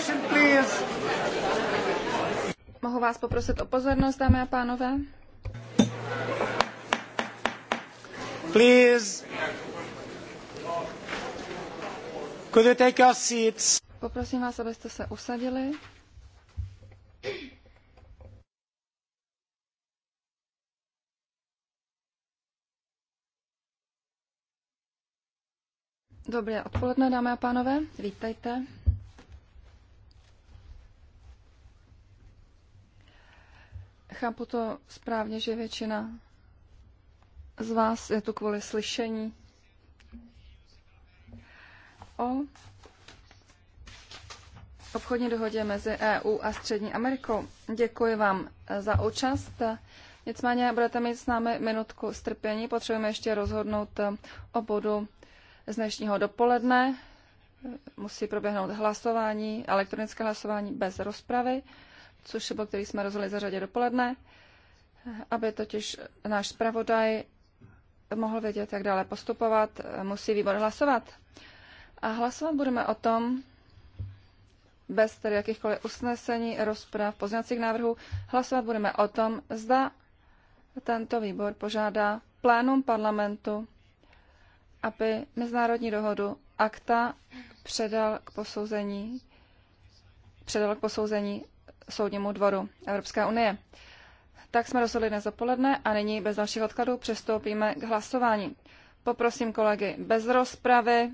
attention, please. Mohu vás poprosit o pozornost, dámy a pánové? Please. Could you take your seats? Poprosím vás, abyste se usadili. Dobré odpoledne, dámy a pánové. Vítejte. Chápu to správně, že většina z vás je tu kvůli slyšení o obchodní dohodě mezi EU a Střední Amerikou. Děkuji vám za účast. Nicméně budete mít s námi minutku strpění. Potřebujeme ještě rozhodnout o bodu z dnešního dopoledne. Musí proběhnout hlasování, elektronické hlasování bez rozpravy což je který jsme rozhodli zařadit dopoledne, aby totiž náš zpravodaj mohl vědět, jak dále postupovat, musí výbor hlasovat. A hlasovat budeme o tom, bez tedy jakýchkoliv usnesení, rozprav, pozněcích návrhů, hlasovat budeme o tom, zda tento výbor požádá plénum parlamentu, aby mezinárodní dohodu akta předal k posouzení, předal k posouzení Soudnímu dvoru Evropské unie. Tak jsme rozhodli dnes dopoledne a nyní bez dalších odkladů přestoupíme k hlasování. Poprosím kolegy bez rozpravy,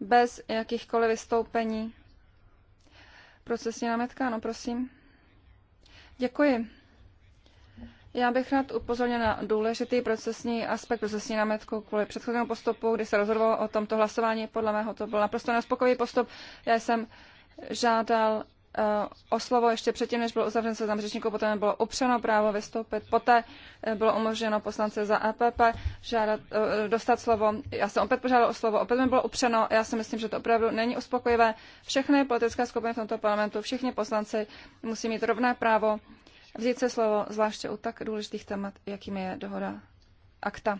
bez jakýchkoliv vystoupení. Procesní námetka, ano, prosím. Děkuji. Já bych rád upozornil na důležitý procesní aspekt procesní námetku kvůli předchozímu postupu, kdy se rozhodlo o tomto hlasování. Podle mého to byl naprosto neuspokojivý postup. Já jsem žádal Eh, o slovo ještě předtím, než byl uzavřen se řečníků, potom bylo upřeno právo vystoupit. Poté eh, bylo umožněno poslanci za EPP žádat, eh, dostat slovo. Já jsem opět požádal o slovo, opět mi bylo upřeno. Já si myslím, že to opravdu není uspokojivé. Všechny politické skupiny v tomto parlamentu, všichni poslanci musí mít rovné právo vzít se slovo, zvláště u tak důležitých témat, jakými je dohoda akta.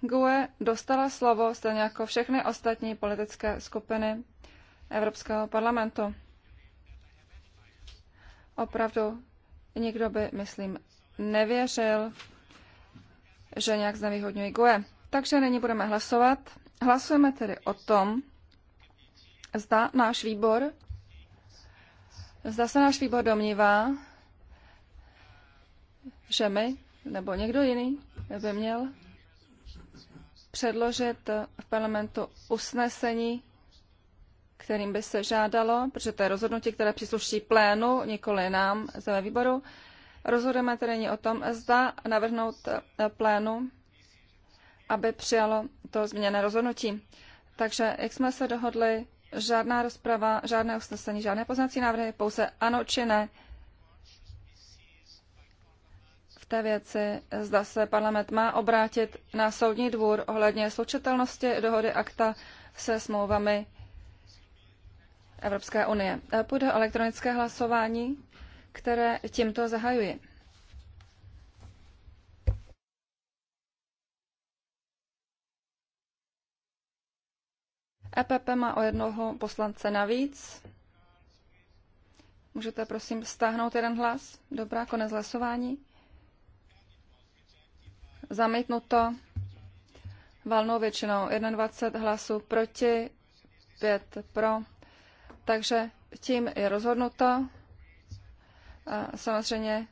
GUE dostala slovo stejně jako všechny ostatní politické skupiny Evropského parlamentu. Opravdu nikdo by, myslím, nevěřil, že nějak znevýhodňují GUE. Takže nyní budeme hlasovat. Hlasujeme tedy o tom, zda náš výbor, zda se náš výbor domnívá, že my nebo někdo jiný by měl předložit v parlamentu usnesení kterým by se žádalo, protože to je rozhodnutí, které přísluší plénu, nikoli nám z výboru. Rozhodujeme tedy nyní o tom, zda navrhnout eh, plénu, aby přijalo to změněné rozhodnutí. Takže, jak jsme se dohodli, žádná rozprava, žádné usnesení, žádné poznací návrhy, pouze ano či ne v té věci, zda se parlament má obrátit na soudní dvůr ohledně slučitelnosti dohody akta se smlouvami Evropské unie. E, půjde o elektronické hlasování, které tímto zahajuji. EPP má o jednoho poslance navíc. Můžete prosím stáhnout jeden hlas? Dobrá, konec hlasování. Zamítnuto valnou většinou 21 hlasů proti, 5 pro. Takže tím je rozhodnuto. A samozřejmě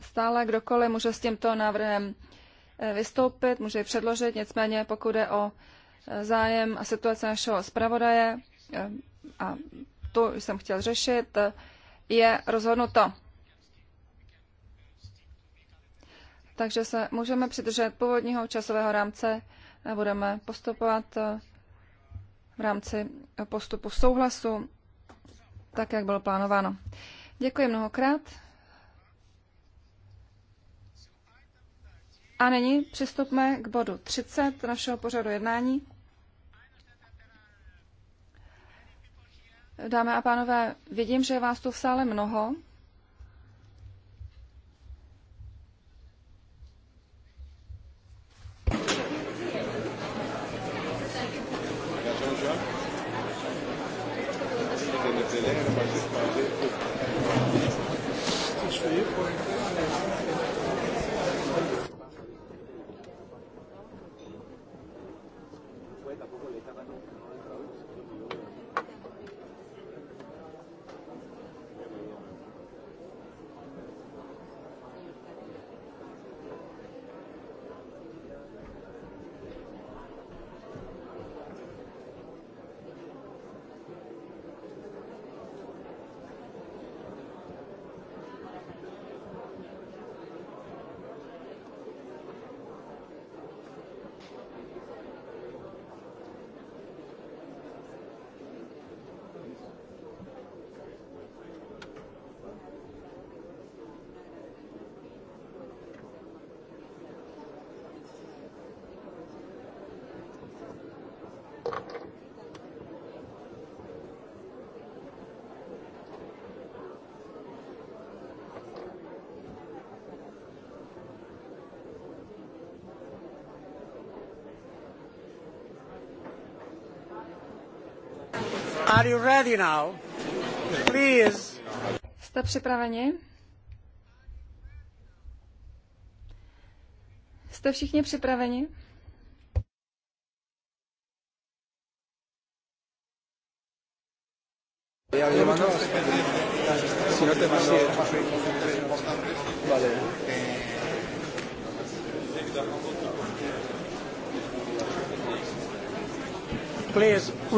stále kdokoliv může s tímto návrhem e, vystoupit, může ji předložit, nicméně pokud je o e, zájem a situace našeho zpravodaje, e, a to jsem chtěl řešit, je rozhodnuto. Takže se můžeme přidržet původního časového rámce a budeme postupovat v rámci postupu souhlasu, tak jak bylo plánováno. Děkuji mnohokrát. A nyní přistupme k bodu 30 našeho pořadu jednání. Dámy a pánové, vidím, že je vás tu v sále mnoho. you ready now? Please. Jste připraveni? Jste všichni připraveni?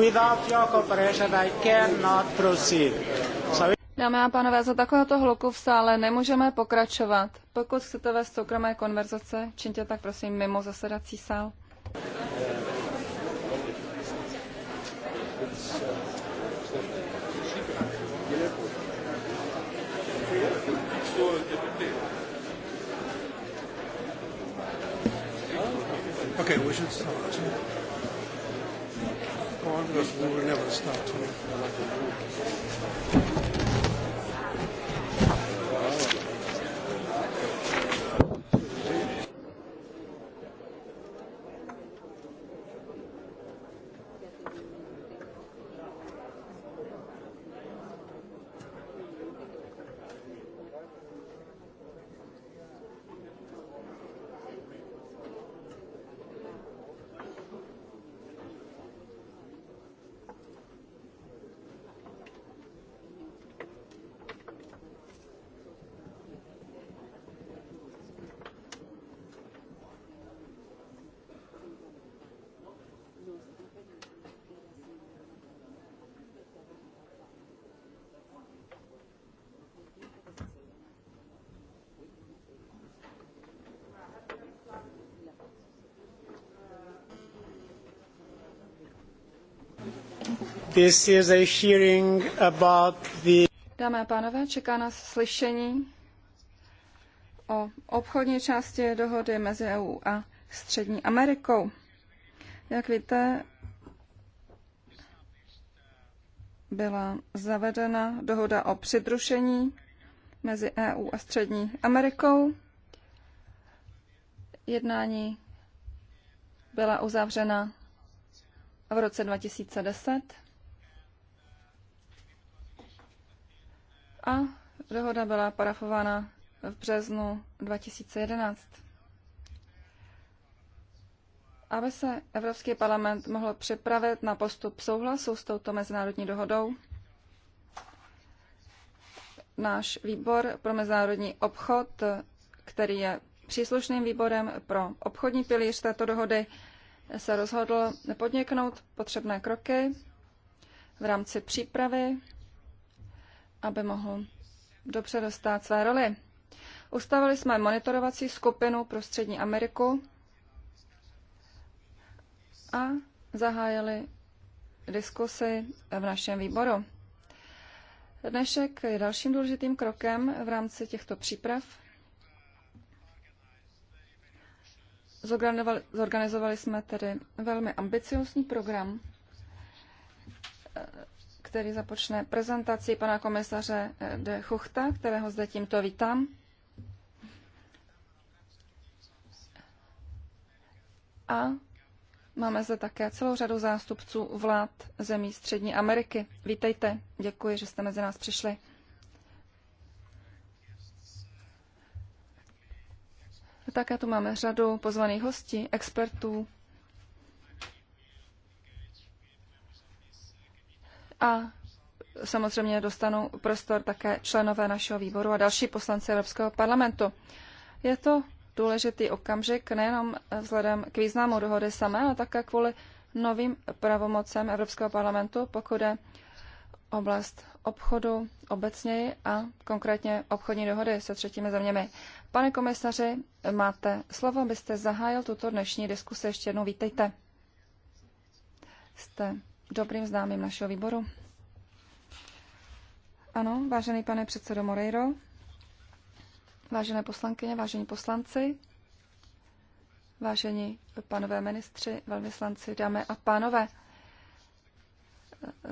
Without your I cannot proceed. Dámy a pánové, za takovéhoto hluku v sále nemůžeme pokračovat. Pokud chcete vést soukromé konverzace, čiňte tak prosím mimo zasedací sál. Okay, we should start on because we will never start. This is a hearing about the... Dámy a pánové, čeká nás slyšení o obchodní části dohody mezi EU a Střední Amerikou. Jak víte, byla zavedena dohoda o přidrušení mezi EU a Střední Amerikou. Jednání byla uzavřena v roce 2010 a dohoda byla parafována v březnu 2011. Aby se Evropský parlament mohl připravit na postup souhlasu s touto mezinárodní dohodou, náš výbor pro mezinárodní obchod, který je příslušným výborem pro obchodní pilíř této dohody, se rozhodl podniknout potřebné kroky v rámci přípravy aby mohl dobře dostat své roli. Ustavili jsme monitorovací skupinu pro Střední Ameriku a zahájili diskusy v našem výboru. Dnešek je dalším důležitým krokem v rámci těchto příprav. Zorganizovali jsme tedy velmi ambiciozní program který započne prezentaci pana komisaře eh, de Chuchta, kterého zde tímto vítám. A máme zde také celou řadu zástupců vlád zemí Střední Ameriky. Vítejte, děkuji, že jste mezi nás přišli. Také tu máme řadu pozvaných hostí, expertů, a samozřejmě dostanou prostor také členové našeho výboru a další poslanci Evropského parlamentu. Je to důležitý okamžik nejenom vzhledem k významu dohody samé, ale také kvůli novým pravomocem Evropského parlamentu, pokud je oblast obchodu obecněji a konkrétně obchodní dohody se třetími zeměmi. Pane komisaři, máte slovo, abyste zahájil tuto dnešní diskusi. Ještě jednou vítejte. Jste dobrým známým našeho výboru. Ano, vážený pane předsedo Moreiro, vážené poslankyně, vážení poslanci, vážení panové ministři, velvyslanci, dámy a pánové.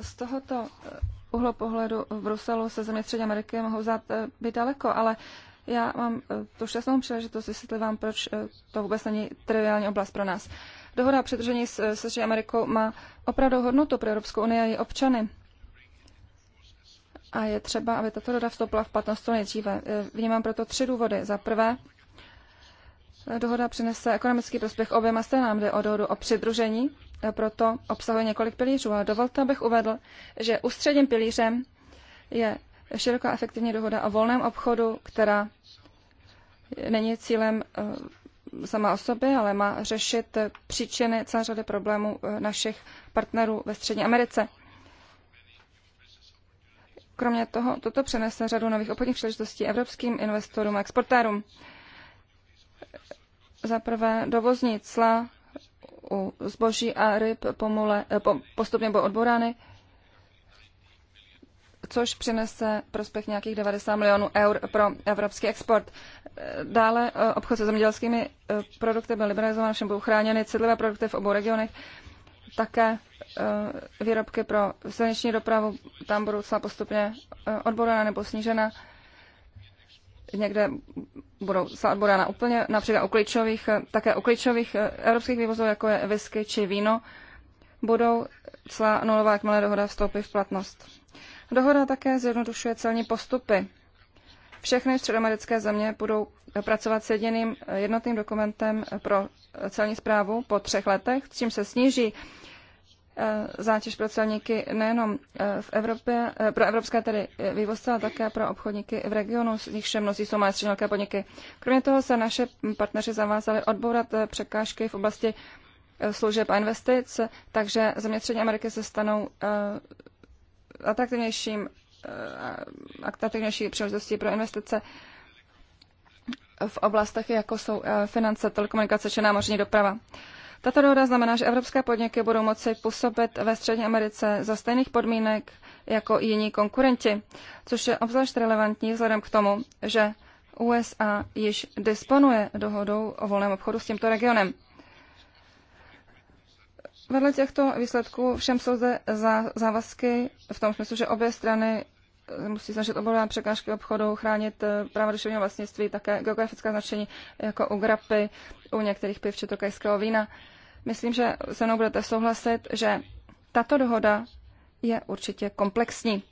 Z tohoto uhlu pohledu v Bruselu se země Střední Ameriky mohou zát eh, být daleko, ale já mám eh, tu šťastnou příležitost vysvětlit vám, proč eh, to vůbec není triviální oblast pro nás dohoda předržení s Severní Amerikou má opravdu hodnotu pro Evropskou unii a její občany. A je třeba, aby tato dohoda vstoupila v platnost co nejdříve. Eh, vnímám proto tři důvody. Za prvé, eh, dohoda přinese ekonomický prospěch oběma stranám, jde o dohodu o přidružení, eh, proto obsahuje několik pilířů. Ale dovolte, abych uvedl, že ústředním pilířem je široká efektivní dohoda o volném obchodu, která není cílem sama o sobě, ale má řešit příčiny celé řady problémů eh, našich partnerů ve Střední Americe. Kromě toho, toto přenese řadu nových obchodních příležitostí evropským investorům a exportérům. Za prvé dovozní cla u zboží a ryb pomule, eh, postupně budou odborány, což přinese prospěch nějakých 90 milionů eur pro evropský export. Dále eh, obchod se zemědělskými eh, produkty byl liberalizován, všem budou chráněny citlivé produkty v obou regionech. Také eh, výrobky pro silniční dopravu tam budou celá postupně odborána nebo snížena. Někde budou celá odborána úplně, například u klíčových, také u klíčových evropských vývozů, jako je whisky či víno, budou celá nulová, jakmile dohoda vstoupí v platnost. Dohoda také zjednodušuje celní postupy všechny středoamerické země budou pracovat s jediným jednotným dokumentem pro celní zprávu po třech letech, s čím se sníží eh, zátěž pro celníky nejenom eh, v Evropě, eh, pro evropské tedy vývozce, ale také pro obchodníky v regionu, z nichž mnozí jsou malé střední podniky. Kromě toho se naše partneři zavázali odbourat překážky v oblasti služeb a investic, takže země Střední Ameriky se stanou atraktivnějším atraktivnější příležitosti pro investice v oblastech, jako jsou eh, finance, telekomunikace či námořní doprava. Tato dohoda znamená, že evropské podniky budou moci působit ve Střední Americe za stejných podmínek jako jiní konkurenti, což je obzvlášť relevantní vzhledem k tomu, že USA již disponuje dohodou o volném obchodu s tímto regionem. Vedle těchto výsledků všem jsou zde za závazky v tom smyslu, že obě strany eh, musí snažit obhodovat překážky obchodu, chránit eh, práva duševního vlastnictví, také geografická značení jako u grapy, u některých piv či tokajského vína. Myslím, že se mnou budete souhlasit, že tato dohoda je určitě komplexní.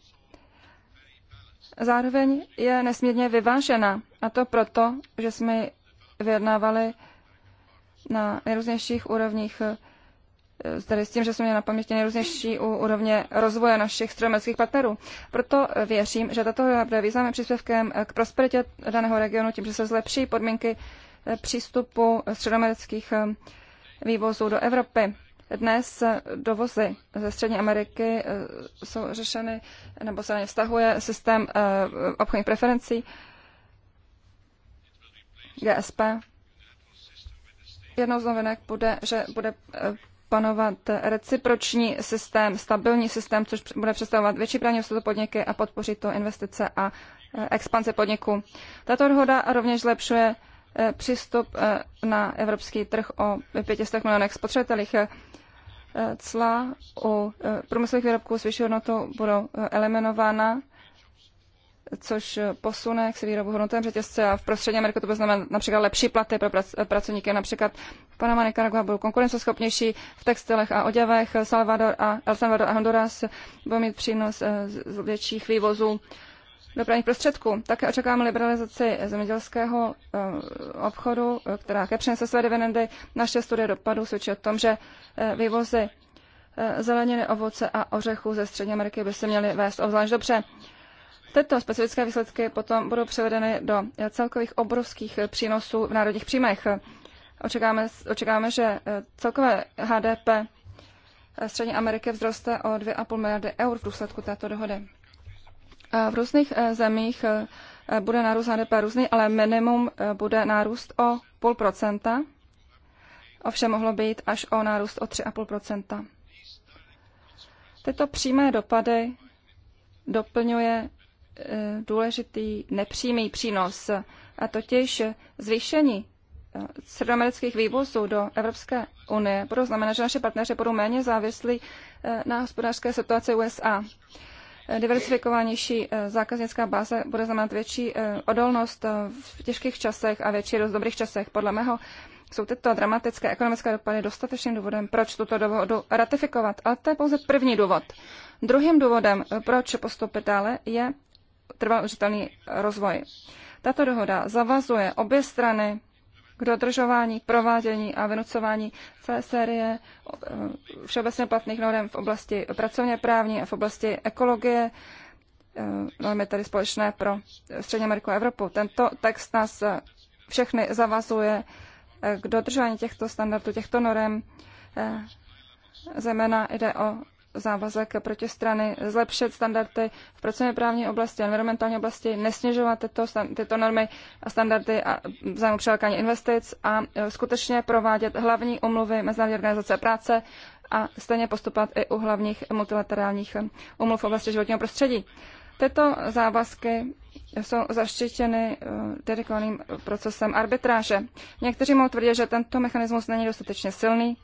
Zároveň je nesmírně vyvážena, a to proto, že jsme vyjednávali na nejrůznějších úrovních eh, Eh, tady s tím, že jsme měli na paměti nejrůznější úrovně rozvoje našich strojomělských partnerů. Proto eh, věřím, že tato dohoda bude významným příspěvkem eh, k prosperitě daného regionu tím, že se zlepší podmínky přístupu středoamerických vývozů do Evropy. Dnes dovozy ze Střední Ameriky jsou řešeny, nebo se na ně vztahuje systém obchodních preferencí GSP. Jednou z novinek bude, že bude panovat reciproční systém, stabilní systém, což bude představovat větší právní jistotu podniky a podpoří to investice a eh, expanze podniků. Tato dohoda rovněž zlepšuje eh, přístup eh, na evropský trh o 500 milionech spotřebitelích. Cla u průmyslových výrobků s vyšší hodnotou budou eliminována což posune k se výrobu hodnotém řetězce a v prostředí Ameriky to bude znamenat například lepší platy pro prac, pracovníky. Například v Panama Nicaragua budou konkurenceschopnější v textilech a oděvech, Salvador a El Salvador a Honduras budou mít přínos eh, z větších vývozů dopravních prostředků. Také očekáváme liberalizaci zemědělského eh, obchodu, eh, která ke přinese své dividendy. Naše studie dopadů svědčí o tom, že vývozy zeleniny, ovoce a ořechů ze Střední Ameriky by se měly vést obzvlášť dobře. Tyto specifické výsledky potom budou převedeny do celkových obrovských přínosů v národních příjmech. Očekáváme, očekáváme že eh, celkové HDP Střední Ameriky vzroste o 2,5 miliardy eur v důsledku této dohody. Eh, v různých eh, zemích bude nárůst HDP různý, ale minimum bude nárůst o půl procenta. Ovšem mohlo být až o nárůst o 3,5 Tyto přímé dopady doplňuje důležitý nepřímý přínos, a totiž zvýšení eh, středoamerických vývozů do Evropské unie budou znamenat, že naše partneři budou méně závislí eh, na hospodářské situaci USA. Eh, diversifikovanější zákaznická báze bude znamenat větší odolnost v těžkých časech a větší růst dobrých časech. Podle mého jsou tyto dramatické ekonomické dopady dostatečným důvodem, proč tuto dohodu ratifikovat. Ale to je pouze první důvod. Druhým důvodem, proč postupit dále, je trvalý užitelný rozvoj. Tato dohoda zavazuje obě strany k dodržování, provádění a vynucování celé série eh, všeobecně platných norm v oblasti pracovně právní a v oblasti ekologie, eh, normy tedy společné pro Střední Ameriku a Evropu. Tento text nás eh, všechny zavazuje k dodržování těchto standardů, těchto norm. Zejména jde o závazek strany zlepšit standardy v pracovně právní oblasti, environmentální oblasti, nesnižovat tyto, tyto normy a standardy a zájmu přilákání investic a e, skutečně provádět hlavní umluvy Mezinárodní organizace práce a stejně postupovat i u hlavních multilaterálních umluv v oblasti životního prostředí. Tyto závazky jsou zaštítěny e, dedikovaným procesem arbitráže. Někteří mohou tvrdit, že tento mechanismus není dostatečně silný,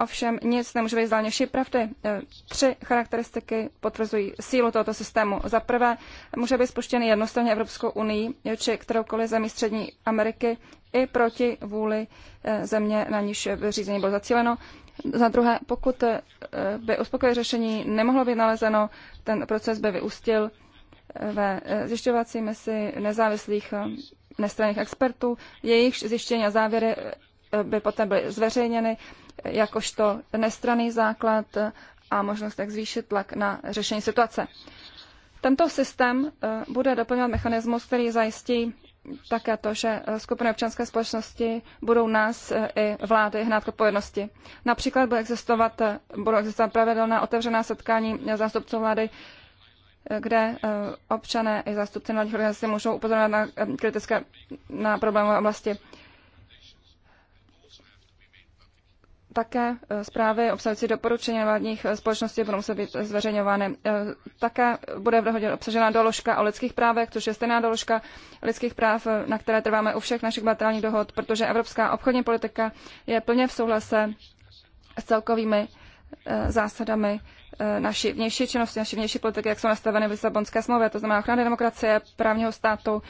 Ovšem nic nemůže být vší pravdy. Eh, tři charakteristiky potvrzují sílu tohoto systému. Za prvé, může být spuštěn jednostranně Evropskou unii či kteroukoliv zemí Střední Ameriky i proti vůli eh, země, na níž řízení bylo zacíleno. Za druhé, pokud eh, by uspokojivé řešení nemohlo být nalezeno, ten proces by vyústil ve zjišťovací misi nezávislých nestranných expertů. Jejich zjištění a závěry by poté byly zveřejněny jakožto nestraný základ a možnost, jak zvýšit tlak na řešení situace. Tento systém eh, bude doplňovat mechanismus, který zajistí také to, že eh, skupiny občanské společnosti budou nás eh, i vlády hnát k odpovědnosti. Například bude existovat, budou existovat pravidelná otevřená setkání zástupců vlády, kde občané i zástupci mladých organizací můžou upozorňovat na kritické na problémové oblasti. Také eh, zprávy obsahující doporučení vládních eh, společností budou muset být zveřejňovány. Eh, také bude v dohodě obsažena doložka o lidských právech, což je stejná doložka lidských práv, na které trváme u všech našich bilaterálních dohod, protože evropská obchodní politika je plně v souhlase s celkovými zásadami naší vnější činnosti, naší vnější politiky, jak jsou nastaveny v Lisabonské smlouvě, to znamená ochrany demokracie, právního státu,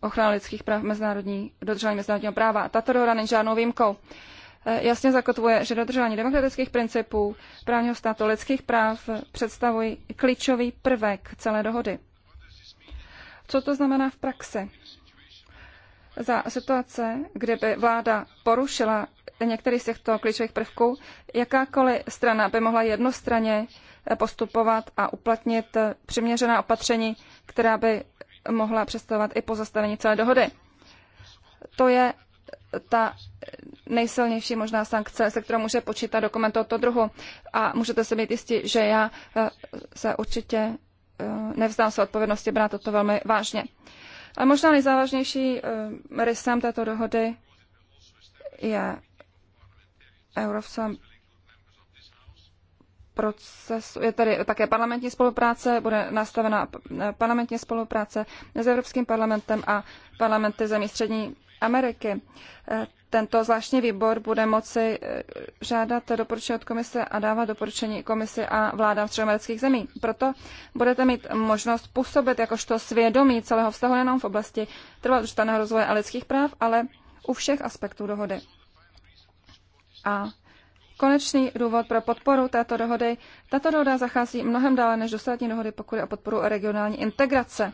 ochrana lidských práv, mezinárodní, dodržování mezinárodního práva. Tato dohoda není žádnou výjimkou. E, jasně zakotvuje, že dodržování demokratických principů, právního státu, lidských práv představují klíčový prvek celé dohody. Co to znamená v praxi? Za situace, kde by vláda porušila některý z těchto klíčových prvků, jakákoliv strana by mohla jednostranně postupovat a uplatnit přiměřená opatření, která by mohla představovat i pozastavení celé dohody. To je ta nejsilnější možná sankce, se kterou může počítat dokument tohoto druhu. A můžete se být jistí, že já eh, se určitě eh, nevzdám se odpovědnosti brát toto velmi vážně. A možná nejzávažnější eh, rysem této dohody je Eurovsem procesu, je tady také parlamentní spolupráce, bude nastavena parlamentní spolupráce s Evropským parlamentem a parlamenty zemí střední Ameriky. Eh, tento zvláštní výbor bude moci eh, žádat doporučení od komise a dávat doporučení komisi a vládám středoamerických zemí. Proto budete mít možnost působit jakožto svědomí celého vztahu nejenom v oblasti trvalého rozvoje a lidských práv, ale u všech aspektů dohody. A konečný důvod pro podporu této dohody. Tato dohoda zachází mnohem dále než dostatní dohody, pokud je o podporu regionální integrace.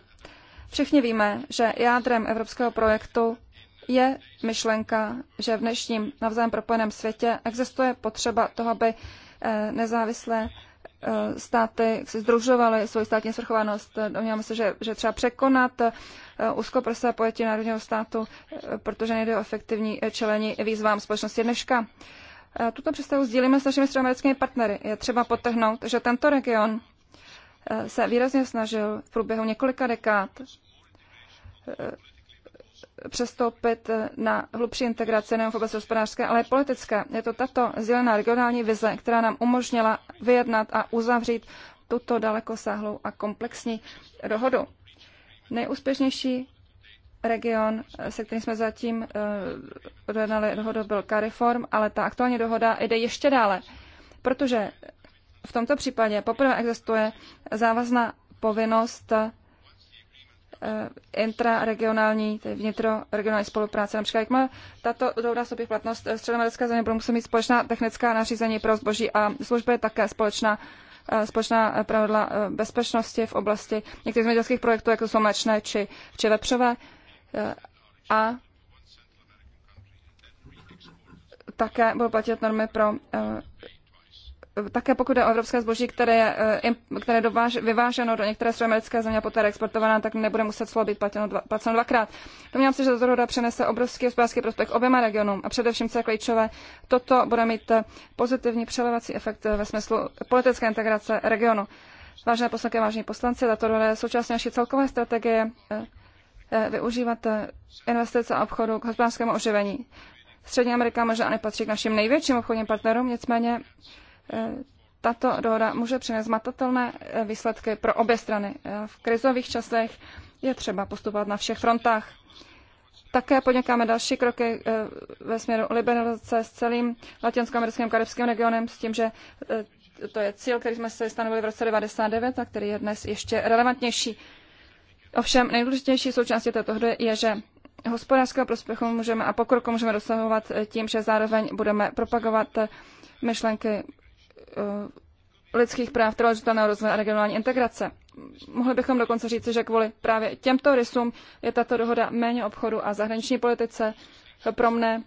Všichni víme, že jádrem evropského projektu je myšlenka, že v dnešním navzájem propojeném světě existuje potřeba toho, aby eh, nezávislé eh, státy si združovaly svoji státní svrchovanost. Domníváme se, že, že třeba překonat eh, úzkoprsé pojetí národního státu, protože nejde o efektivní čelení výzvám společnosti dneška. Eh, tuto představu sdílíme s našimi středoamerickými partnery. Je třeba potrhnout, že tento region eh, se výrazně snažil v průběhu několika dekád eh, přestoupit na hlubší integraci nejen v oblasti hospodářské, ale i politické. Je to tato sdílená regionální vize, která nám umožnila vyjednat a uzavřít tuto dalekosáhlou a komplexní dohodu. Nejúspěšnější region, se kterým jsme zatím eh, dojednali dohodu, byl CARIFORM, ale ta aktuální dohoda jde ještě dále, protože v tomto případě poprvé existuje závazná povinnost eh, intraregionální, tedy vnitroregionální spolupráce. Například, jak má tato dohoda vstoupí v platnost, eh, středoamerické země budou muset mít společná technická nařízení pro zboží a služby, také společná společná pravidla bezpečnosti v oblasti některých zemědělských projektů, jako jsou mléčné či, či vepřové a také budou platit normy pro eh, také pokud je o evropské zboží, které je, eh, které dováž, vyváženo do některé středoamerické země a poté reexportované, tak nebude muset slovo být platěno, dva, platěno dvakrát. Domnívám se, že tato dohoda přinese obrovský hospodářský prospekt oběma regionům a především, co je klíčové, toto bude mít eh, pozitivní přelevací efekt ve smyslu politické integrace regionu. Vážené poslanky, vážení poslanci, tato dohoda je součástí naší celkové strategie Eh, využívat eh, investice a obchodu k hospodářskému oživení. Střední Amerika možná nepatří k našim největším obchodním partnerům, nicméně eh, tato dohoda může přinést matatelné výsledky pro obě strany. V krizových časech je třeba postupovat na všech frontách. Také podnikáme další kroky ve směru liberalizace s celým latinskoamerickým karibským regionem, s tím, že to je cíl, který jsme se stanovili v roce 1999 a který je dnes ještě relevantnější. Ovšem nejdůležitější součástí této hry je, že hospodářského prospěchu můžeme a pokroku můžeme dosahovat tím, že zároveň budeme propagovat myšlenky eh, lidských práv, trvalitelného rozvoje a regionální integrace. Mohli bychom dokonce říci, že kvůli právě těmto rysům je tato dohoda méně obchodu a zahraniční politice pro mne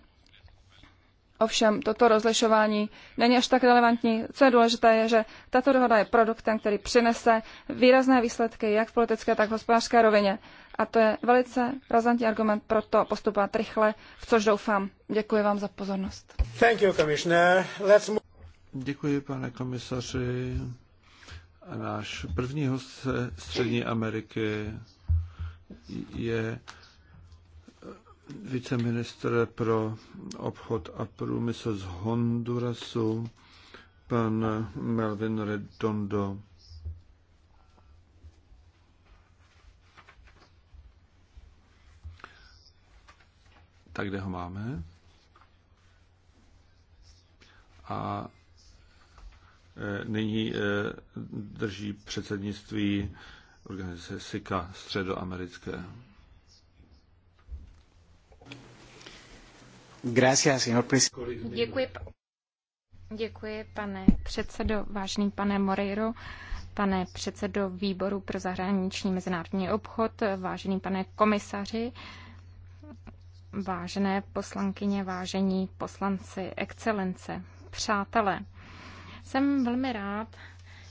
Ovšem, toto rozlišování není až tak relevantní. Co je důležité, je, že tato dohoda je produktem, který přinese výrazné výsledky jak v politické, tak v hospodářské rovině. A to je velice razantní argument pro to postupovat rychle, v což doufám. Děkuji vám za pozornost. Thank you, Let's move... Děkuji, pane komisaři. A náš první host ze Střední Ameriky je viceministr pro obchod a průmysl z Hondurasu, pan Melvin Redondo. Tak kde ho máme? A e, nyní e, drží předsednictví organizace SICA středoamerické. Děkuji, děkuji, pane předsedo, vážný pane Moreiro, pane předsedo výboru pro zahraniční mezinárodní obchod, vážený pane komisaři, vážené poslankyně, vážení poslanci, excelence, přátelé. Jsem velmi rád,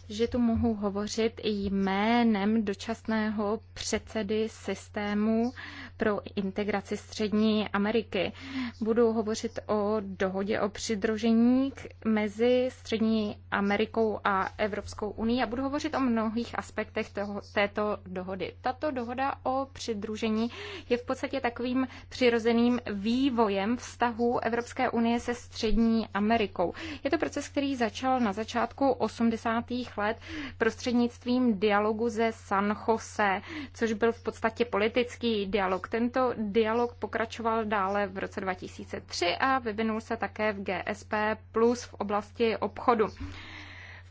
že tu mohu hovořit jménem dočasného předsedy systému pro integraci Střední Ameriky. Budu hovořit o dohodě o přidružení mezi Střední Amerikou a Evropskou unii a budu hovořit o mnohých aspektech toho, této dohody. Tato dohoda o přidružení je v podstatě takovým přirozeným vývojem vztahu Evropské unie se Střední Amerikou. Je to proces, který začal na začátku 80 let prostřednictvím dialogu ze San Jose, což byl v podstatě politický dialog. Tento dialog pokračoval dále v roce 2003 a vyvinul se také v GSP plus v oblasti obchodu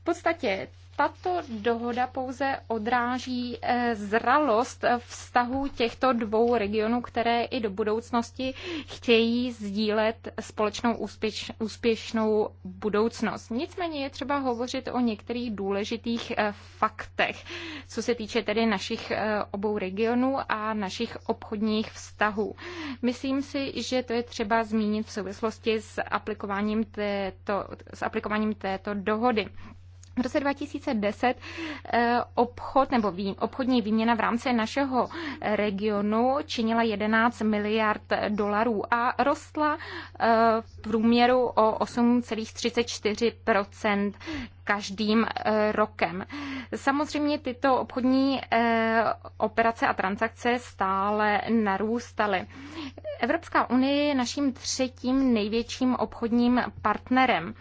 podstatě tato dohoda pouze odráží eh, zralost vztahu těchto dvou regionů, které i do budoucnosti chtějí sdílet společnou úspěš, úspěšnou budoucnost. Nicméně je třeba hovořit o některých důležitých eh, faktech, co se týče tedy našich eh, obou regionů a našich obchodních vztahů. Myslím si, že to je třeba zmínit v souvislosti s aplikováním této, s aplikováním této dohody. V roce 2010 eh, obchod nebo vý, obchodní výměna v rámci našeho eh, regionu činila 11 miliard dolarů a rostla eh, v průměru o 8,34 každým rokem. Samozřejmě tyto obchodní operace a transakce stále narůstaly. Evropská unie je naším třetím největším obchodním partnerem.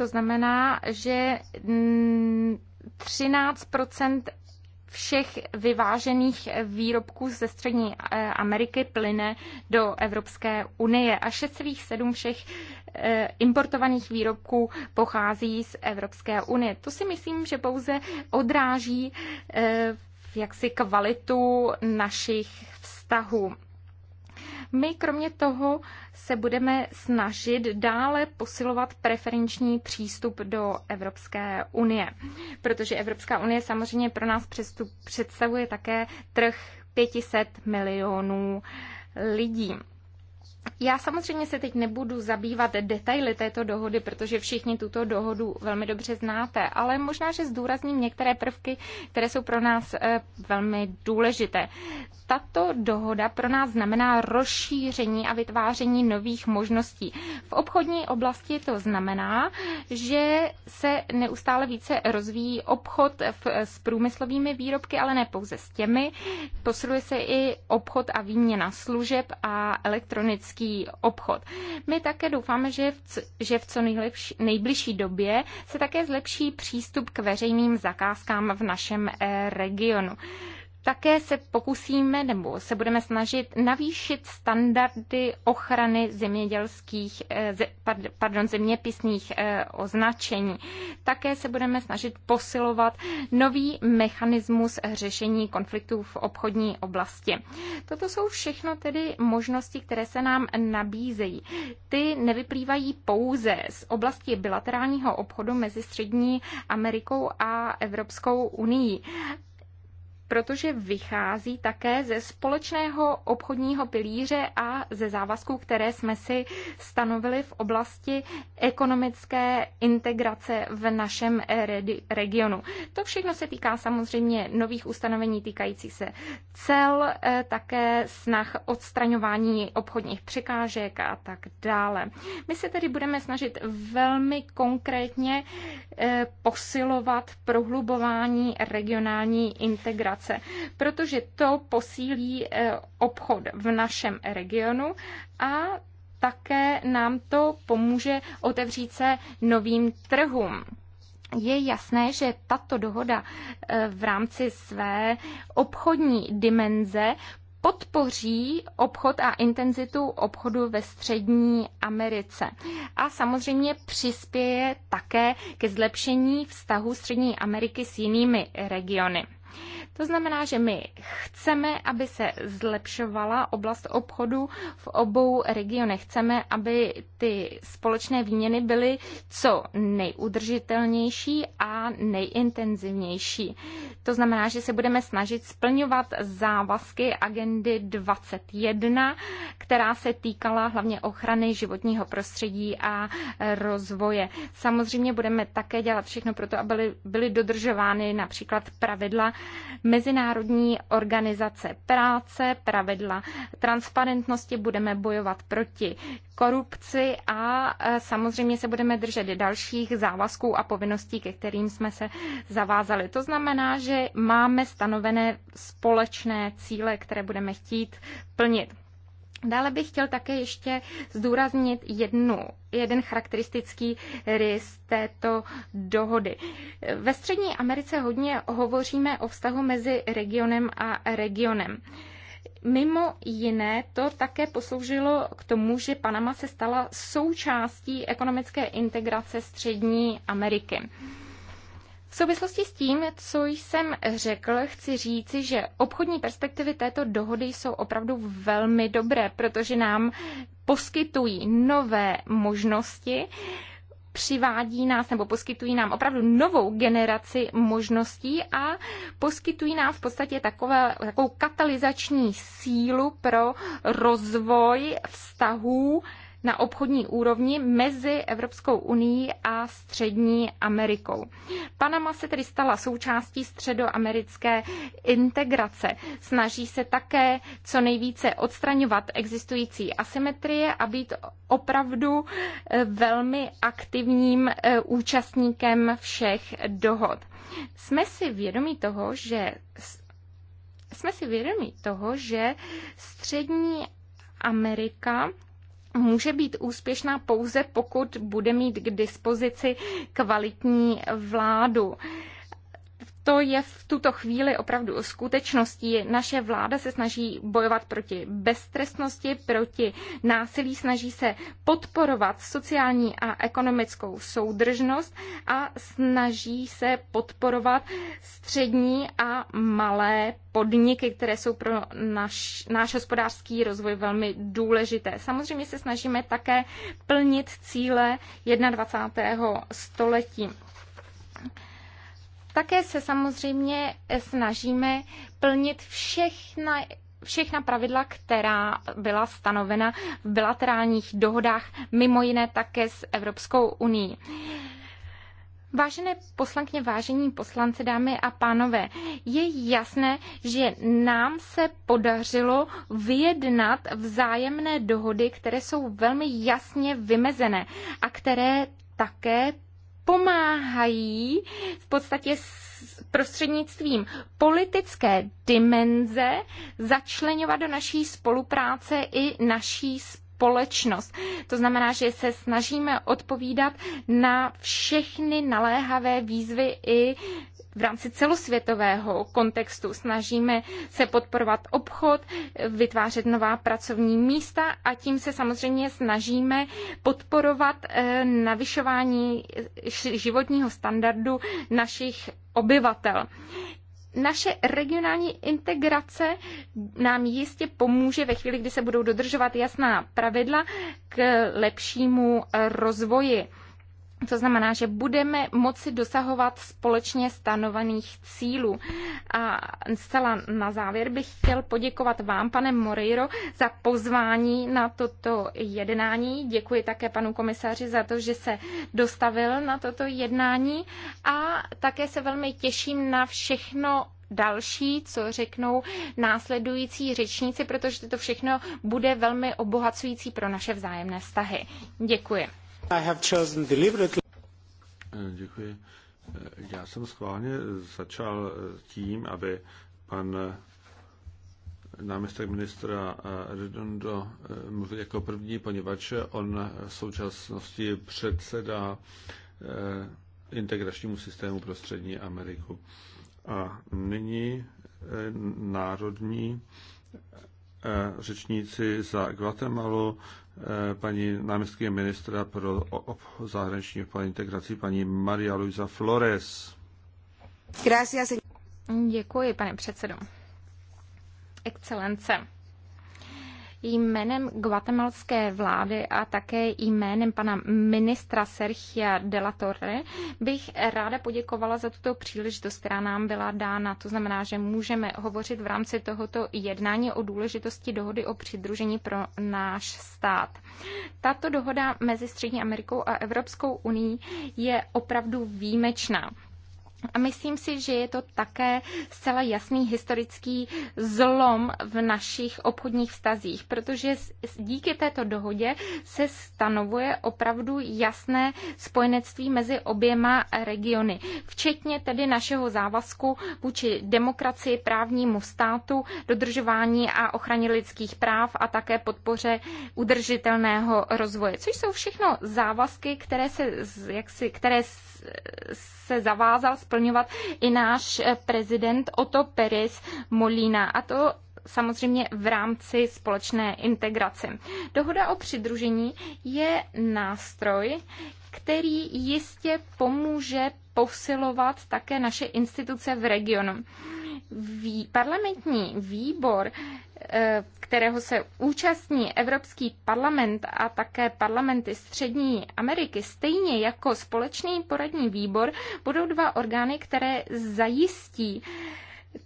To znamená, že 13 všech vyvážených výrobků ze střední eh, Ameriky plyne do Evropské unie a 6,7 všech eh, importovaných výrobků pochází z Evropské unie. To si myslím, že pouze odráží eh, jaksi kvalitu našich vztahů. My kromě toho se budeme snažit dále posilovat preferenční přístup do Evropské unie, protože Evropská unie samozřejmě pro nás představuje také trh 500 milionů lidí. Já samozřejmě se teď nebudu zabývat detaily této dohody, protože všichni tuto dohodu velmi dobře znáte, ale možná, že zdůrazním některé prvky, které jsou pro nás eh, velmi důležité tato dohoda pro nás znamená rozšíření a vytváření nových možností. V obchodní oblasti to znamená, že se neustále více rozvíjí obchod v, s průmyslovými výrobky, ale ne pouze s těmi. Posiluje se i obchod a výměna služeb a elektronický obchod. My také doufáme, že v, že v co nejlepší, nejbližší době se také zlepší přístup k veřejným zakázkám v našem eh, regionu. Také se pokusíme nebo se budeme snažit navýšit standardy ochrany zemědělských, eh, pardon, zeměpisných eh, označení. Také se budeme snažit posilovat nový mechanismus řešení konfliktů v obchodní oblasti. Toto jsou všechno tedy možnosti, které se nám nabízejí. Ty nevyplývají pouze z oblasti bilaterálního obchodu mezi Střední Amerikou a Evropskou unii, protože vychází také ze společného obchodního pilíře a ze závazků, které jsme si stanovili v oblasti ekonomické integrace v našem regionu. To všechno se týká samozřejmě nových ustanovení týkající se cel, eh, také snah odstraňování obchodních překážek a tak dále. My se tedy budeme snažit velmi konkrétně eh, posilovat prohlubování regionální integrace spolupráce, protože to posílí eh, obchod v našem regionu a také nám to pomůže otevřít se novým trhům. Je jasné, že tato dohoda eh, v rámci své obchodní dimenze podpoří obchod a intenzitu obchodu ve Střední Americe. A samozřejmě přispěje také ke zlepšení vztahu Střední Ameriky s jinými regiony. To znamená, že my chceme, aby se zlepšovala oblast obchodu v obou regionech. Chceme, aby ty společné výměny byly co nejudržitelnější a nejintenzivnější. To znamená, že se budeme snažit splňovat závazky agendy 21, která se týkala hlavně ochrany životního prostředí a rozvoje. Samozřejmě budeme také dělat všechno pro to, aby byly dodržovány například pravidla Mezinárodní organizace práce, pravidla transparentnosti, budeme bojovat proti korupci a e, samozřejmě se budeme držet i dalších závazků a povinností, ke kterým jsme se zavázali. To znamená, že máme stanovené společné cíle, které budeme chtít plnit. Dále bych chtěl také ještě zdůraznit jednu, jeden charakteristický rys této dohody. Ve Střední Americe hodně hovoříme o vztahu mezi regionem a regionem. Mimo jiné to také posloužilo k tomu, že Panama se stala součástí ekonomické integrace Střední Ameriky. V souvislosti s tím, co jsem řekl, chci říci, že obchodní perspektivy této dohody jsou opravdu velmi dobré, protože nám poskytují nové možnosti, přivádí nás nebo poskytují nám opravdu novou generaci možností a poskytují nám v podstatě takové, takovou katalyzační sílu pro rozvoj vztahů na obchodní úrovni mezi Evropskou unii a Střední Amerikou. Panama se tedy stala součástí středoamerické integrace. Snaží se také co nejvíce odstraňovat existující asymetrie a být opravdu eh, velmi aktivním eh, účastníkem všech dohod. Jsme si vědomi toho, že jsme si vědomi toho, že Střední Amerika může být úspěšná pouze pokud bude mít k dispozici kvalitní vládu to je v tuto chvíli opravdu skutečností. Naše vláda se snaží bojovat proti beztrestnosti, proti násilí, snaží se podporovat sociální a ekonomickou soudržnost a snaží se podporovat střední a malé podniky, které jsou pro naš, náš hospodářský rozvoj velmi důležité. Samozřejmě se snažíme také plnit cíle 21. století. Také se samozřejmě snažíme plnit všechna všechna pravidla, která byla stanovena v bilaterálních dohodách, mimo jiné také s Evropskou unii. Vážené poslankyně, vážení poslanci, dámy a pánové, je jasné, že nám se podařilo vyjednat vzájemné dohody, které jsou velmi jasně vymezené a které také pomáhají v podstatě prostřednictvím politické dimenze začlenovat do naší spolupráce i naší společnost. To znamená, že se snažíme odpovídat na všechny naléhavé výzvy i v rámci celosvětového kontextu. Snažíme se podporovat obchod, vytvářet nová pracovní místa a tím se samozřejmě snažíme podporovat eh, navyšování životního standardu našich obyvatel. Naše regionální integrace nám jistě pomůže ve chvíli, kdy se budou dodržovat jasná pravidla k lepšímu rozvoji. To znamená, že budeme moci dosahovat společně stanovených cílů. A zcela na závěr bych chtěl poděkovat vám, pane Moreiro, za pozvání na toto jednání. Děkuji také panu komisáři za to, že se dostavil na toto jednání a také se velmi těším na všechno další, co řeknou následující řečníci, protože to všechno bude velmi obohacující pro naše vzájemné vztahy. Děkuji. Eh, děkuji. Eh, já jsem schválně začal eh, tím, aby pan náměstek ministra Redondo mluvil jako první, poněvadž on v současnosti předsedá integračnímu systému pro střední Ameriku. A nyní národní řečníci za Guatemalu, Eh, paní náměstkyně ministra pro zahraniční a integraci, paní Maria Luisa Flores. Děkuji, pane předsedo. Excelence jménem guatemalské vlády a také jménem pana ministra Sergia de la Torre bych ráda poděkovala za tuto příležitost, která nám byla dána. To znamená, že můžeme hovořit v rámci tohoto jednání o důležitosti dohody o přidružení pro náš stát. Tato dohoda mezi Střední Amerikou a Evropskou unii je opravdu výjimečná. A myslím si, že je to také zcela jasný historický zlom v našich obchodních vztazích, protože díky této dohodě se stanovuje opravdu jasné spojenectví mezi oběma regiony, včetně tedy našeho závazku vůči demokracii, právnímu státu, dodržování a ochraně lidských práv a také podpoře udržitelného rozvoje, což jsou všechno závazky, které se, jaksi, které se zavázal splňovat i náš prezident Otto Peris Molina. A to samozřejmě v rámci společné integrace. Dohoda o přidružení je nástroj, který jistě pomůže posilovat také naše instituce v regionu vý, parlamentní výbor, eh, kterého se účastní Evropský parlament a také parlamenty Střední Ameriky, stejně jako společný poradní výbor, budou dva orgány, které zajistí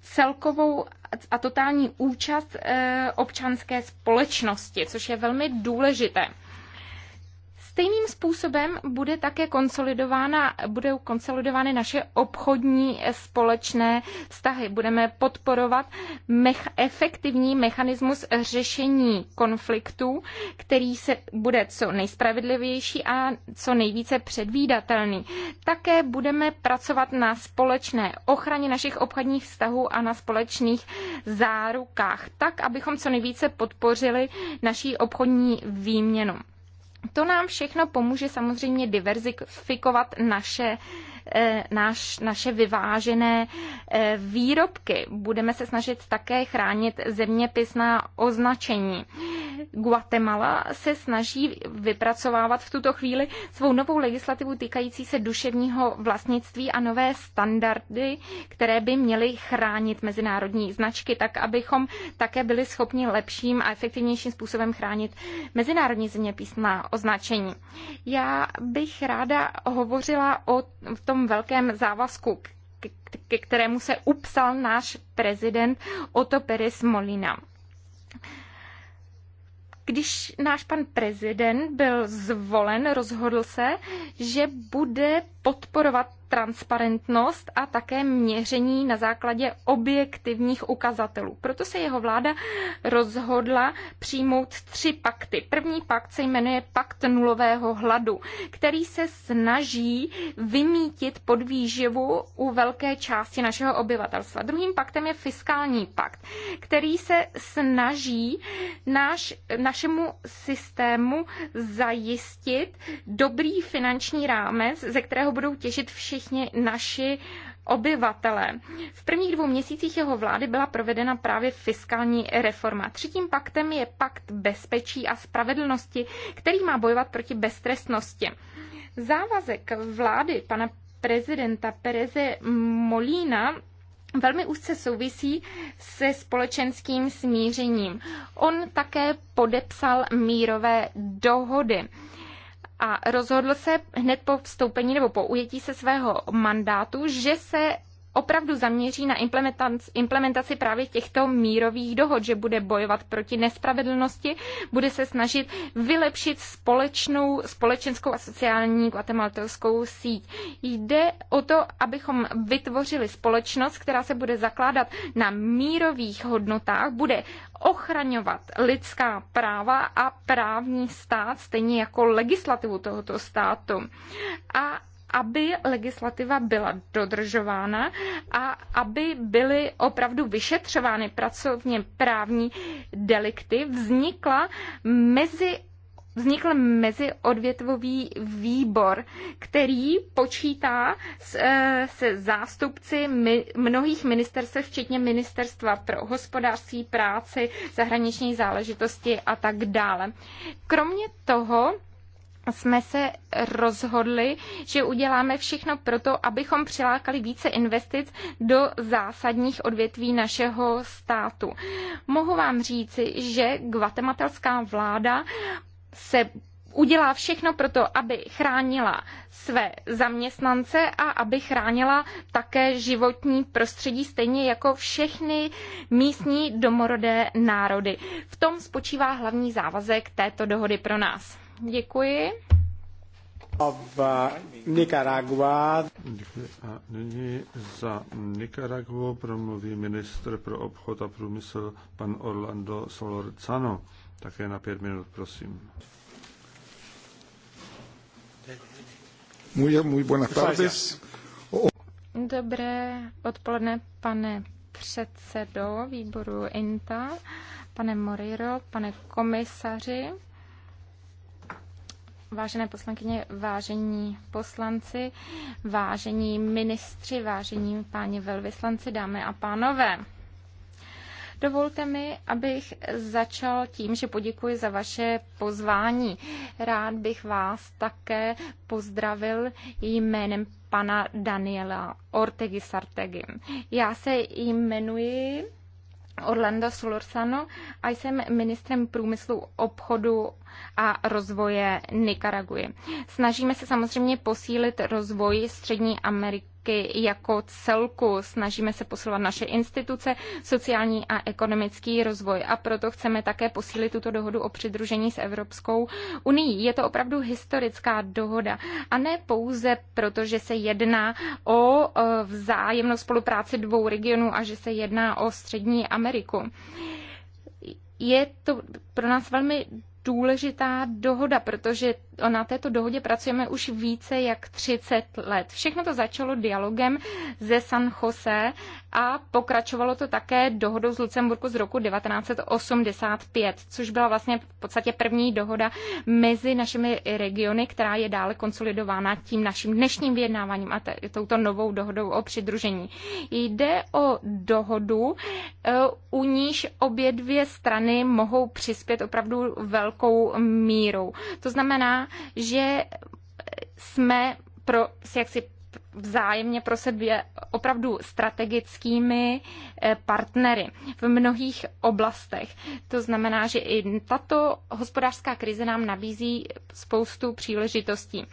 celkovou a totální účast eh, občanské společnosti, což je velmi důležité. Stejným způsobem bude také konsolidována, budou konsolidovány naše obchodní společné vztahy. Budeme podporovat mech, efektivní mechanismus řešení konfliktů, který se bude co nejspravedlivější a co nejvíce předvídatelný. Také budeme pracovat na společné ochraně našich obchodních vztahů a na společných zárukách, tak, abychom co nejvíce podpořili naší obchodní výměnu. To nám všechno pomůže samozřejmě diverzifikovat naše E, naš, naše vyvážené e, výrobky. Budeme se snažit také chránit zeměpisná označení. Guatemala se snaží vypracovávat v tuto chvíli svou novou legislativu týkající se duševního vlastnictví a nové standardy, které by měly chránit mezinárodní značky, tak abychom také byli schopni lepším a efektivnějším způsobem chránit mezinárodní zeměpisná označení. Já bych ráda hovořila o tom, tom velkém závazku, ke kterému se upsal náš prezident Otto Peris Molina. Když náš pan prezident byl zvolen, rozhodl se, že bude podporovat transparentnost a také měření na základě objektivních ukazatelů. Proto se jeho vláda rozhodla přijmout tři pakty. První pakt se jmenuje Pakt nulového hladu, který se snaží vymítit podvýživu u velké části našeho obyvatelstva. Druhým paktem je fiskální pakt, který se snaží náš, našemu systému zajistit dobrý finanční rámec, ze kterého budou těšit všichni naši obyvatele. V prvních dvou měsících jeho vlády byla provedena právě fiskální reforma. Třetím paktem je pakt bezpečí a spravedlnosti, který má bojovat proti beztrestnosti. Závazek vlády pana prezidenta Pereze Molína velmi úzce souvisí se společenským smířením. On také podepsal mírové dohody a rozhodl se hned po vstoupení nebo po ujetí se svého mandátu, že se opravdu zaměří na implementaci právě těchto mírových dohod, že bude bojovat proti nespravedlnosti, bude se snažit vylepšit společnou, společenskou a sociální guatemalskou síť. Jde o to, abychom vytvořili společnost, která se bude zakládat na mírových hodnotách, bude ochraňovat lidská práva a právní stát, stejně jako legislativu tohoto státu. A aby legislativa byla dodržována a aby byly opravdu vyšetřovány pracovně právní delikty, vznikla mezi vznikl meziodvětvový výbor, který počítá eh, se zástupci mnohých ministerstv, včetně ministerstva pro hospodářství, práci, zahraniční záležitosti a tak dále. Kromě toho jsme se rozhodli, že uděláme všechno proto, abychom přilákali více investic do zásadních odvětví našeho státu. Mohu vám říci, že guatematelská vláda se udělá všechno pro to, aby chránila své zaměstnance a aby chránila také životní prostředí, stejně jako všechny místní domorodé národy. V tom spočívá hlavní závazek této dohody pro nás. Děkuji. Of, uh, Nicaragua. Děkuji. A nyní za Nicaraguo promluví ministr pro obchod a průmysl pan Orlando Solorzano. Také na pět minut, prosím. Muy, muy buenas tardes. Dobré odpoledne, pane předsedo výboru INTA, pane Moriro, pane komisaři. Vážené poslankyně, vážení poslanci, vážení ministři, vážení páni velvyslanci, dámy a pánové. Dovolte mi, abych začal tím, že poděkuji za vaše pozvání. Rád bych vás také pozdravil jménem pana Daniela Ortegi Sartegi. Já se jmenuji Orlando Solorsano a jsem ministrem průmyslu, obchodu a rozvoje Nikaraguje. Snažíme se samozřejmě posílit rozvoj Střední Ameriky jako celku. Snažíme se posilovat naše instituce, sociální a ekonomický rozvoj a proto chceme také posílit tuto dohodu o přidružení s Evropskou unii. Je to opravdu historická dohoda a ne pouze proto, že se jedná o vzájemnou spolupráci dvou regionů a že se jedná o Střední Ameriku. Je to pro nás velmi důležitá dohoda, protože na této dohodě pracujeme už více jak 30 let. Všechno to začalo dialogem ze San Jose a pokračovalo to také dohodou z Lucemburku z roku 1985, což byla vlastně v podstatě první dohoda mezi našimi regiony, která je dále konsolidována tím naším dnešním vyjednáváním a touto novou dohodou o přidružení. Jde o dohodu, eh, u níž obě dvě strany mohou přispět opravdu velkou mírou. To znamená, že jsme pro, si vzájemně pro sebe opravdu strategickými eh, partnery v mnohých oblastech. To znamená, že i tato hospodářská krize nám nabízí spoustu příležitostí.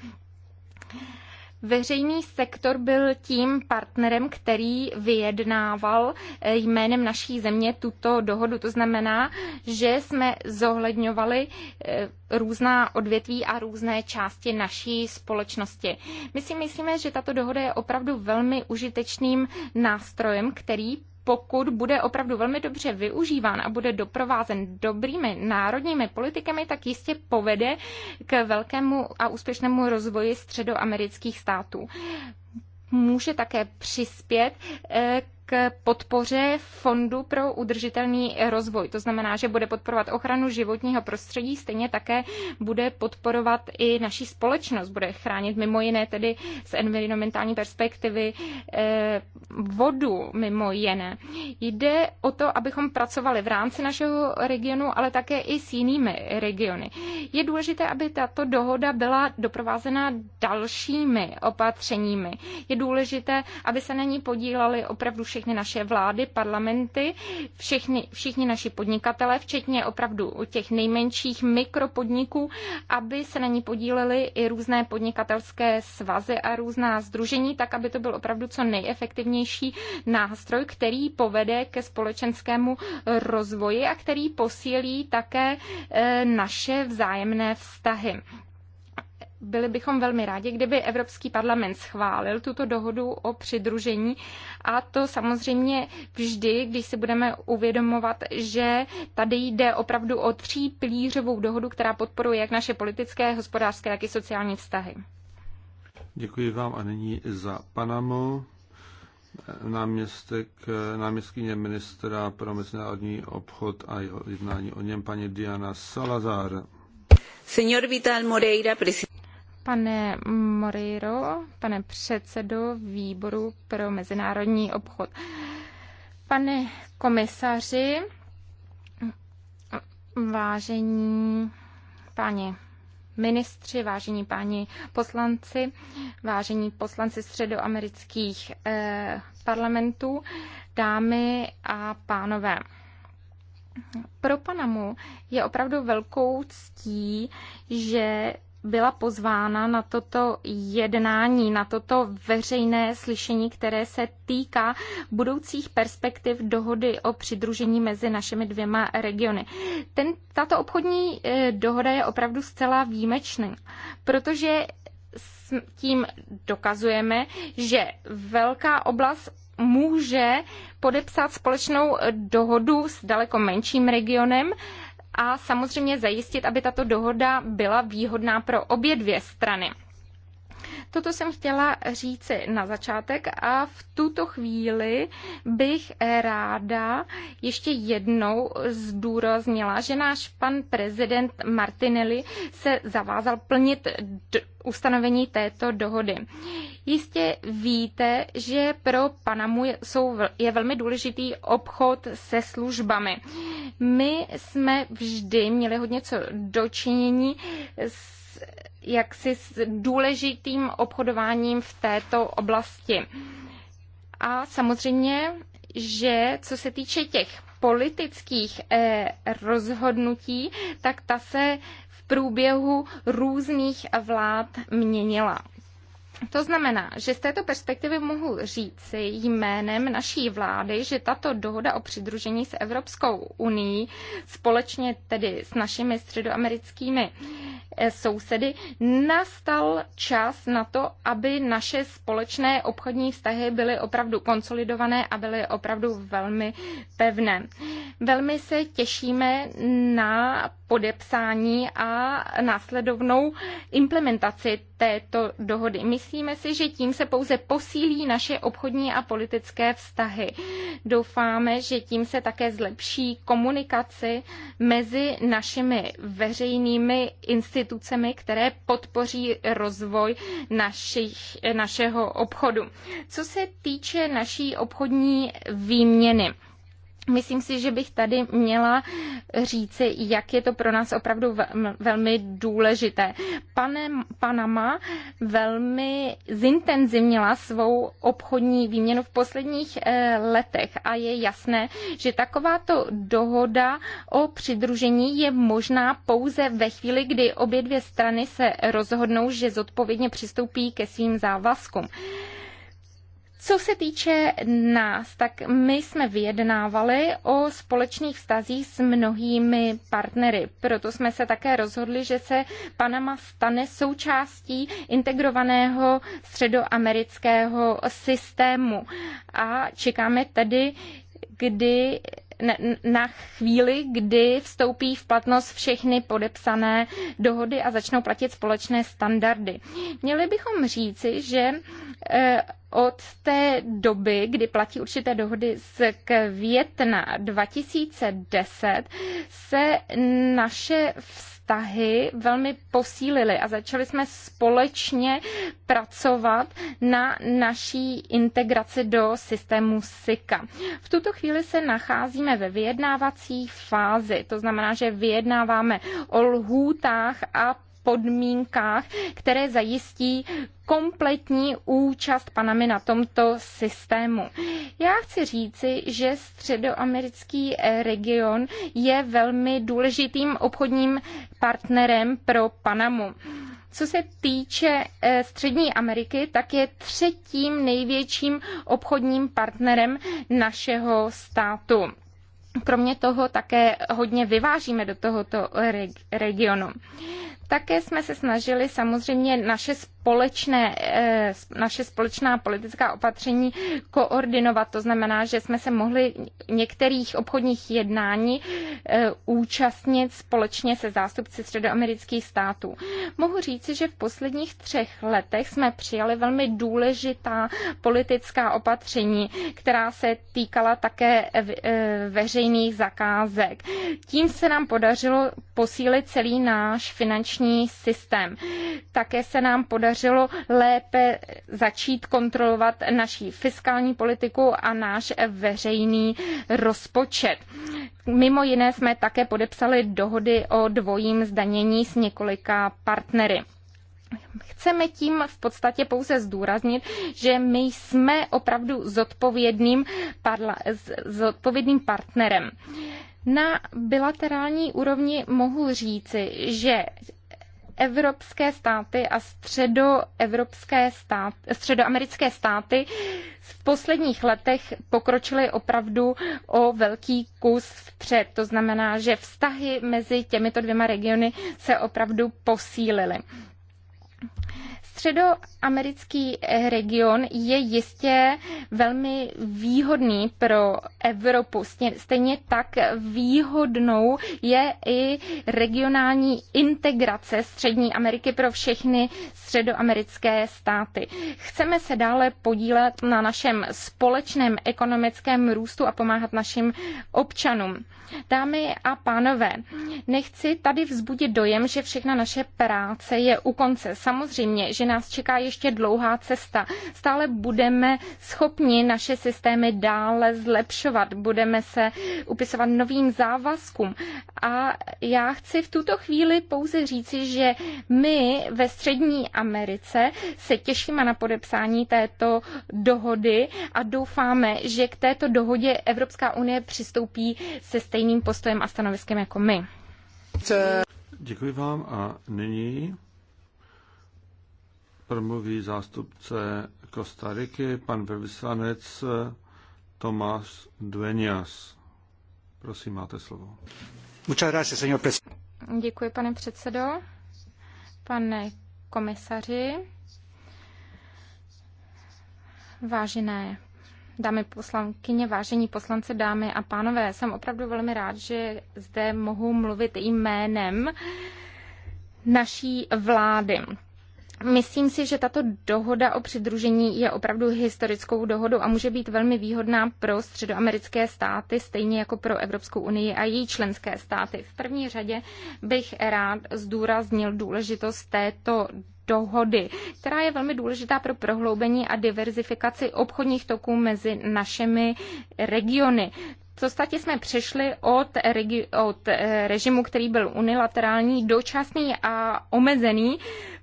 Veřejný sektor byl tím partnerem, který vyjednával eh, jménem naší země tuto dohodu. To znamená, že jsme zohledňovali eh, různá odvětví a různé části naší společnosti. My si myslíme, že tato dohoda je opravdu velmi užitečným nástrojem, který pokud bude opravdu velmi dobře využíván a bude doprovázen dobrými národními politikami, tak jistě povede k velkému a úspěšnému rozvoji středoamerických států může také přispět eh, podpoře Fondu pro udržitelný rozvoj. To znamená, že bude podporovat ochranu životního prostředí, stejně také bude podporovat i naši společnost, bude chránit mimo jiné tedy z environmentální perspektivy eh, vodu mimo jiné. Jde o to, abychom pracovali v rámci našeho regionu, ale také i s jinými regiony. Je důležité, aby tato dohoda byla doprovázena dalšími opatřeními. Je důležité, aby se na ní podílali opravdu všichni všechny naše vlády, parlamenty, všechny, všichni naši podnikatele, včetně opravdu těch nejmenších mikropodniků, aby se na ní podílely i různé podnikatelské svazy a různá združení, tak aby to byl opravdu co nejefektivnější nástroj, který povede ke společenskému rozvoji a který posílí také eh, naše vzájemné vztahy byli bychom velmi rádi, kdyby Evropský parlament schválil tuto dohodu o přidružení a to samozřejmě vždy, když si budeme uvědomovat, že tady jde opravdu o tří pilířovou dohodu, která podporuje jak naše politické, hospodářské, tak i sociální vztahy. Děkuji vám a nyní za Panamu náměstek, náměstkyně ministra pro mezinárodní obchod a jednání o něm, paní Diana Salazar. Señor Vital Moreira, presidente. Pane Moriro, pane předsedo výboru pro mezinárodní obchod. Pane komisaři, vážení páni ministři, vážení páni poslanci, vážení poslanci středoamerických eh, parlamentů, dámy a pánové. Pro Panamu je opravdu velkou ctí, že byla pozvána na toto jednání, na toto veřejné slyšení, které se týká budoucích perspektiv dohody o přidružení mezi našimi dvěma regiony. Ten, tato obchodní eh, dohoda je opravdu zcela výjimečná, protože s tím dokazujeme, že velká oblast může podepsat společnou dohodu s daleko menším regionem a samozřejmě zajistit, aby tato dohoda byla výhodná pro obě dvě strany. Toto jsem chtěla říci na začátek a v tuto chvíli bych ráda ještě jednou zdůraznila, že náš pan prezident Martinelli se zavázal plnit ustanovení této dohody. Jistě víte, že pro Panamu jsou, je velmi důležitý obchod se službami. My jsme vždy měli hodně co dočinění s jaksi s důležitým obchodováním v této oblasti. A samozřejmě, že co se týče těch politických eh, rozhodnutí, tak ta se v průběhu různých vlád měnila. To znamená, že z této perspektivy mohu říci jménem naší vlády, že tato dohoda o přidružení s Evropskou unii společně tedy s našimi středoamerickými eh, sousedy nastal čas na to, aby naše společné obchodní vztahy byly opravdu konsolidované a byly opravdu velmi pevné. Velmi se těšíme na podepsání a následovnou implementaci této dohody. Myslíme si, že tím se pouze posílí naše obchodní a politické vztahy. Doufáme, že tím se také zlepší komunikaci mezi našimi veřejnými institucemi, které podpoří rozvoj našich, našeho obchodu. Co se týče naší obchodní výměny, Myslím si, že bych tady měla říci, jak je to pro nás opravdu velmi důležité. Pane, Panama velmi zintenzivnila svou obchodní výměnu v posledních eh, letech a je jasné, že takováto dohoda o přidružení je možná pouze ve chvíli, kdy obě dvě strany se rozhodnou, že zodpovědně přistoupí ke svým závazkům. Co se týče nás, tak my jsme vyjednávali o společných vztazích s mnohými partnery. Proto jsme se také rozhodli, že se Panama stane součástí integrovaného středoamerického systému. A čekáme tedy, kdy na chvíli, kdy vstoupí v platnost všechny podepsané dohody a začnou platit společné standardy. Měli bychom říci, že eh, od té doby, kdy platí určité dohody z května 2010, se naše vztahy vztahy velmi posílily a začali jsme společně pracovat na naší integraci do systému SIKA. V tuto chvíli se nacházíme ve vyjednávací fázi, to znamená, že vyjednáváme o lhůtách a podmínkách, které zajistí kompletní účast Panamy na tomto systému. Já chci říci, že středoamerický eh, region je velmi důležitým obchodním partnerem pro Panamu. Co se týče eh, Střední Ameriky, tak je třetím největším obchodním partnerem našeho státu. Kromě toho také hodně vyvážíme do tohoto regionu. Také jsme se snažili samozřejmě naše společné, eh, naše společná politická opatření koordinovat. To znamená, že jsme se mohli některých obchodních jednání eh, účastnit společně se zástupci středoamerických států. Mohu říci, že v posledních třech letech jsme přijali velmi důležitá politická opatření, která se týkala také eh, veřejnosti veřejných zakázek. Tím se nám podařilo posílit celý náš finanční systém. Také se nám podařilo lépe začít kontrolovat naší fiskální politiku a náš veřejný rozpočet. Mimo jiné jsme také podepsali dohody o dvojím zdanění s několika partnery. Chceme tím v podstatě pouze zdůraznit, že my jsme opravdu zodpovědným, parla, zodpovědným partnerem. Na bilaterální úrovni mohu říci, že evropské státy a středoevropské státy, středoamerické státy v posledních letech pokročily opravdu o velký kus vpřed. To znamená, že vztahy mezi těmito dvěma regiony se opravdu posílily. Středoamerický eh, region je jistě velmi výhodný pro Evropu. Stejně tak výhodnou je i regionální integrace Střední Ameriky pro všechny středoamerické státy. Chceme se dále podílet na našem společném ekonomickém růstu a pomáhat našim občanům. Dámy a pánové, nechci tady vzbudit dojem, že všechna naše práce je u konce. Samozřejmě, že nás čeká ještě dlouhá cesta. Stále budeme schopni naše systémy dále zlepšovat, budeme se upisovat novým závazkům. A já chci v tuto chvíli pouze říci, že my ve Střední Americe se těšíme na podepsání této dohody a doufáme, že k této dohodě Evropská unie přistoupí se stejným postojem a stanoviskem jako my. Děkuji vám a nyní promluví zástupce Kostariky, pan vyslanec eh, Tomás Dueñas. Prosím, máte slovo. Děkuji, pane předsedo. Pane komisaři, vážené dámy poslankyně, vážení poslanci, dámy a pánové, jsem opravdu velmi rád, že zde mohu mluvit jménem naší vlády. Myslím si, že tato dohoda o přidružení je opravdu historickou dohodou a může být velmi výhodná pro středoamerické státy, stejně jako pro Evropskou unii a její členské státy. V první řadě bych rád zdůraznil důležitost této dohody, která je velmi důležitá pro prohloubení a diverzifikaci obchodních toků mezi našimi regiony. V podstatě jsme přešli od, regi- od eh, režimu, který byl unilaterální, dočasný a omezený,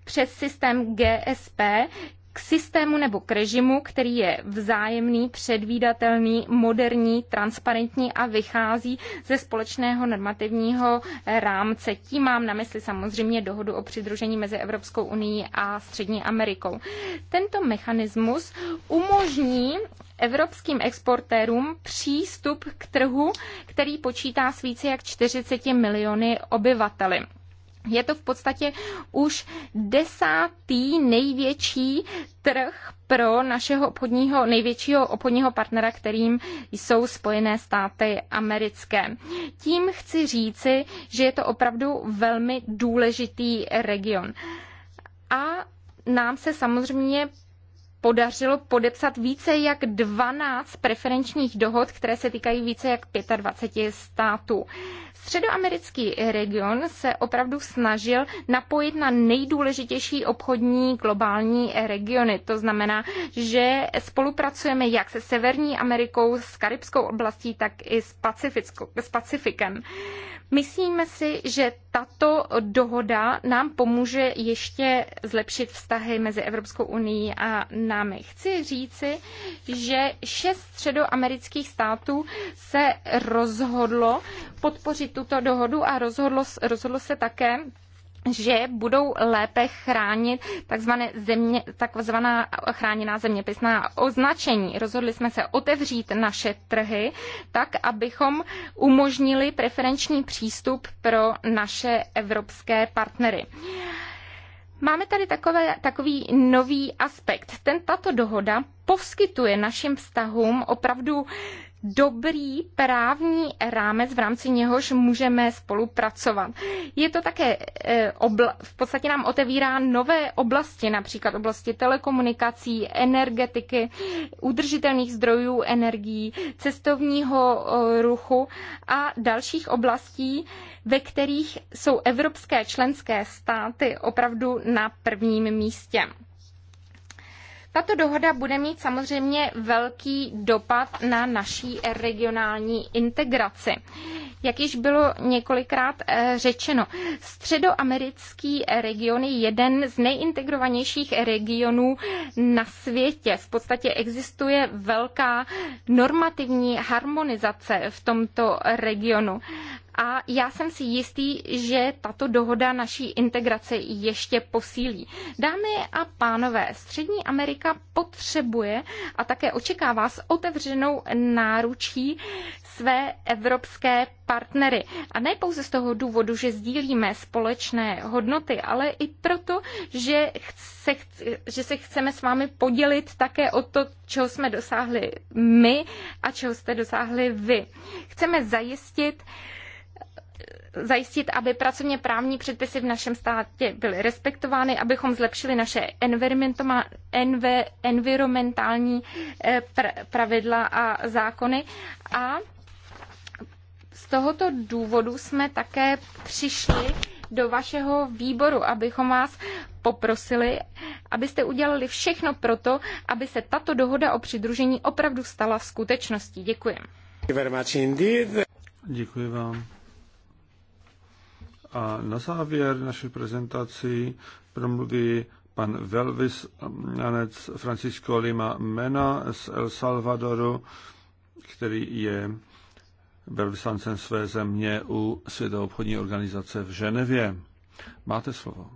přes systém GSP k systému nebo k režimu, který je vzájemný, předvídatelný, moderní, transparentní a vychází ze společného normativního rámce. Tím mám na mysli samozřejmě dohodu o přidružení mezi Evropskou unii a Střední Amerikou. Tento mechanismus umožní evropským exportérům přístup k trhu, který počítá s více jak 40 miliony obyvateli. Je to v podstatě už desátý největší trh pro našeho obchodního, největšího obchodního partnera, kterým jsou Spojené státy americké. Tím chci říci, že je to opravdu velmi důležitý region. A nám se samozřejmě podařilo podepsat více jak 12 preferenčních dohod, které se týkají více jak 25 států. Středoamerický region se opravdu snažil napojit na nejdůležitější obchodní globální regiony. To znamená, že spolupracujeme jak se Severní Amerikou, s Karibskou oblastí, tak i s, Pacifickou, s Pacifikem. Myslíme si, že tato dohoda nám pomůže ještě zlepšit vztahy mezi Evropskou unii a námi. Chci říci, že šest středoamerických států se rozhodlo podpořit tuto dohodu a rozhodlo, rozhodlo se také že budou lépe chránit takzvané země, takzvaná chráněná zeměpisná označení. Rozhodli jsme se otevřít naše trhy tak, abychom umožnili preferenční přístup pro naše evropské partnery. Máme tady takové, takový nový aspekt. Ten, tato dohoda poskytuje našim vztahům opravdu dobrý právní rámec, v rámci něhož můžeme spolupracovat. Je to také, e, v podstatě nám otevírá nové oblasti, například oblasti telekomunikací, energetiky, udržitelných zdrojů energií, cestovního e, ruchu a dalších oblastí, ve kterých jsou evropské členské státy opravdu na prvním místě. Tato dohoda bude mít samozřejmě velký dopad na naší regionální integraci. Jak již bylo několikrát eh, řečeno, středoamerický region je jeden z nejintegrovanějších regionů na světě. V podstatě existuje velká normativní harmonizace v tomto regionu a já jsem si jistý, že tato dohoda naší integraci ještě posílí. Dámy a pánové, Střední Amerika potřebuje a také očekává s otevřenou náručí své evropské partnery. A ne pouze z toho důvodu, že sdílíme společné hodnoty, ale i proto, že se, že se chceme s vámi podělit také o to, čeho jsme dosáhli my a čeho jste dosáhli vy. Chceme zajistit, zajistit, aby pracovně právní předpisy v našem státě byly respektovány, abychom zlepšili naše environmentální eh, pravidla a zákony. A z tohoto důvodu jsme také přišli do vašeho výboru, abychom vás poprosili, abyste udělali všechno pro to, aby se tato dohoda o přidružení opravdu stala skutečností. Děkuji. Děkuji vám. A na závěr naší prezentací promluví pan velvyslanec Francisco Lima Mena z El Salvadoru, který je velvyslancem své země u Světové obchodní organizace v Ženevě. Máte slovo.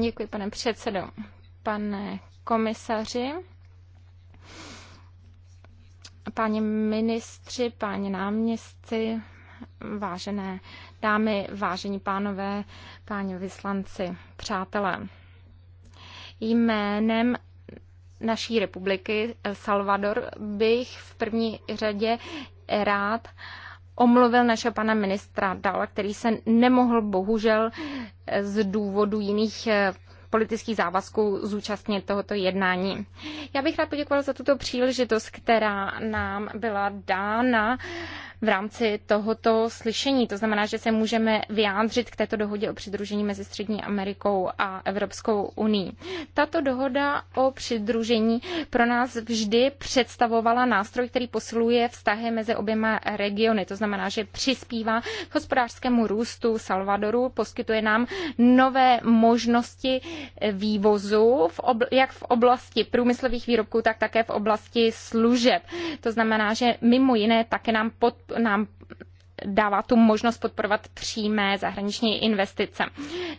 Děkuji, pane předsedo. Pane komisaři, páni ministři, páni náměstci, vážené dámy, vážení pánové, páni vyslanci, přátelé. Jménem naší republiky eh, Salvador bych v první řadě rád omluvil našeho pana ministra Dala, který se nemohl bohužel eh, z důvodu jiných eh, politických závazků zúčastnit tohoto jednání. Já bych rád poděkovala za tuto příležitost, která nám byla dána v rámci tohoto slyšení. To znamená, že se můžeme vyjádřit k této dohodě o přidružení mezi Střední Amerikou a Evropskou unii. Tato dohoda o přidružení pro nás vždy představovala nástroj, který posiluje vztahy mezi oběma regiony. To znamená, že přispívá k hospodářskému růstu Salvadoru, poskytuje nám nové možnosti vývozu, v jak v oblasti průmyslových výrobků, tak také v oblasti služeb. To znamená, že mimo jiné také nám, pod, nám dává tu možnost podporovat přímé zahraniční investice.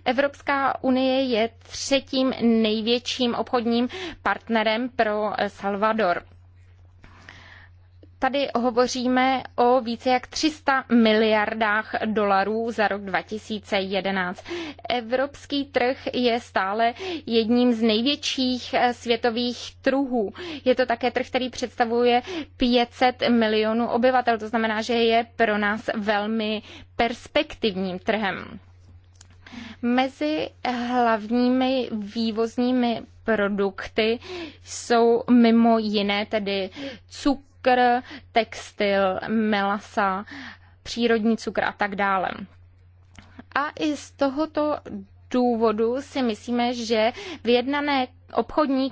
Evropská unie je třetím největším obchodním partnerem pro Salvador. Tady hovoříme o více jak 300 miliardách dolarů za rok 2011. Evropský trh je stále jedním z největších eh, světových trhů. Je to také trh, který představuje 500 milionů obyvatel, to znamená, že je pro nás velmi perspektivním trhem. Mezi hlavními vývozními produkty jsou mimo jiné tedy cukr, cukr, textil, melasa, přírodní cukr a tak dále. A i z tohoto důvodu si myslíme, že vyjednané obchodní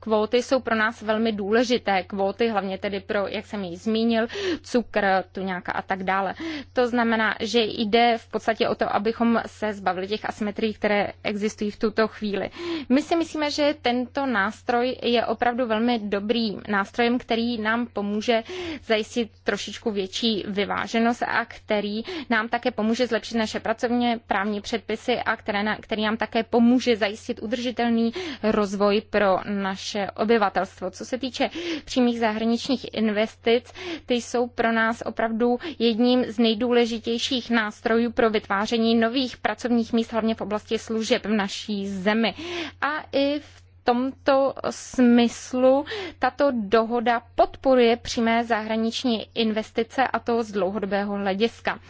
kvóty jsou pro nás velmi důležité. Kvóty hlavně tedy pro, jak jsem ji zmínil, cukr, tuňáka a tak dále. To znamená, že jde v podstatě o to, abychom se zbavili těch asymetrií, které existují v tuto chvíli. My si myslíme, že tento nástroj je opravdu velmi dobrým nástrojem, který nám pomůže zajistit trošičku větší vyváženost a který nám také pomůže zlepšit naše pracovně právní předpisy a které, který nám také pomůže zajistit udržitelný rozvoj rozvoj pro naše obyvatelstvo. Co se týče přímých zahraničních investic, ty jsou pro nás opravdu jedním z nejdůležitějších nástrojů pro vytváření nových pracovních míst, hlavně v oblasti služeb v naší zemi. A i v tomto smyslu tato dohoda podporuje přímé zahraniční investice a to z dlouhodobého hlediska.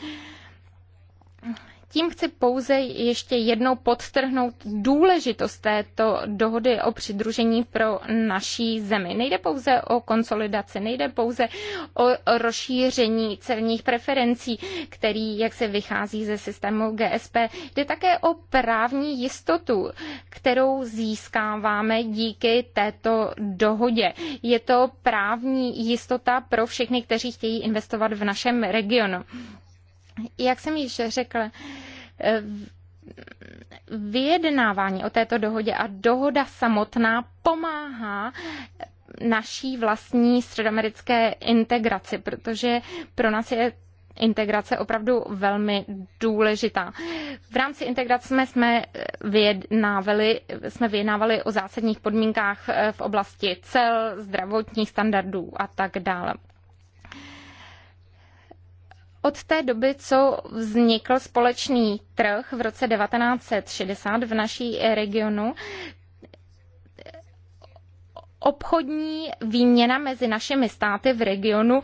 Tím chci pouze ještě jednou podtrhnout důležitost této dohody o přidružení pro naší zemi. Nejde pouze o konsolidaci, nejde pouze o rozšíření celních preferencí, který, jak se vychází ze systému GSP, jde také o právní jistotu, kterou získáváme díky této dohodě. Je to právní jistota pro všechny, kteří chtějí investovat v našem regionu. Jak jsem již řekla, eh, vyjednávání o této dohodě a dohoda samotná pomáhá naší vlastní středoamerické integraci, protože pro nás je integrace opravdu velmi důležitá. V rámci integrace jsme, jsme, eh, vyjednávali, jsme vyjednávali o zásadních podmínkách eh, v oblasti cel, zdravotních standardů a tak dále. Od té doby, co vznikl společný trh v roce 1960 v naší regionu, obchodní výměna mezi našimi státy v regionu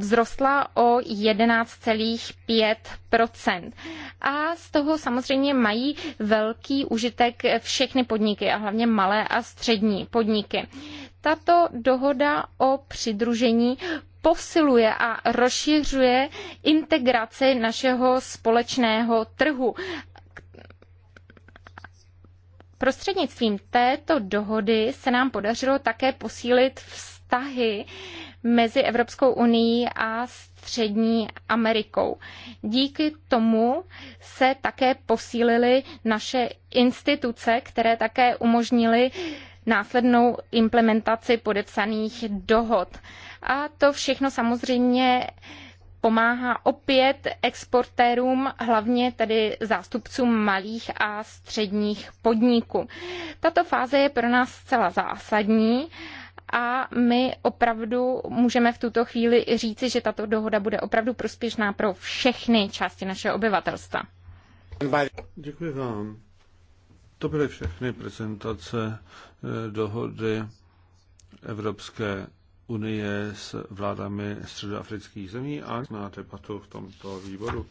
vzrostla o 11,5 A z toho samozřejmě mají velký užitek všechny podniky a hlavně malé a střední podniky. Tato dohoda o přidružení posiluje a rozšiřuje integraci našeho společného trhu. Prostřednictvím této dohody se nám podařilo také posílit vztahy mezi Evropskou unii a Střední Amerikou. Díky tomu se také posílily naše instituce, které také umožnily následnou implementaci podepsaných dohod. A to všechno samozřejmě pomáhá opět exportérům, hlavně tedy zástupcům malých a středních podniků. Tato fáze je pro nás zcela zásadní a my opravdu můžeme v tuto chvíli říci, že tato dohoda bude opravdu prospěšná pro všechny části našeho obyvatelstva. Děkuji vám. To byly všechny prezentace eh, dohody Evropské unie s vládami středoafrických zemí a na debatu v tomto výboru.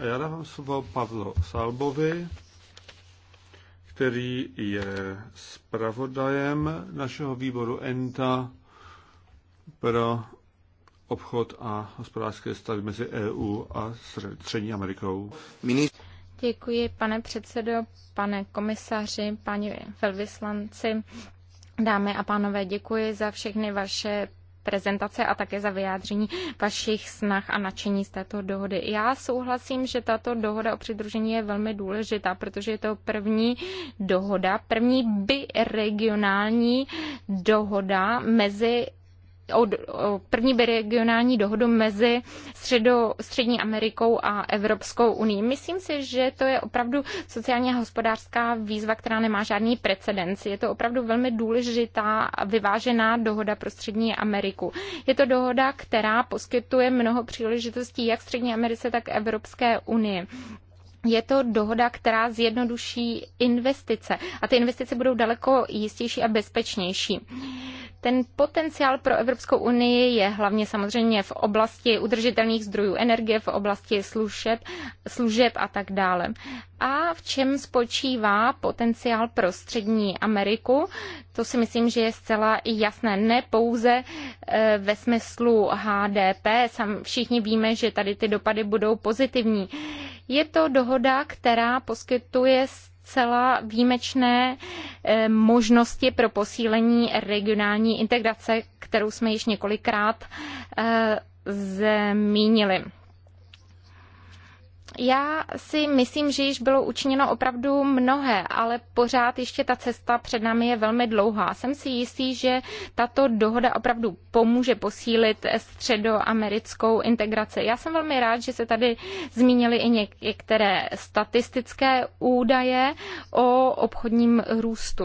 A já dávám slovo Pavlo Salbovi, který je zpravodajem našeho výboru ENTA pro obchod a hospodářské stavy mezi EU a Střední Amerikou. Děkuji, pane předsedo, pane komisaři, paní velvyslanci. Dámy a pánové, děkuji za všechny vaše prezentace a také za vyjádření vašich snah a nadšení z této dohody. Já souhlasím, že tato dohoda o přidružení je velmi důležitá, protože je to první dohoda, první biregionální dohoda mezi o, o první regionální dohodu mezi středo, Střední Amerikou a Evropskou unii. Myslím si, že to je opravdu sociálně hospodářská výzva, která nemá žádný precedenci. Je to opravdu velmi důležitá a vyvážená dohoda pro Střední Ameriku. Je to dohoda, která poskytuje mnoho příležitostí jak Střední Americe, tak Evropské unii je to dohoda, která zjednoduší investice a ty investice budou daleko jistější a bezpečnější. Ten potenciál pro Evropskou unii je hlavně samozřejmě v oblasti udržitelných zdrojů energie, v oblasti služeb, služeb a tak dále. A v čem spočívá potenciál pro střední Ameriku? To si myslím, že je zcela jasné. Ne pouze eh, ve smyslu HDP, Sam všichni víme, že tady ty dopady budou pozitivní je to dohoda, která poskytuje zcela výjimečné eh, možnosti pro posílení regionální integrace, kterou jsme již několikrát eh, zmínili. Já si myslím, že již bylo učiněno opravdu mnohé, ale pořád ještě ta cesta před námi je velmi dlouhá. Jsem si jistý, že tato dohoda opravdu pomůže posílit středoamerickou integraci. Já jsem velmi rád, že se tady zmínily i některé statistické údaje o obchodním růstu.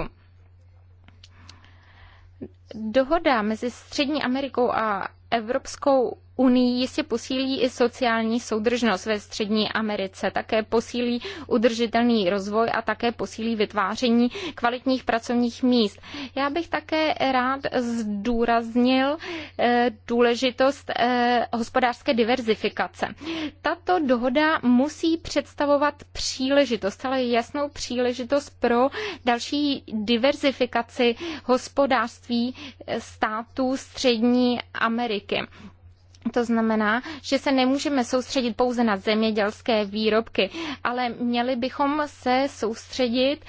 Dohoda mezi Střední Amerikou a Evropskou unii jistě posílí i sociální soudržnost ve Střední Americe, také posílí udržitelný rozvoj a také posílí vytváření kvalitních pracovních míst. Já bych také rád zdůraznil eh, důležitost eh, hospodářské diverzifikace. Tato dohoda musí představovat příležitost, ale jasnou příležitost pro další diverzifikaci hospodářství eh, států Střední Ameriky. To znamená, že se nemůžeme soustředit pouze na zemědělské výrobky, ale měli bychom se soustředit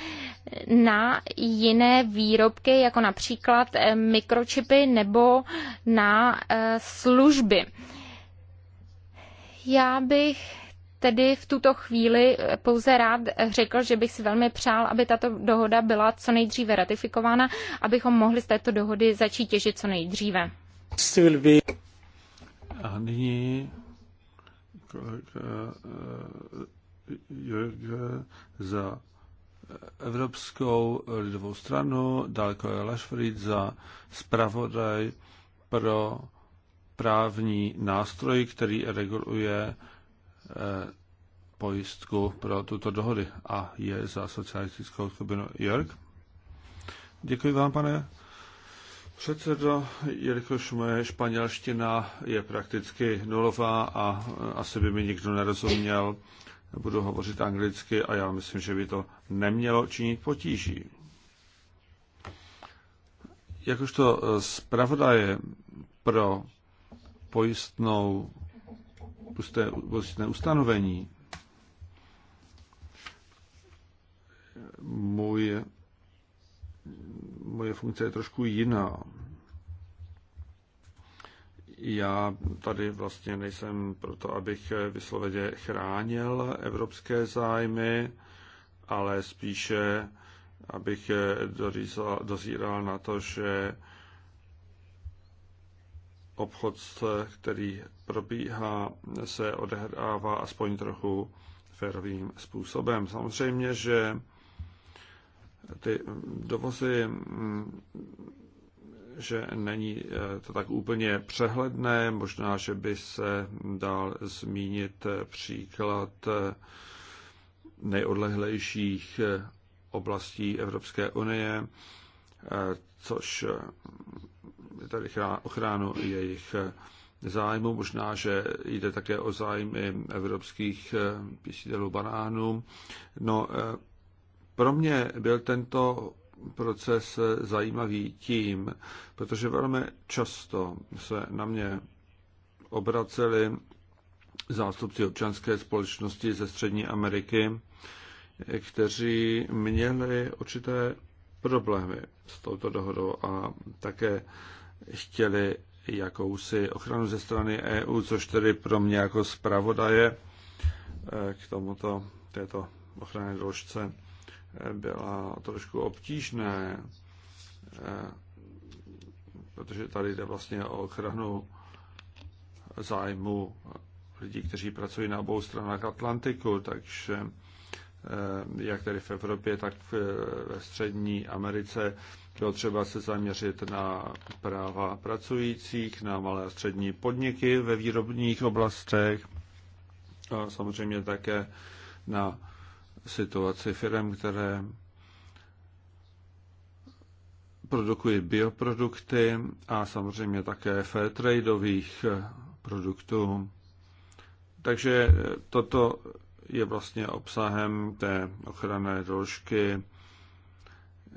na jiné výrobky, jako například eh, mikročipy nebo na eh, služby. Já bych tedy v tuto chvíli eh, pouze rád řekl, že bych si velmi přál, aby tato dohoda byla co nejdříve ratifikována, abychom mohli z této dohody začít těžit co nejdříve. A nyní kolega eh, Jörg za Evropskou lidovou stranu, daleko je Lašfried za zpravodaj pro právní nástroj, který reguluje eh, pojistku pro tuto dohody a je za socialistickou skupinu Jörg. Děkuji vám, pane předsedo, jelikož moje španělština je prakticky nulová a asi by mi nikdo nerozuměl, budu hovořit anglicky a já myslím, že by to nemělo činit potíží. Jakožto zpravodaje pro pojistnou pusté, pojistné ustanovení, můj moje funkce je trošku jiná. Já tady vlastně nejsem proto, abych vysloveně chránil evropské zájmy, ale spíše abych dozíral na to, že obchod, který probíhá, se odehrává aspoň trochu férovým způsobem. Samozřejmě, že ty dovozy, mm, že není eh, to tak úplně přehledné, možná, že by se dal zmínit eh, příklad eh, nejodlehlejších oblastí Evropské unie, což tady ochránu jejich zájmu. Možná, že jde také o zájmy evropských pěstitelů banánů. No, pro mě byl tento proces zajímavý tím, protože velmi často se na mě obraceli zástupci občanské společnosti ze Střední Ameriky, kteří měli určité problémy s touto dohodou a také chtěli jakousi ochranu ze strany EU, což tedy pro mě jako zpravodaje eh, k tomuto této ochranné doložce byla trošku obtížné, eh, protože tady jde vlastně o ochranu zájmu lidí, kteří pracují na obou stranách Atlantiku, takže eh, jak tady v Evropě, tak eh, ve střední Americe bylo třeba se zaměřit na práva pracujících, na malé a střední podniky ve výrobních oblastech a samozřejmě také na situaci firm, které produkují bioprodukty a samozřejmě také tradeových eh, produktů. Takže eh, toto je vlastně obsahem té ochranné doložky.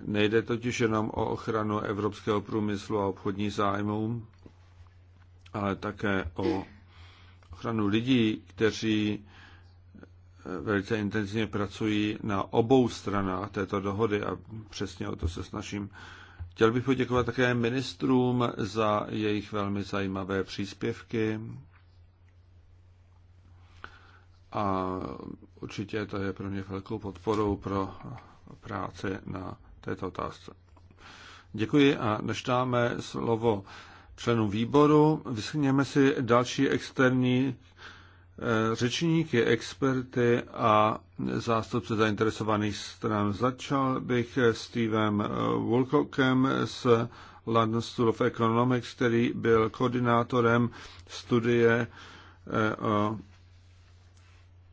Nejde totiž jenom o ochranu evropského průmyslu a obchodní zájmů, ale také o ochranu lidí, kteří velice intenzivně pracují na obou stranách této dohody a přesně o to se snažím. Chtěl bych poděkovat také ministrům za jejich velmi zajímavé příspěvky. A určitě to je pro mě velkou podporou pro práci na této otázce. Děkuji a než dáme slovo členům výboru, vyschněme si další externí Eh, řečník je experty a zástupce zainteresovaných stran. Začal bych eh, Stevem eh, Woolcockem z London School of Economics, který byl koordinátorem studie o,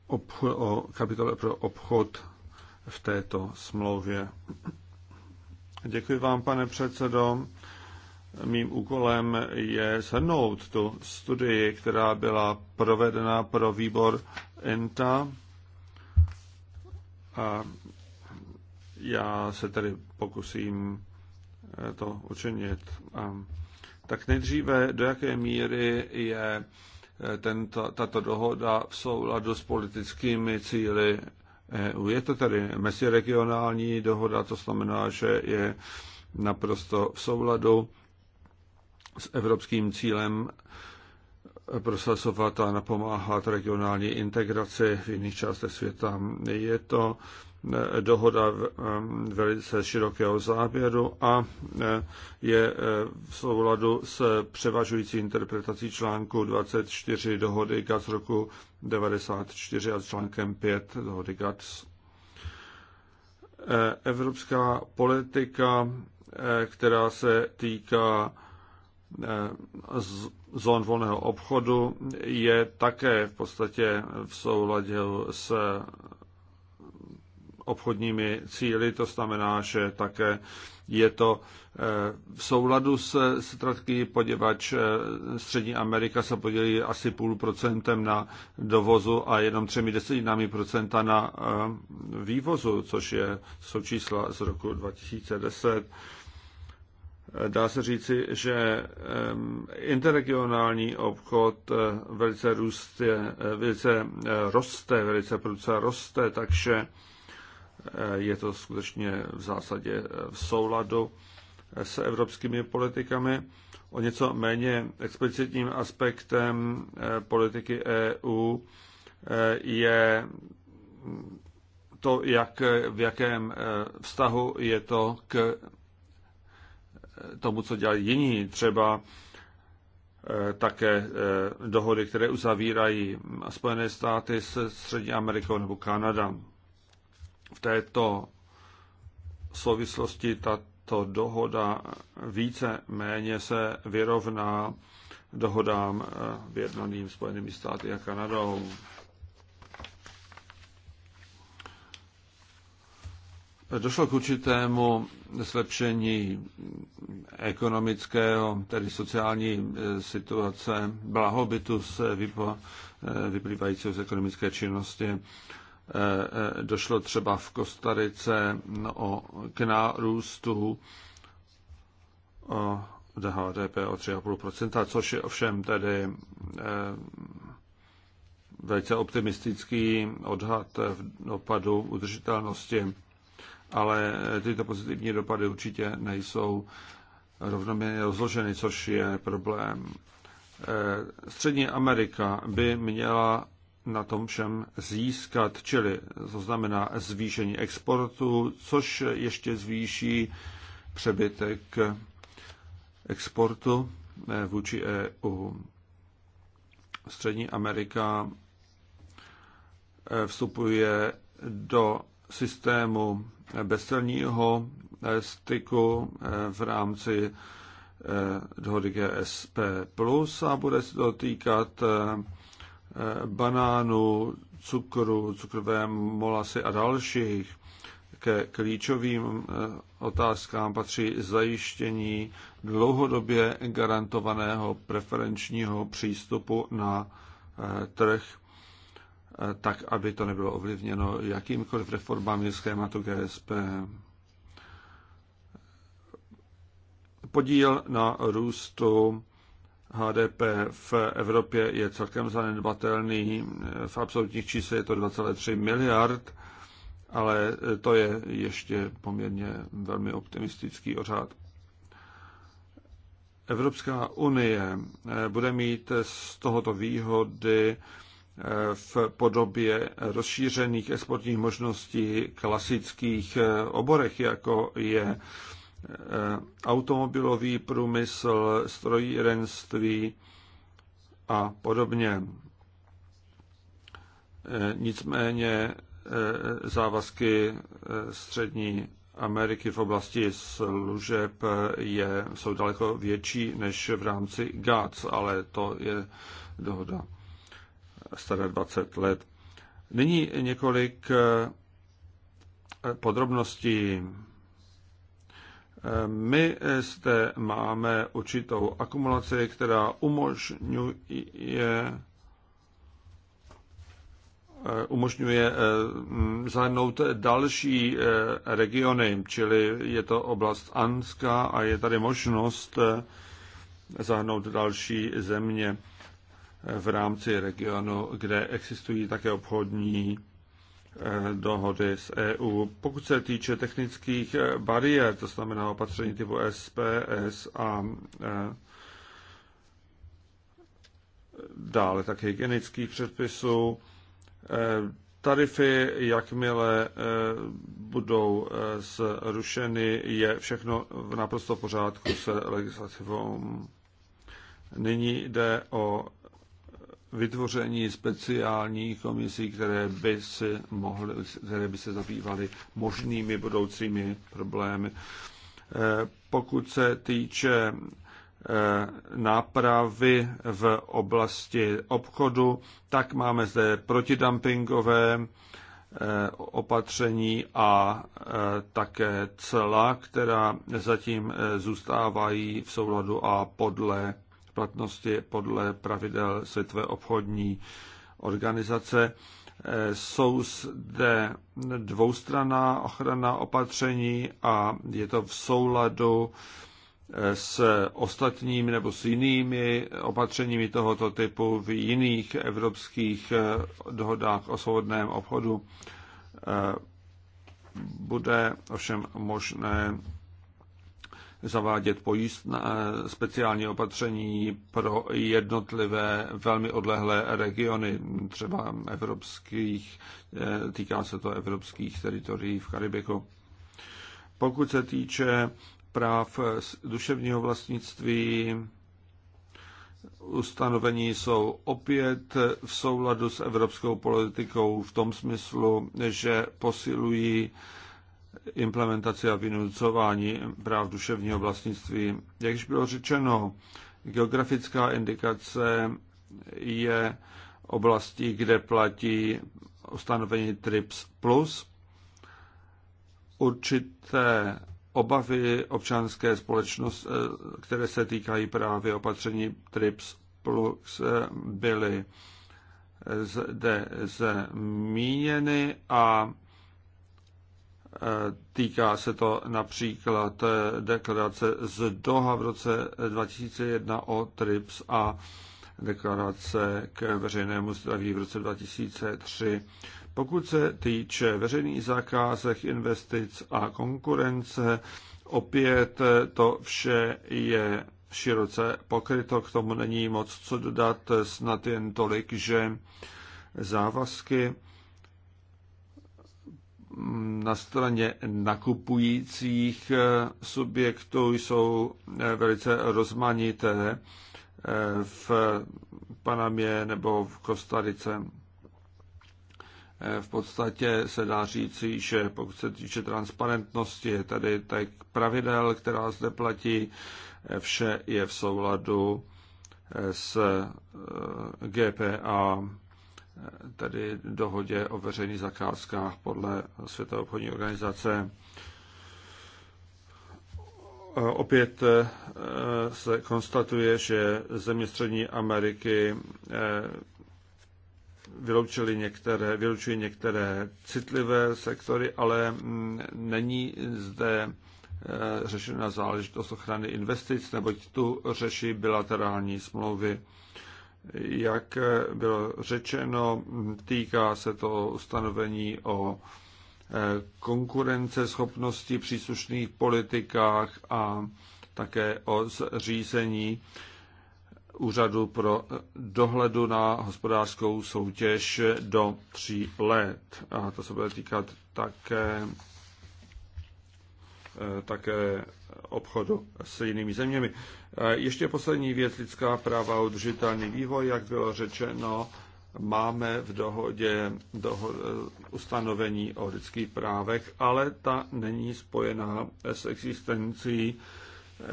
obchod, o kapitole pro obchod v této smlouvě. Děkuji vám, pane předsedo mým úkolem je shrnout tu studii, která byla provedena pro výbor ENTA. A já se tedy pokusím eh, to učinit. Tak nejdříve, do jaké míry je eh, tento, tato dohoda v souladu s politickými cíly EU. Je to tedy meziregionální dohoda, to znamená, že je naprosto v souladu s evropským cílem prosazovat a napomáhat regionální integraci v jiných částech světa. Je to eh, dohoda eh, velice širokého záběru a eh, je v souladu s převažující interpretací článku 24 dohody GATS roku 94 a s článkem 5 dohody GATS. Evropská politika, která se týká zón volného obchodu je také v podstatě v souladě s obchodními cíly, to znamená, že také je to eh, v souladu s strategií, poděvač eh, Střední Amerika se podělí asi půl procentem na dovozu a jenom třemi desetinami procenta na eh, vývozu, což je, jsou čísla z roku 2010. Dá se říci, že interregionální obchod eh, velice, růstě, eh, velice eh, roste, velice prudce roste, takže je to skutečně v zásadě v souladu s evropskými politikami. O něco méně explicitním aspektem politiky EU je to, jak, v jakém vztahu je to k tomu, co dělají jiní, třeba eh, také eh, dohody, které uzavírají Spojené státy se Střední Amerikou nebo Kanada. V této souvislosti tato dohoda více méně se vyrovná dohodám eh, vyjednaným Spojenými státy a Kanadou. Došlo k určitému zlepšení ekonomického, tedy sociální e, situace, blahobytu se vypo, e, vyplývajícího z ekonomické činnosti. E, došlo třeba v Kostarice no, o, k nárůstu o HDP o 3,5%, což je ovšem tedy velice optimistický odhad v dopadu udržitelnosti ale eh, tyto pozitivní dopady určitě nejsou rovnoměrně rozloženy, což je problém. Eh, Střední Amerika by měla na tom všem získat, čili to znamená zvýšení exportu, což ještě zvýší přebytek exportu eh, vůči EU. Střední Amerika vstupuje do systému bezcelního eh, styku eh, v rámci eh, dohody GSP+, a bude se to týkat banánů, cukru, cukrové molasy a dalších. Ke klíčovým otázkám patří zajištění dlouhodobě garantovaného preferenčního přístupu na trh tak aby to nebylo ovlivněno jakýmkoliv reformami schématu GSP. Podíl na růstu HDP v Evropě je celkem zanedbatelný. V absolutních číslech je to 2,3 miliard, ale to je ještě poměrně velmi optimistický ořád. Evropská unie bude mít z tohoto výhody v podobě rozšířených exportních možností klasických oborech, jako je eh, automobilový průmysl, strojírenství a podobně. Eh, nicméně eh, závazky střední Ameriky v oblasti služeb je, jsou daleko větší než v rámci GATS, ale to je dohoda staré 20 let. Nyní několik eh, podrobností. Eh, my eh, zde máme určitou akumulaci, která umožňuje umožňuje zahrnout další regiony, čili je to oblast Anska a je tady možnost zahrnout další země v rámci regionu, kde existují také obchodní eh, dohody s EU. Pokud se týče technických eh, bariér, to znamená opatření typu SPS a eh, dále také hygienických předpisů, tarify, jakmile budou zrušeny, je všechno v naprosto pořádku se legislativou. Nyní jde o vytvoření speciálních komisí, které by, si mohly, které by se zabývaly možnými budoucími problémy. Eh, pokud se týče eh, nápravy v oblasti obchodu, tak máme zde protidumpingové eh, opatření a také cla, která zatím zůstávají v souladu a podle platnosti podle pravidel Světové obchodní organizace. Jsou zde dvoustranná ochrana opatření a je to v souladu s ostatními nebo s jinými opatřeními tohoto typu v jiných evropských dohodách o svobodném obchodu. Bude ovšem možné zavádět pojistná, eh, speciální opatření pro jednotlivé velmi odlehlé regiony, třeba evropských, eh, týká se to evropských teritorií v Karibiku. Pokud se týče práv eh, duševního vlastnictví, ustanovení jsou opět v souladu s evropskou politikou v tom smyslu, že posilují implementaci a vynucování práv duševního vlastnictví. Jak již bylo řečeno, geografická indikace je oblastí, kde platí ustanovení TRIPS+, plus. určité obavy občanské společnosti, eh, které se týkají právě opatření TRIPS+, plus, eh, byly zde zmíněny a Týká se to například eh, deklarace z Doha v roce 2001 o TRIPS a deklarace k veřejnému zdraví v roce 2003. Pokud se týče veřejných zakázek, investic a konkurence, opět eh, to vše je široce pokryto, k tomu není moc co dodat, eh, snad jen tolik, že závazky na straně nakupujících eh, subjektů jsou eh, velice rozmanité eh, v Panamě nebo v Kostarice. V podstatě se dá říci, že pokud se týče transparentnosti, tady tak pravidel, která zde platí, vše je v souladu s GPA tedy dohodě o veřejných zakázkách podle Světové obchodní organizace. Opět eh, se konstatuje, že země Střední Ameriky eh, vyloučili některé, vylučují některé citlivé sektory, ale mm, není zde eh, řešena záležitost ochrany investic, neboť tu řeší bilaterální smlouvy. Jak bylo řečeno, týká se to ustanovení o eh, konkurenceschopnosti příslušných politikách a také o zřízení úřadu pro dohledu na hospodářskou soutěž do tří let. A to se bude týkat také, eh, také obchodu s jinými zeměmi. E, ještě poslední věc, lidská práva a udržitelný vývoj, jak bylo řečeno, máme v dohodě doho, e, ustanovení o lidských právech, ale ta není spojená s existencí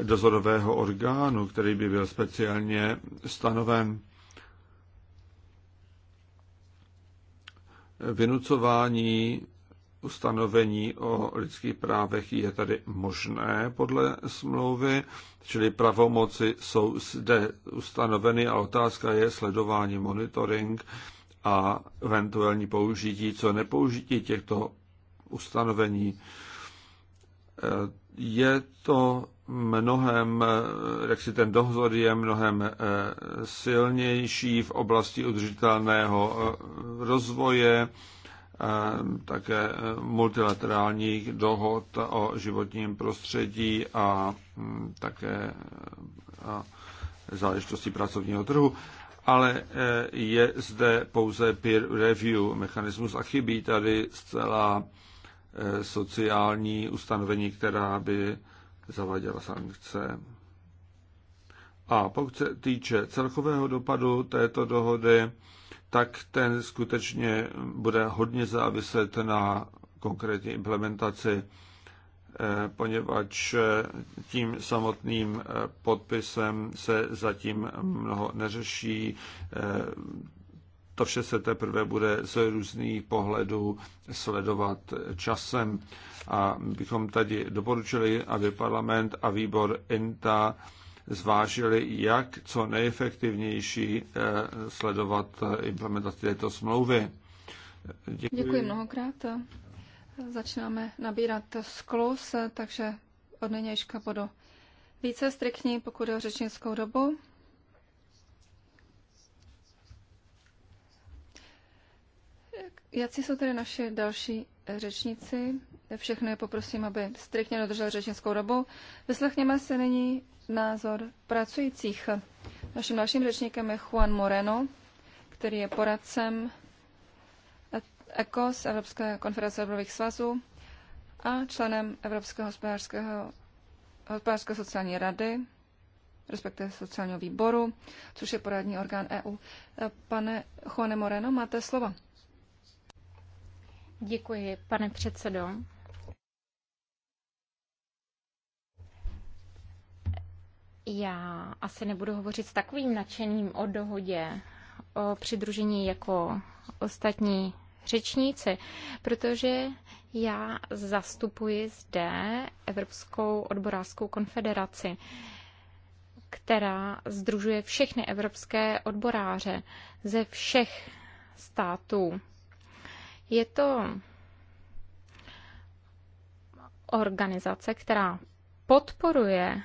dozorového orgánu, který by byl speciálně stanoven. Vynucování ustanovení o lidských právech je tady možné podle smlouvy, čili pravomoci jsou zde ustanoveny a otázka je sledování monitoring a eventuální použití, co nepoužití těchto ustanovení. Eh, je to mnohem, eh, jak si ten dohzor je mnohem eh, silnější v oblasti udržitelného rozvoje, také eh, multilaterálních dohod o životním prostředí a mm, také eh, a záležitosti pracovního trhu, ale eh, je zde pouze peer review mechanismus a chybí tady zcela sociální ustanovení, která by zavaděla sankce. A pokud se týče celkového dopadu této dohody, tak ten skutečně bude hodně záviset na konkrétní implementaci, eh, poněvadž eh, tím samotným eh, podpisem se zatím mnoho neřeší. To vše se teprve bude z různých pohledů sledovat časem a bychom tady doporučili, aby parlament a výbor INTA zvážili, jak co nejefektivnější eh, sledovat eh, implementaci této smlouvy. Děkuji. Děkuji mnohokrát. Začínáme nabírat sklus, takže od nynějška budu více striktní, pokud je o řečnickou dobu. Jací jsou tedy naši další řečníci? Všechny poprosím, aby striktně dodrželi řečnickou dobu. Vyslechněme se nyní názor pracujících. Naším dalším řečníkem je Juan Moreno, který je poradcem ECOS, Evropské konference odborových svazů, a členem Evropského hospodářského, hospodářské sociální rady, respektive sociálního výboru, což je poradní orgán EU. Pane Juane Moreno, máte slovo. Děkuji, pane předsedo. Já asi nebudu hovořit s takovým nadšením o dohodě, o přidružení jako ostatní řečníci, protože já zastupuji zde Evropskou odborářskou konfederaci, která združuje všechny evropské odboráře ze všech států. Je to organizace, která podporuje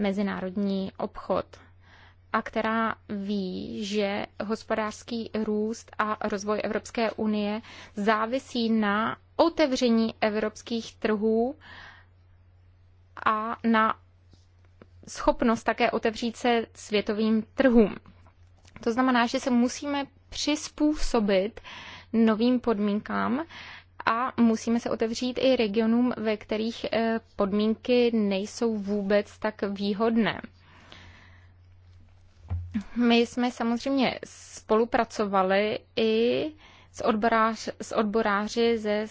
mezinárodní obchod a která ví, že hospodářský růst a rozvoj Evropské unie závisí na otevření evropských trhů a na schopnost také otevřít se světovým trhům. To znamená, že se musíme přizpůsobit novým podmínkám, a musíme se otevřít i regionům, ve kterých eh, podmínky nejsou vůbec tak výhodné. My jsme samozřejmě spolupracovali i s, odboráři, s odboráři ze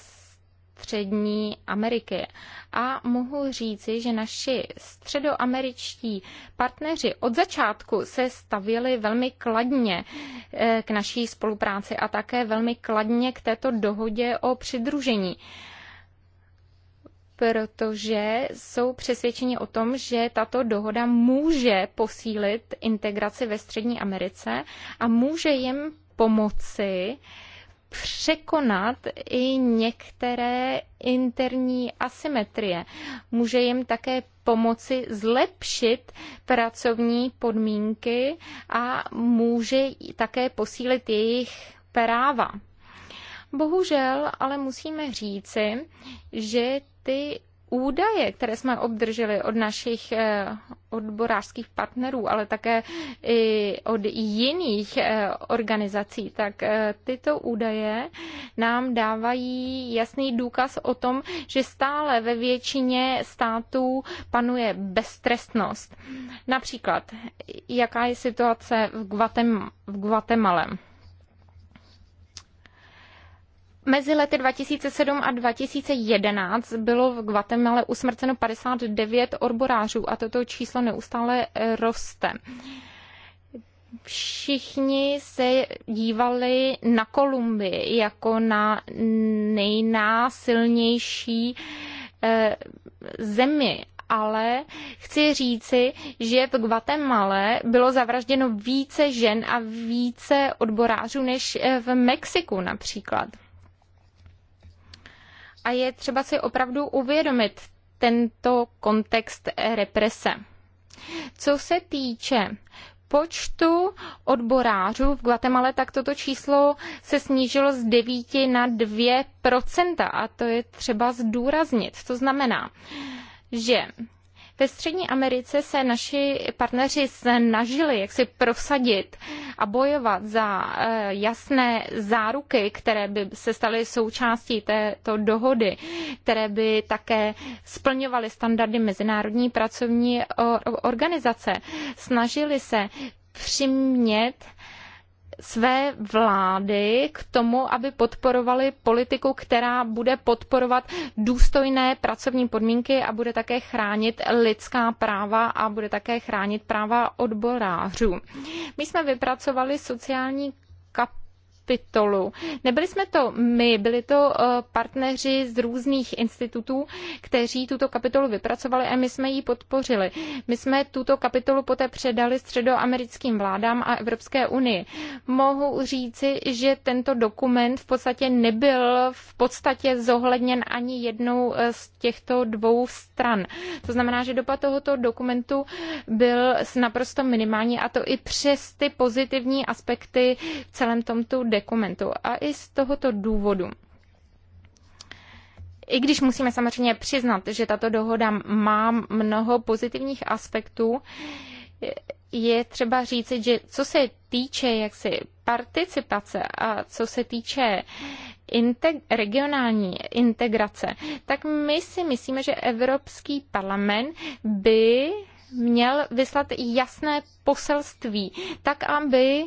střední Ameriky. A mohu říci, že naši středoameričtí partneři od začátku se stavili velmi kladně eh, k naší spolupráci a také velmi kladně k této dohodě o přidružení protože jsou přesvědčeni o tom, že tato dohoda může posílit integraci ve Střední Americe a může jim pomoci překonat i některé interní asymetrie. Může jim také pomoci zlepšit pracovní podmínky a může také posílit jejich práva. Bohužel ale musíme říci, že ty údaje, které jsme obdrželi od našich eh, odborářských partnerů, ale také i od jiných eh, organizací, tak eh, tyto údaje nám dávají jasný důkaz o tom, že stále ve většině států panuje beztrestnost. Například, jaká je situace v, Guatem- v Guatemala? Mezi lety 2007 a 2011 bylo v Guatemala usmrceno 59 odborářů a toto číslo neustále roste. Všichni se dívali na Kolumbii jako na nejnásilnější eh, zemi ale chci říci, že v Guatemala bylo zavražděno více žen a více odborářů než eh, v Mexiku například a je třeba si opravdu uvědomit tento kontext represe. Co se týče počtu odborářů v Guatemala, tak toto číslo se snížilo z 9 na 2 a to je třeba zdůraznit. To znamená, že ve Střední Americe se naši partneři snažili jak si prosadit a bojovat za eh, jasné záruky, které by se staly součástí této dohody, které by také splňovaly standardy Mezinárodní pracovní organizace. Snažili se přimět své vlády k tomu, aby podporovali politiku, která bude podporovat důstojné pracovní podmínky a bude také chránit lidská práva a bude také chránit práva odborářů. My jsme vypracovali sociální titulu. Nebyli jsme to my, byli to eh, partneři z různých institutů, kteří tuto kapitolu vypracovali a my jsme ji podpořili. My jsme tuto kapitolu poté předali středoamerickým vládám a Evropské unii. Mohu říci, že tento dokument v podstatě nebyl v podstatě zohledněn ani jednou eh, z těchto dvou stran. To znamená, že dopad tohoto dokumentu byl naprosto minimální a to i přes ty pozitivní aspekty v celém tomto dokumentu. A i z tohoto důvodu i když musíme samozřejmě přiznat, že tato dohoda má mnoho pozitivních aspektů, je třeba říci, že co se týče jaksi participace a co se týče integ- regionální integrace, tak my si myslíme, že Evropský parlament by měl vyslat jasné poselství, tak aby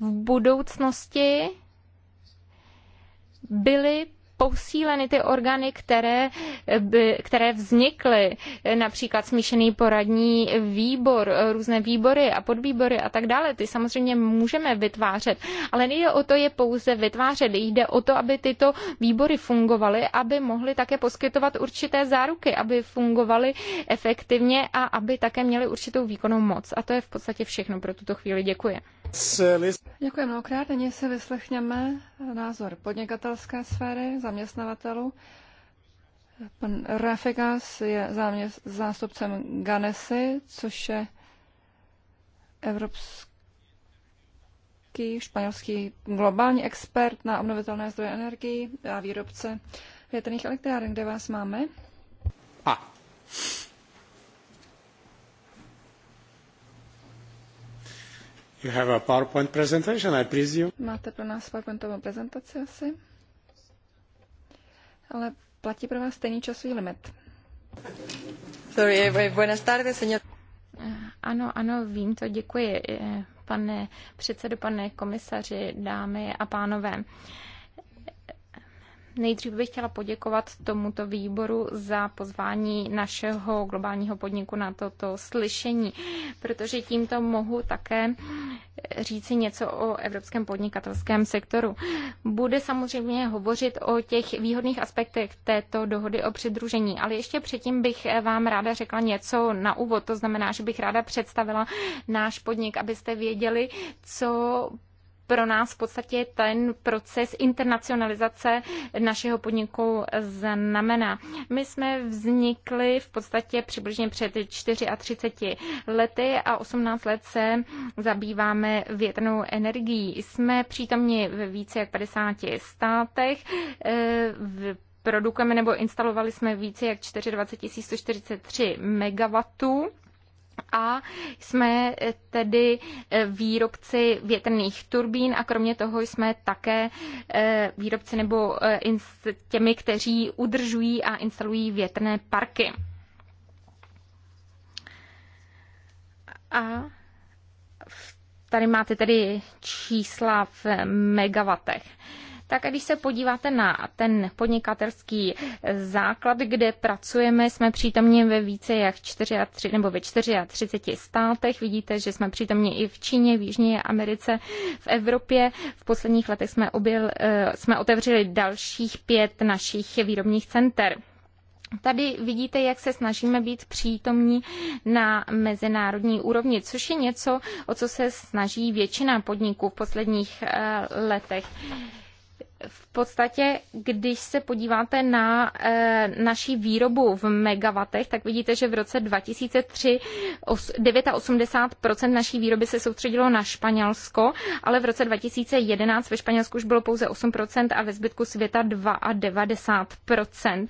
v budoucnosti byly posíleny ty orgány, které, by, které vznikly, například smíšený poradní výbor, různé výbory a podvýbory a tak dále. Ty samozřejmě můžeme vytvářet, ale nejde o to je pouze vytvářet, jde o to, aby tyto výbory fungovaly, aby mohly také poskytovat určité záruky, aby fungovaly efektivně a aby také měly určitou výkonnou moc. A to je v podstatě všechno pro tuto chvíli. Děkuji. Děkuji mnohokrát. Nyní si vyslechněme názor podnikatelské sféry, zaměstnavatelů. Pan Rafikas je zástupcem Ganesy, což je evropský, španělský globální expert na obnovitelné zdroje energii a výrobce větrných elektráren. Kde vás máme? A. You have a PowerPoint presentation, I presume. Máte pro nás PowerPointovou prezentaci asi? Ale platí pro vás stejný časový limit. Sorry, eh, eh, buenas tardes, señor. Eh, ano, ano, vím to, děkuji, pane předsedo, pane komisaři, dámy a pánové. Uh, Nejdřív bych chtěla poděkovat tomuto výboru za pozvání našeho globálního podniku na toto slyšení, protože tímto mohu také říci něco o evropském podnikatelském sektoru. Bude samozřejmě hovořit o těch výhodných aspektech této dohody o přidružení, ale ještě předtím bych vám ráda řekla něco na úvod. To znamená, že bych ráda představila náš podnik, abyste věděli, co pro nás v podstatě ten proces internacionalizace našeho podniku znamená. My jsme vznikli v podstatě přibližně před 34 lety a 18 let se zabýváme větrnou energií. Jsme přítomni ve více jak 50 státech. Eh, v produkujeme nebo instalovali jsme více jak 24 143 megawatů a jsme tedy e, výrobci větrných turbín a kromě toho jsme také e, výrobci nebo e, těmi, kteří udržují a instalují větrné parky. A tady máte tedy čísla v megawatech tak když se podíváte na ten podnikatelský eh, základ, kde pracujeme, jsme přítomní ve více jak 4, nebo ve 34 státech. Vidíte, že jsme přítomní i v Číně, v Jižní Americe, v Evropě. V posledních letech jsme, objel, eh, jsme otevřeli dalších pět našich výrobních center. Tady vidíte, jak se snažíme být přítomní na mezinárodní úrovni, což je něco, o co se snaží většina podniků v posledních eh, letech v podstatě, když se podíváte na eh, naší výrobu v megawatech, tak vidíte, že v roce 2003 89% naší výroby se soustředilo na Španělsko, ale v roce 2011 ve Španělsku už bylo pouze 8% a ve zbytku světa 92%.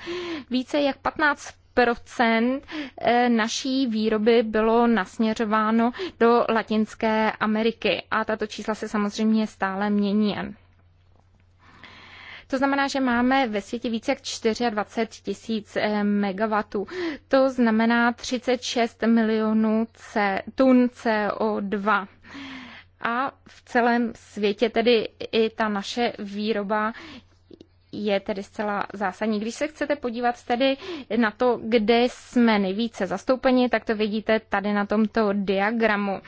Více jak 15 procent eh, naší výroby bylo nasměřováno do Latinské Ameriky. A tato čísla se samozřejmě stále mění. To znamená, že máme ve světě více jak 24 tisíc eh, megawatů. To znamená 36 milionů C, tun CO2 a v celém světě tedy i ta naše výroba je tedy zcela zásadní. Když se chcete podívat tedy na to, kde jsme nejvíce zastoupeni, tak to vidíte tady na tomto diagramu.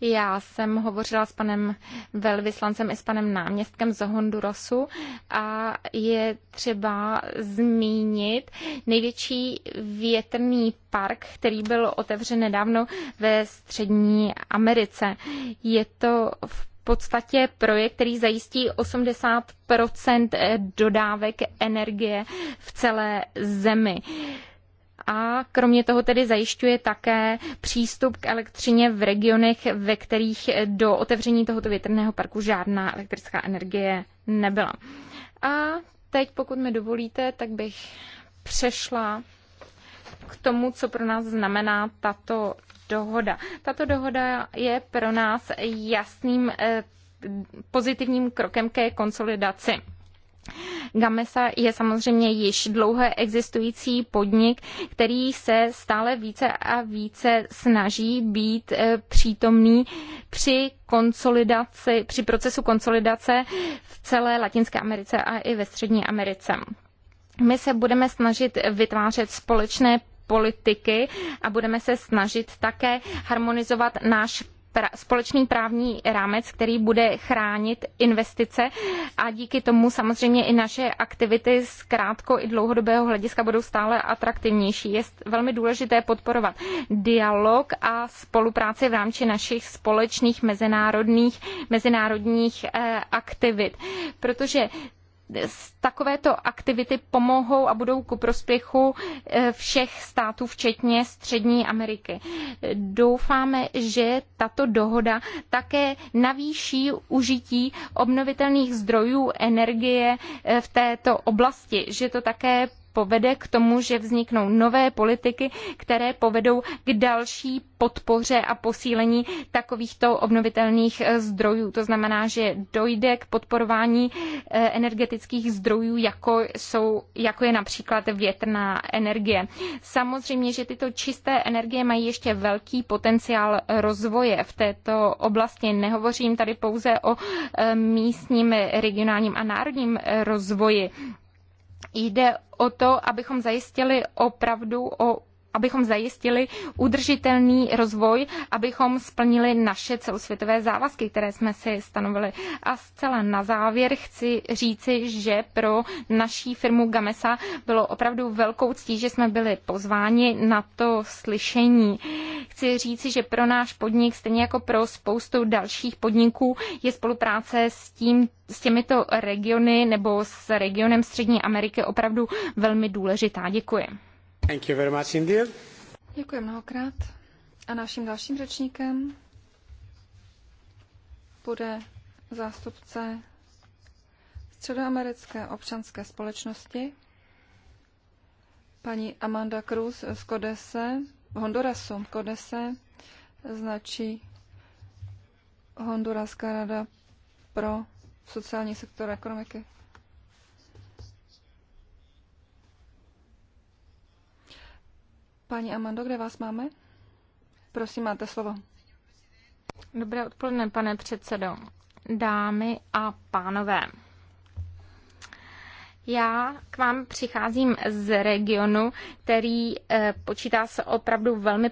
Já jsem hovořila s panem velvyslancem i s panem náměstkem z Hondurasu a je třeba zmínit největší větrný park, který byl otevřen nedávno ve Střední Americe. Je to v podstatě projekt, který zajistí 80 dodávek energie v celé zemi a kromě toho tedy zajišťuje také přístup k elektřině v regionech, ve kterých do otevření tohoto větrného parku žádná elektrická energie nebyla. A teď, pokud mi dovolíte, tak bych přešla k tomu, co pro nás znamená tato dohoda. Tato dohoda je pro nás jasným eh, pozitivním krokem ke konsolidaci Gamesa je samozřejmě již dlouhé existující podnik, který se stále více a více snaží být eh, přítomný při konsolidaci, při procesu konsolidace v celé Latinské Americe a i ve Střední Americe. My se budeme snažit vytvářet společné politiky a budeme se snažit také harmonizovat náš pra, společný právní rámec, který bude chránit investice a díky tomu samozřejmě i naše aktivity z krátko i dlouhodobého hlediska budou stále atraktivnější. Je velmi důležité podporovat dialog a spolupráci v rámci našich společných mezinárodních, mezinárodních eh, aktivit, protože takovéto aktivity pomohou a budou ku prospěchu eh, všech států, včetně Střední Ameriky. Doufáme, že tato dohoda také navýší užití obnovitelných zdrojů energie eh, v této oblasti, že to také povede k tomu, že vzniknou nové politiky, které povedou k další podpoře a posílení takovýchto obnovitelných eh, zdrojů. To znamená, že dojde k podporování eh, energetických zdrojů, jako, jsou, jako je například větrná energie. Samozřejmě, že tyto čisté energie mají ještě velký potenciál rozvoje v této oblasti. Nehovořím tady pouze o eh, místním, regionálním a národním rozvoji Jde o to, abychom zajistili opravdu o abychom zajistili udržitelný rozvoj, abychom splnili naše celosvětové závazky, které jsme si stanovili. A zcela na závěr chci říci, že pro naší firmu Gamesa bylo opravdu velkou ctí, že jsme byli pozváni na to slyšení. Chci říci, že pro náš podnik, stejně jako pro spoustu dalších podniků, je spolupráce s tím s těmito regiony nebo s regionem Střední Ameriky opravdu velmi důležitá. Děkuji. Thank you very much indeed. Děkuji mnohokrát. A naším dalším řečníkem bude zástupce Středoamerické občanské společnosti, paní Amanda Cruz z Kodese, Hondurasu. Kodese značí Honduraská rada pro sociální sektor ekonomiky. Pani Amando, kde vás máme? Prosím, máte slovo. Dobré odpoledne, pane předsedo, dámy a pánové. Já k vám přicházím z regionu, který eh, počítá se opravdu velmi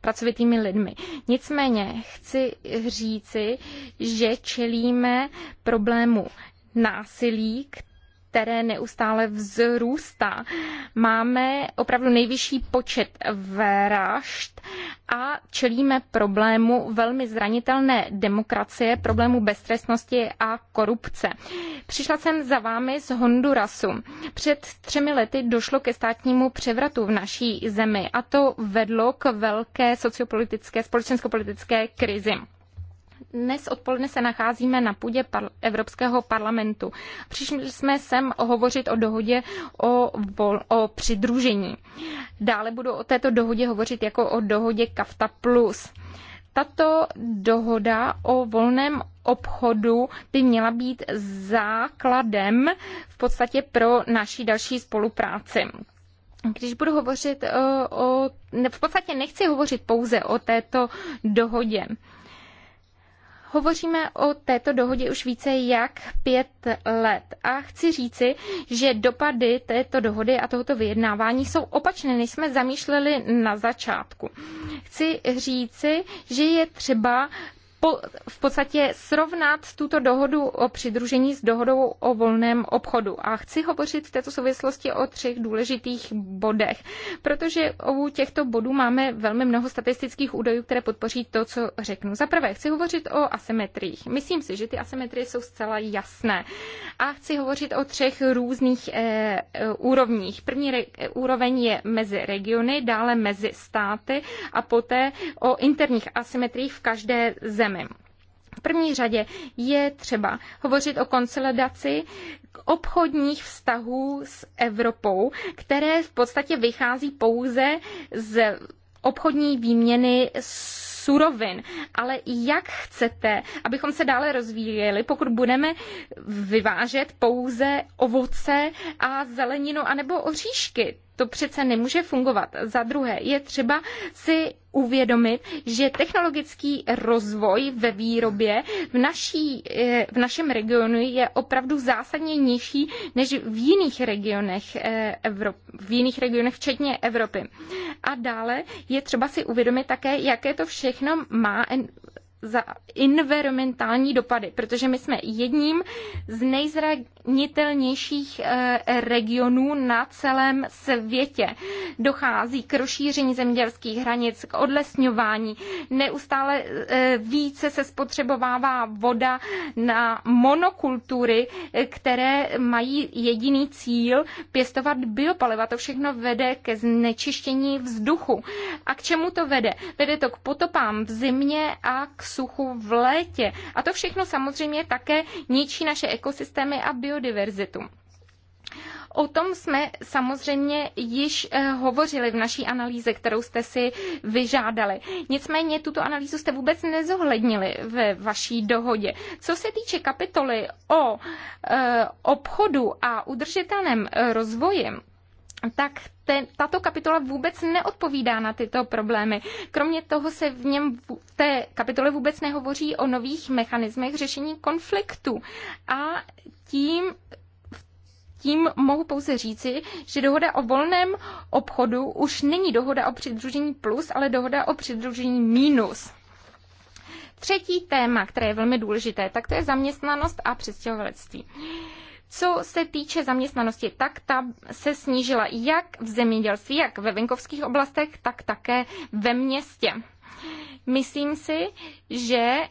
pracovitými lidmi. Nicméně chci říci, že čelíme problému násilí, který které neustále vzrůstá. Máme opravdu nejvyšší počet vražd a čelíme problému velmi zranitelné demokracie, problému beztrestnosti a korupce. Přišla jsem za vámi z Hondurasu. Před třemi lety došlo ke státnímu převratu v naší zemi a to vedlo k velké sociopolitické, společenskopolitické krizi. Dnes odpoledne se nacházíme na půdě par- Evropského parlamentu. Přišli jsme sem hovořit o dohodě o, vol- o přidružení. Dále budu o této dohodě hovořit jako o dohodě Kafta Plus. Tato dohoda o volném obchodu by měla být základem v podstatě pro naší další spolupráci když budu hovořit eh, o, o, v podstatě nechci hovořit pouze o této dohodě. Hovoříme o této dohodě už více jak pět let a chci říci, že dopady této dohody a tohoto vyjednávání jsou opačné, než jsme zamýšleli na začátku. Chci říci, že je třeba po, v podstatě srovnat tuto dohodu o přidružení s dohodou o volném obchodu. A chci hovořit v této souvislosti o třech důležitých bodech, protože u těchto bodů máme velmi mnoho statistických údajů, které podpoří to, co řeknu. Za prvé, chci hovořit o asymetriích. Myslím si, že ty asymetrie jsou zcela jasné. A chci hovořit o třech různých e, úrovních. První re, eh, úroveň je mezi regiony, dále mezi státy a poté o interních asymetriích v každé zemi problémy. V první řadě je třeba hovořit o konsolidaci obchodních vztahů s Evropou, které v podstatě vychází pouze z obchodní výměny surovin. Ale jak chcete, abychom se dále rozvíjeli, pokud budeme vyvážet pouze ovoce a zeleninu anebo oříšky? To přece nemůže fungovat. Za druhé, je třeba si uvědomit, že technologický rozvoj ve výrobě v, naší, eh, v našem regionu je opravdu zásadně nižší než v jiných regionech, eh, Evrop, v jiných regionech včetně Evropy. A dále je třeba si uvědomit také, jaké to všechno má za environmentální dopady, protože my jsme jedním z nejzranitelnějších eh, regionů na celém světě. Dochází k rozšíření zemědělských hranic, k odlesňování, neustále eh, více se spotřebovává voda na monokultury, eh, které mají jediný cíl pěstovat biopaliva. To všechno vede ke znečištění vzduchu. A k čemu to vede? Vede to k potopám v zimě a k suchu v létě. A to všechno samozřejmě také ničí naše ekosystémy a biodiverzitu. O tom jsme samozřejmě již eh, hovořili v naší analýze, kterou jste si vyžádali. Nicméně tuto analýzu jste vůbec nezohlednili ve vaší dohodě. Co se týče kapitoly o eh, obchodu a udržitelném eh, rozvoji, tak ten, tato kapitola vůbec neodpovídá na tyto problémy. Kromě toho se v něm v té kapitole vůbec nehovoří o nových mechanismech řešení konfliktu. A tím tím mohu pouze říci, že dohoda o volném obchodu už není dohoda o přidružení plus, ale dohoda o přidružení minus. Třetí téma, které je velmi důležité, tak to je zaměstnanost a přestěhovalectví. Uh, co se týče zaměstnanosti, tak ta se snížila jak v zemědělství, jak ve venkovských oblastech, tak také ve městě. Myslím si, že eh,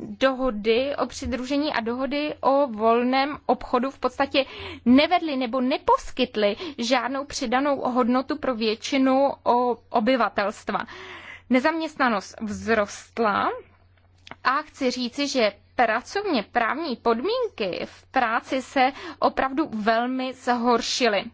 dohody o přidružení a dohody o volném obchodu v podstatě nevedly nebo neposkytly žádnou přidanou hodnotu pro většinu obyvatelstva. Nezaměstnanost vzrostla a chci říci, že pracovně právní podmínky v práci se opravdu velmi zhoršily.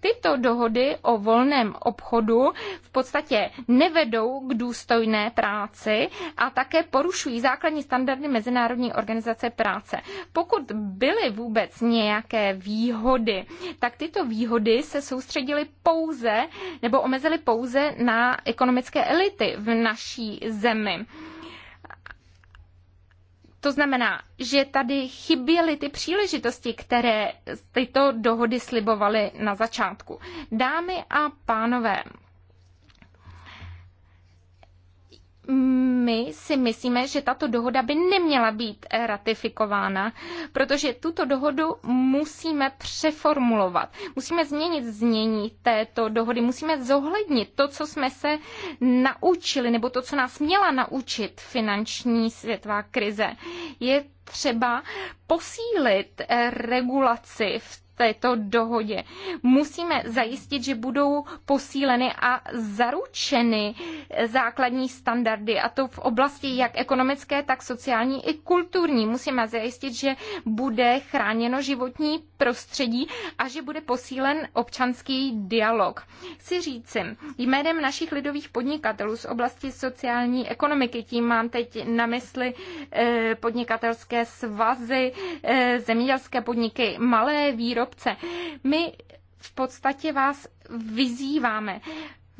Tyto dohody o volném obchodu v podstatě nevedou k důstojné práci a také porušují základní standardy Mezinárodní organizace práce. Pokud byly vůbec nějaké výhody, tak tyto výhody se soustředily pouze nebo omezily pouze na ekonomické elity v naší zemi. To znamená, že tady chyběly ty příležitosti, které tyto dohody slibovaly na začátku. Dámy a pánové, my si myslíme, že tato dohoda by neměla být ratifikována, protože tuto dohodu musíme přeformulovat. Musíme změnit znění této dohody, musíme zohlednit to, co jsme se naučili, nebo to, co nás měla naučit finanční světová krize. Je třeba posílit regulaci v této dohodě. Musíme zajistit, že budou posíleny a zaručeny základní standardy, a to v oblasti jak ekonomické, tak sociální i kulturní. Musíme zajistit, že bude chráněno životní prostředí a že bude posílen občanský dialog. Chci říci, jménem našich lidových podnikatelů z oblasti sociální ekonomiky, tím mám teď na mysli eh, podnikatelské svazy, eh, zemědělské podniky, malé výrobky, výrobce. My v podstatě vás vyzýváme,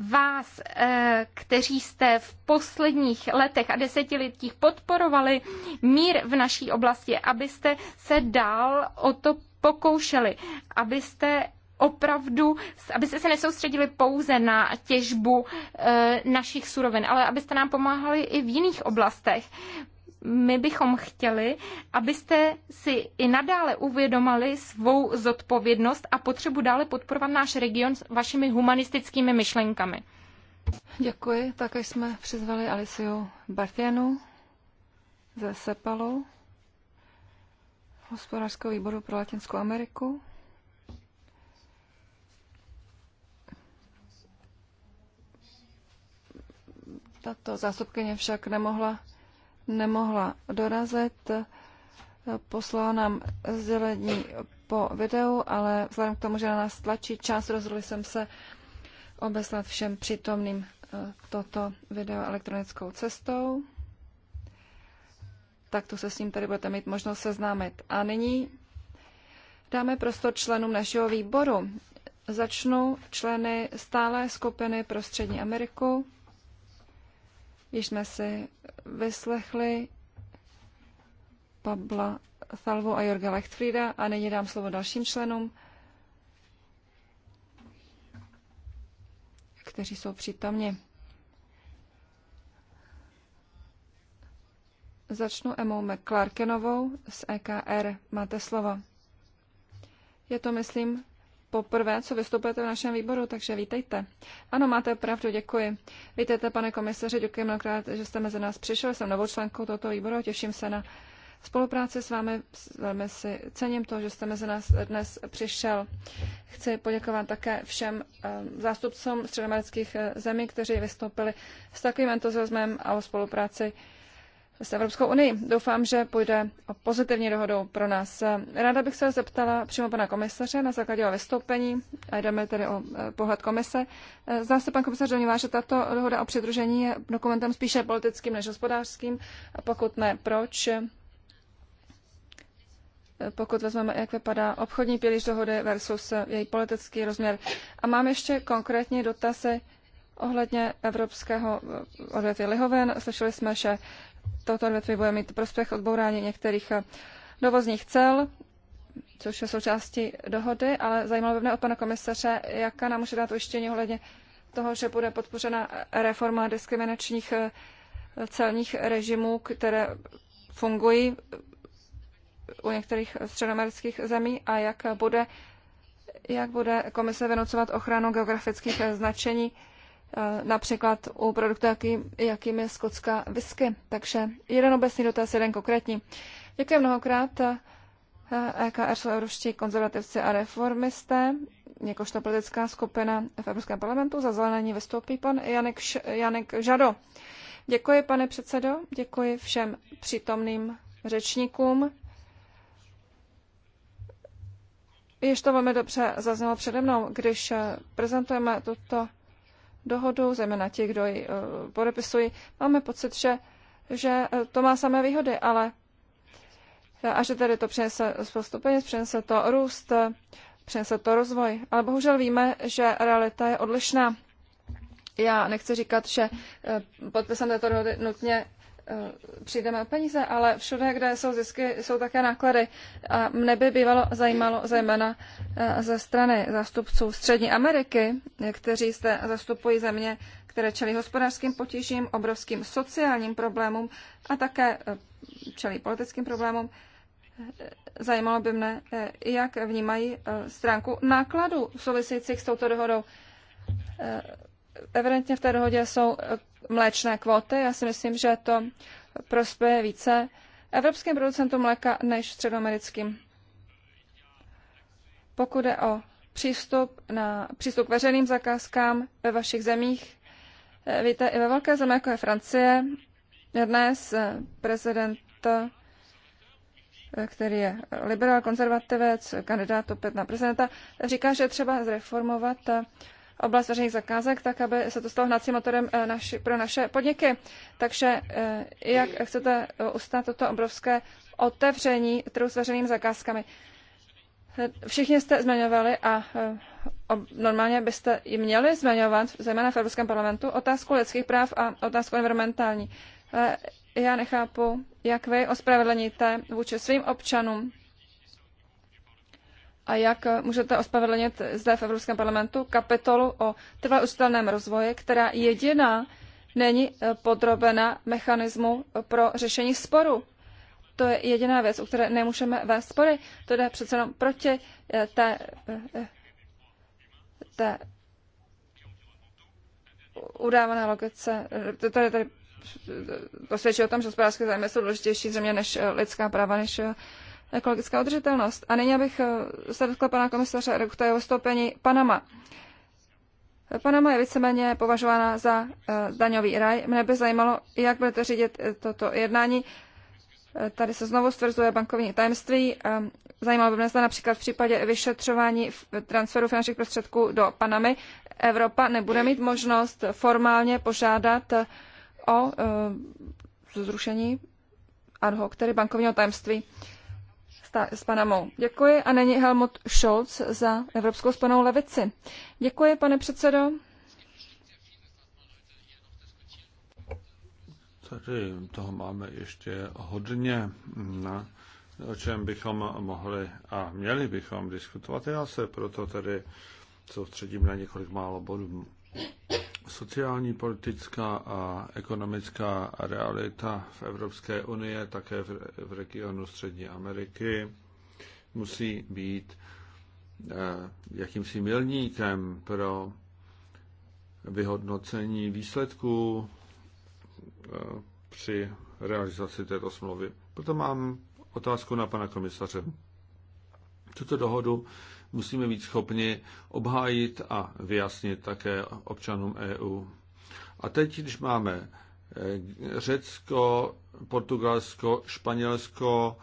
vás, eh, kteří jste v posledních letech a desetiletích podporovali mír v naší oblasti, abyste se dál o to pokoušeli, abyste opravdu, abyste se nesoustředili pouze na těžbu e, našich surovin, ale abyste nám pomáhali i v jiných oblastech my bychom chtěli, abyste si i nadále uvědomali svou zodpovědnost a potřebu dále podporovat náš region s vašimi humanistickými myšlenkami. Děkuji. Také jsme přizvali Alisiu Bartienu ze Sepalu, hospodářského výboru pro Latinskou Ameriku. Tato zástupkyně však nemohla nemohla dorazit. Poslala nám sdělení po videu, ale vzhledem k tomu, že na nás tlačí čas, rozhodli jsem se obeslat všem přítomným eh, toto video elektronickou cestou. Tak to se s ním tady budete mít možnost seznámit. A nyní dáme prostor členům našeho výboru. Začnu členy stále skupiny pro Střední Ameriku. Již jsme si vyslechli Pabla Thalvu a Jorga Lechtfrieda a nyní dám slovo dalším členům, kteří jsou přítomně. Začnu Emou McClarkenovou z EKR. Máte slovo. Je to, myslím, poprvé, co vystupujete v našem výboru, takže vítejte. Ano, máte pravdu, děkuji. Vítejte, pane komisaři, děkuji mnohokrát, že jste mezi nás přišel. Jsem novou členkou tohoto výboru, těším se na spolupráci s vámi. Velmi si cením to, že jste mezi nás dnes přišel. Chci poděkovat také všem ehm, zástupcům středoamerických eh, zemí, kteří vystoupili s takovým entuziasmem a o spolupráci s Evropskou unii. Doufám, že půjde o pozitivní dohodu pro nás. Ráda bych se zeptala přímo pana komisaře na základě o vystoupení, a jdeme tedy o eh, pohled komise. Eh, zdá se, pan komisař domnívá, že tato dohoda o přidružení je dokumentem spíše politickým než hospodářským, a pokud ne, proč? Eh, pokud vezmeme, jak vypadá obchodní pilíř dohody versus její politický rozměr. A mám ještě konkrétní dotazy ohledně evropského odvětví lihoven. Slyšeli jsme, že toto odvětví bude mít prospěch odbourání některých eh, dovozních cel, což je součástí dohody, ale zajímalo by mě od pana komisaře, jaká nám může dát ujištění ohledně toho, že bude podpořena reforma diskriminačních eh, celních režimů, které fungují eh, u některých středoamerických zemí a jak bude, jak bude komise vynocovat ochranu geografických značení Eh, například u produktu, jaký, jakým je skotská whisky. Takže jeden obecný dotaz, jeden konkrétní. Děkuji mnohokrát. EKR eh, e jsou evropští konzervativci a reformisté, jakožto politická skupina v Evropském parlamentu. Za zelenání vystoupí pan Janek, Janek Žado. Děkuji, pane předsedo, děkuji všem přítomným řečníkům. Ještě to velmi dobře zaznělo přede mnou, když eh, prezentujeme tuto dohodu, zejména ti, kdo ji eh, podepisují, máme pocit, že, že eh, to má samé výhody, ale eh, a že tedy to přinese spoustu peněz, přinese to růst, přinese to rozvoj. Ale bohužel víme, že realita je odlišná. Já nechci říkat, že podpisem této dohody nutně Eh, přijdeme o peníze, ale všude, kde jsou zisky, jsou také náklady. A mne by bývalo zajímalo zejména eh, ze strany zástupců Střední Ameriky, kteří zde zastupují země, které čelí hospodářským potížím, obrovským sociálním problémům a také eh, čelí politickým problémům. Zajímalo by mne, jak vnímají stránku nákladů souvisejících s touto dohodou evidentně v té dohodě jsou mléčné kvóty. Já si myslím, že to prospěje více evropským producentům mléka než středoamerickým. Pokud je o přístup, na, přístup k veřejným zakázkám ve vašich zemích, eh, víte, i ve velké zemi, jako je Francie, dnes eh, prezident, eh, který je liberál konzervativec, kandidát opět na prezidenta, říká, že třeba zreformovat oblast veřejných zakázek, tak aby se to stalo hnacím motorem eh, naši, pro naše podniky. Takže eh, jak chcete eh, ustát toto obrovské otevření trhu s veřejnými zakázkami? Všichni jste zmiňovali a normálně byste ji měli zmiňovat, zejména v Evropském parlamentu, otázku lidských práv a otázku environmentální. Já nechápu, jak vy ospravedlníte vůči svým občanům a jak můžete ospravedlnit zde v Evropském parlamentu kapitolu o trvalé rozvoji, která jediná není eh, podrobena mechanismu pro řešení sporu. To je jediná věc, u které nemůžeme vést spory. To jde přece jenom proti eh, té, eh, té udávané logice. To tady, tady to svědčí o tom, že hospodářské zájmy jsou důležitější země než lidská práva, než ekologická udržitelnost. A nyní abych eh, se dotkla pana komisaře Rekuta jeho vystoupení Panama. Panama je víceméně považována za eh, daňový raj. Mne by zajímalo, jak budete řídit eh, toto jednání. Tady se znovu stvrzuje bankovní tajemství. Zajímalo by mě, zda například v případě vyšetřování transferu finančních prostředků do Panamy Evropa nebude mít možnost formálně požádat o zrušení ad hoc, tedy bankovního tajemství s Panamou. Děkuji a není Helmut Scholz za Evropskou spanou levici. Děkuji, pane předsedo. Tady toho máme ještě hodně, na, o čem bychom mohli a měli bychom diskutovat. Já se proto tady soustředím na několik málo bodů. Sociální, politická a ekonomická realita v Evropské unii, také v regionu Střední Ameriky, musí být eh, jakýmsi milníkem pro vyhodnocení výsledků eh, při realizaci této smlouvy. Proto mám otázku na pana komisaře. Tuto dohodu musíme být schopni obhájit a vyjasnit také občanům EU. A teď, když máme eh, Řecko, Portugalsko, Španělsko,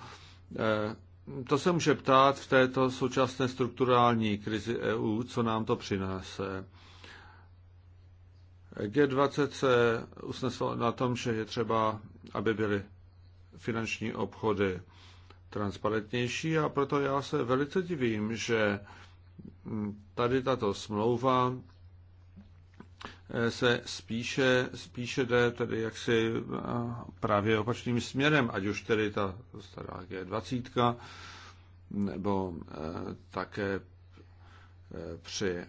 eh, to se může ptát v této současné strukturální krizi EU, co nám to přinese. G20 se usneslo na tom, že je třeba, aby byly finanční obchody transparentnější a proto já se velice divím, že tady tato smlouva eh, se spíše, spíše jde tedy jaksi eh, právě opačným směrem, ať už tedy ta stará G20, nebo eh, také při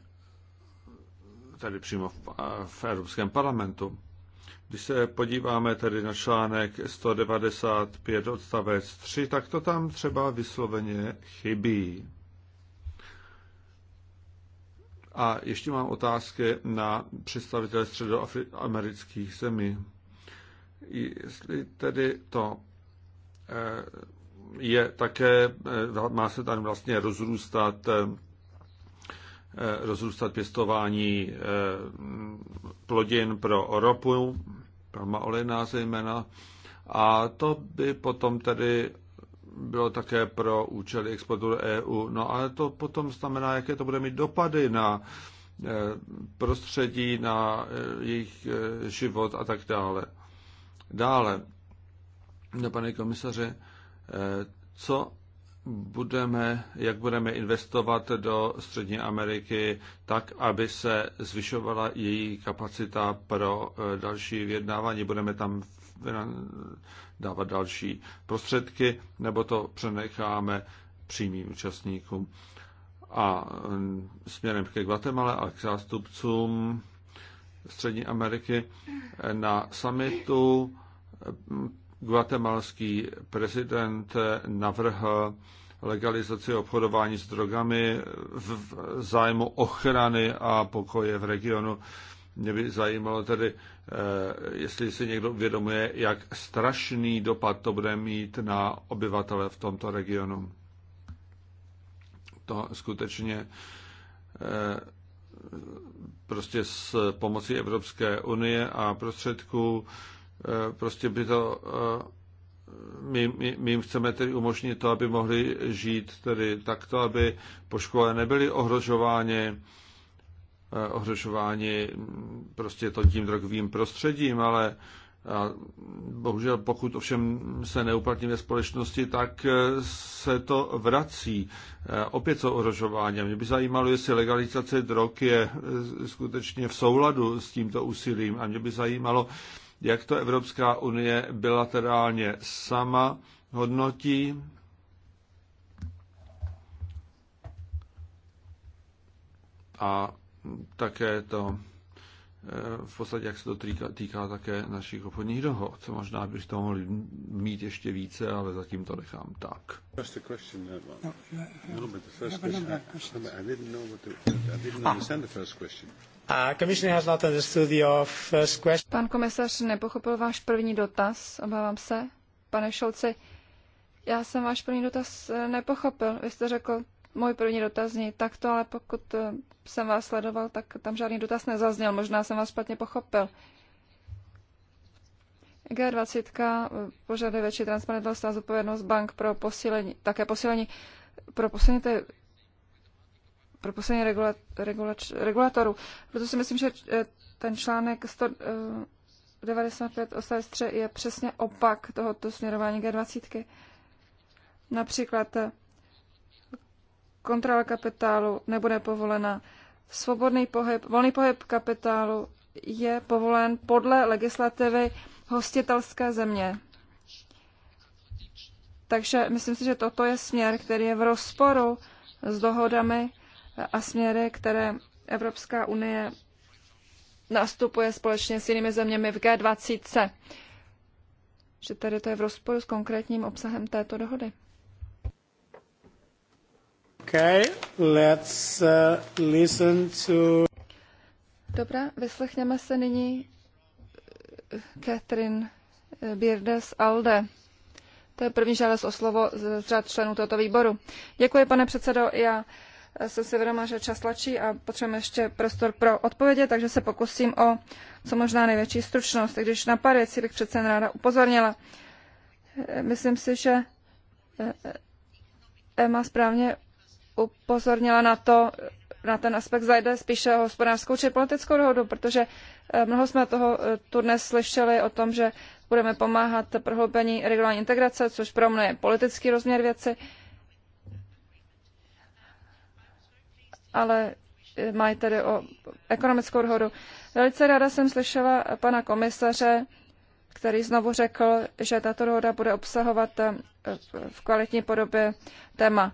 tady přímo v, v Evropském parlamentu. Když se podíváme tedy na článek 195 odstavec 3, tak to tam třeba vysloveně chybí. A ještě mám otázky na představitele středoamerických zemí. Jestli tedy to eh, je také, eh, má se tam vlastně rozrůstat eh, Eh, rozrůstat pěstování eh, plodin pro oropu, pro maolina zejména. A to by potom tedy bylo také pro účely exportu do EU. No ale to potom znamená, jaké to bude mít dopady na eh, prostředí, na jejich život a tak dále. Dále, pane komisaři, co budeme, jak budeme investovat do Střední Ameriky tak, aby se zvyšovala její kapacita pro eh, další vyjednávání. Budeme tam dávat další prostředky, nebo to přenecháme přímým účastníkům. A eh, směrem ke Guatemala a k zástupcům Střední Ameriky eh, na summitu guatemalský prezident navrhl legalizaci obchodování s drogami v zájmu ochrany a pokoje v regionu. Mě by zajímalo tedy, eh, jestli si někdo uvědomuje, jak strašný dopad to bude mít na obyvatele v tomto regionu. To skutečně eh, prostě s pomocí Evropské unie a prostředků Eh, prostě by to, eh, my, my, my jim chceme tedy umožnit to, aby mohli žít tedy takto, aby po škole nebyli ohrožováni, eh, ohrožováni mm, prostě to tím drogovým prostředím, ale a bohužel pokud ovšem se neuplatní ve společnosti, tak se to vrací. Opět jsou ohrožování. Mě by zajímalo, jestli legalizace drog je skutečně v souladu s tímto úsilím. A mě by zajímalo, jak to Evropská unie bilaterálně sama hodnotí. A také to eh, v podstatě, jak se to týká, týká také našich obchodních dohod. Co možná bych toho mohl mít ještě více, ale zatím to nechám tak. No, no, no. no Pan komisař nepochopil váš první dotaz, obávám se. Pane Šolci, já jsem váš první dotaz eh, nepochopil. Vy jste řekl, můj první dotaz zní takto, ale pokud eh, jsem vás sledoval, tak tam žádný dotaz nezazněl. Možná jsem vás špatně pochopil. G20 požaduje větší transparentnost a zodpovědnost bank pro posílení, také posílení pro posílení té propustení regula, regulač, regulatorů. Proto si myslím, že eh, ten článek 195 eh, odstavec 3 je přesně opak tohoto směrování G20. Například eh, kontrola kapitálu nebude povolena. Svobodný pohyb, volný pohyb kapitálu je povolen podle legislativy hostitelské země. Takže myslím si, že toto je směr, který je v rozporu s dohodami a směry, které Evropská unie nastupuje společně s jinými zeměmi v G20. Že tady to je v rozporu s konkrétním obsahem této dohody. Okay, let's uh, listen to... Dobrá, vyslechněme se nyní uh, Catherine uh, Birdes Alde. To je první žádost o slovo z řad členů tohoto výboru. Děkuji, pane předsedo. Já jsem si vědoma, že čas tlačí a potřebujeme ještě prostor pro odpovědi, takže se pokusím o co možná největší stručnost. Když na pár věcí bych přece ráda upozornila. Myslím si, že eh, Emma správně upozornila na to, na ten aspekt zajde spíše hospodářskou či politickou dohodu, protože eh, mnoho jsme toho eh, tu dnes slyšeli o tom, že budeme pomáhat prohloubení regionální integrace, což pro mě je politický rozměr věci. ale e, mají tedy o ekonomickou dohodu. Velice ráda jsem slyšela pana komisaře, který znovu řekl, že tato dohoda bude obsahovat e, v kvalitní podobě téma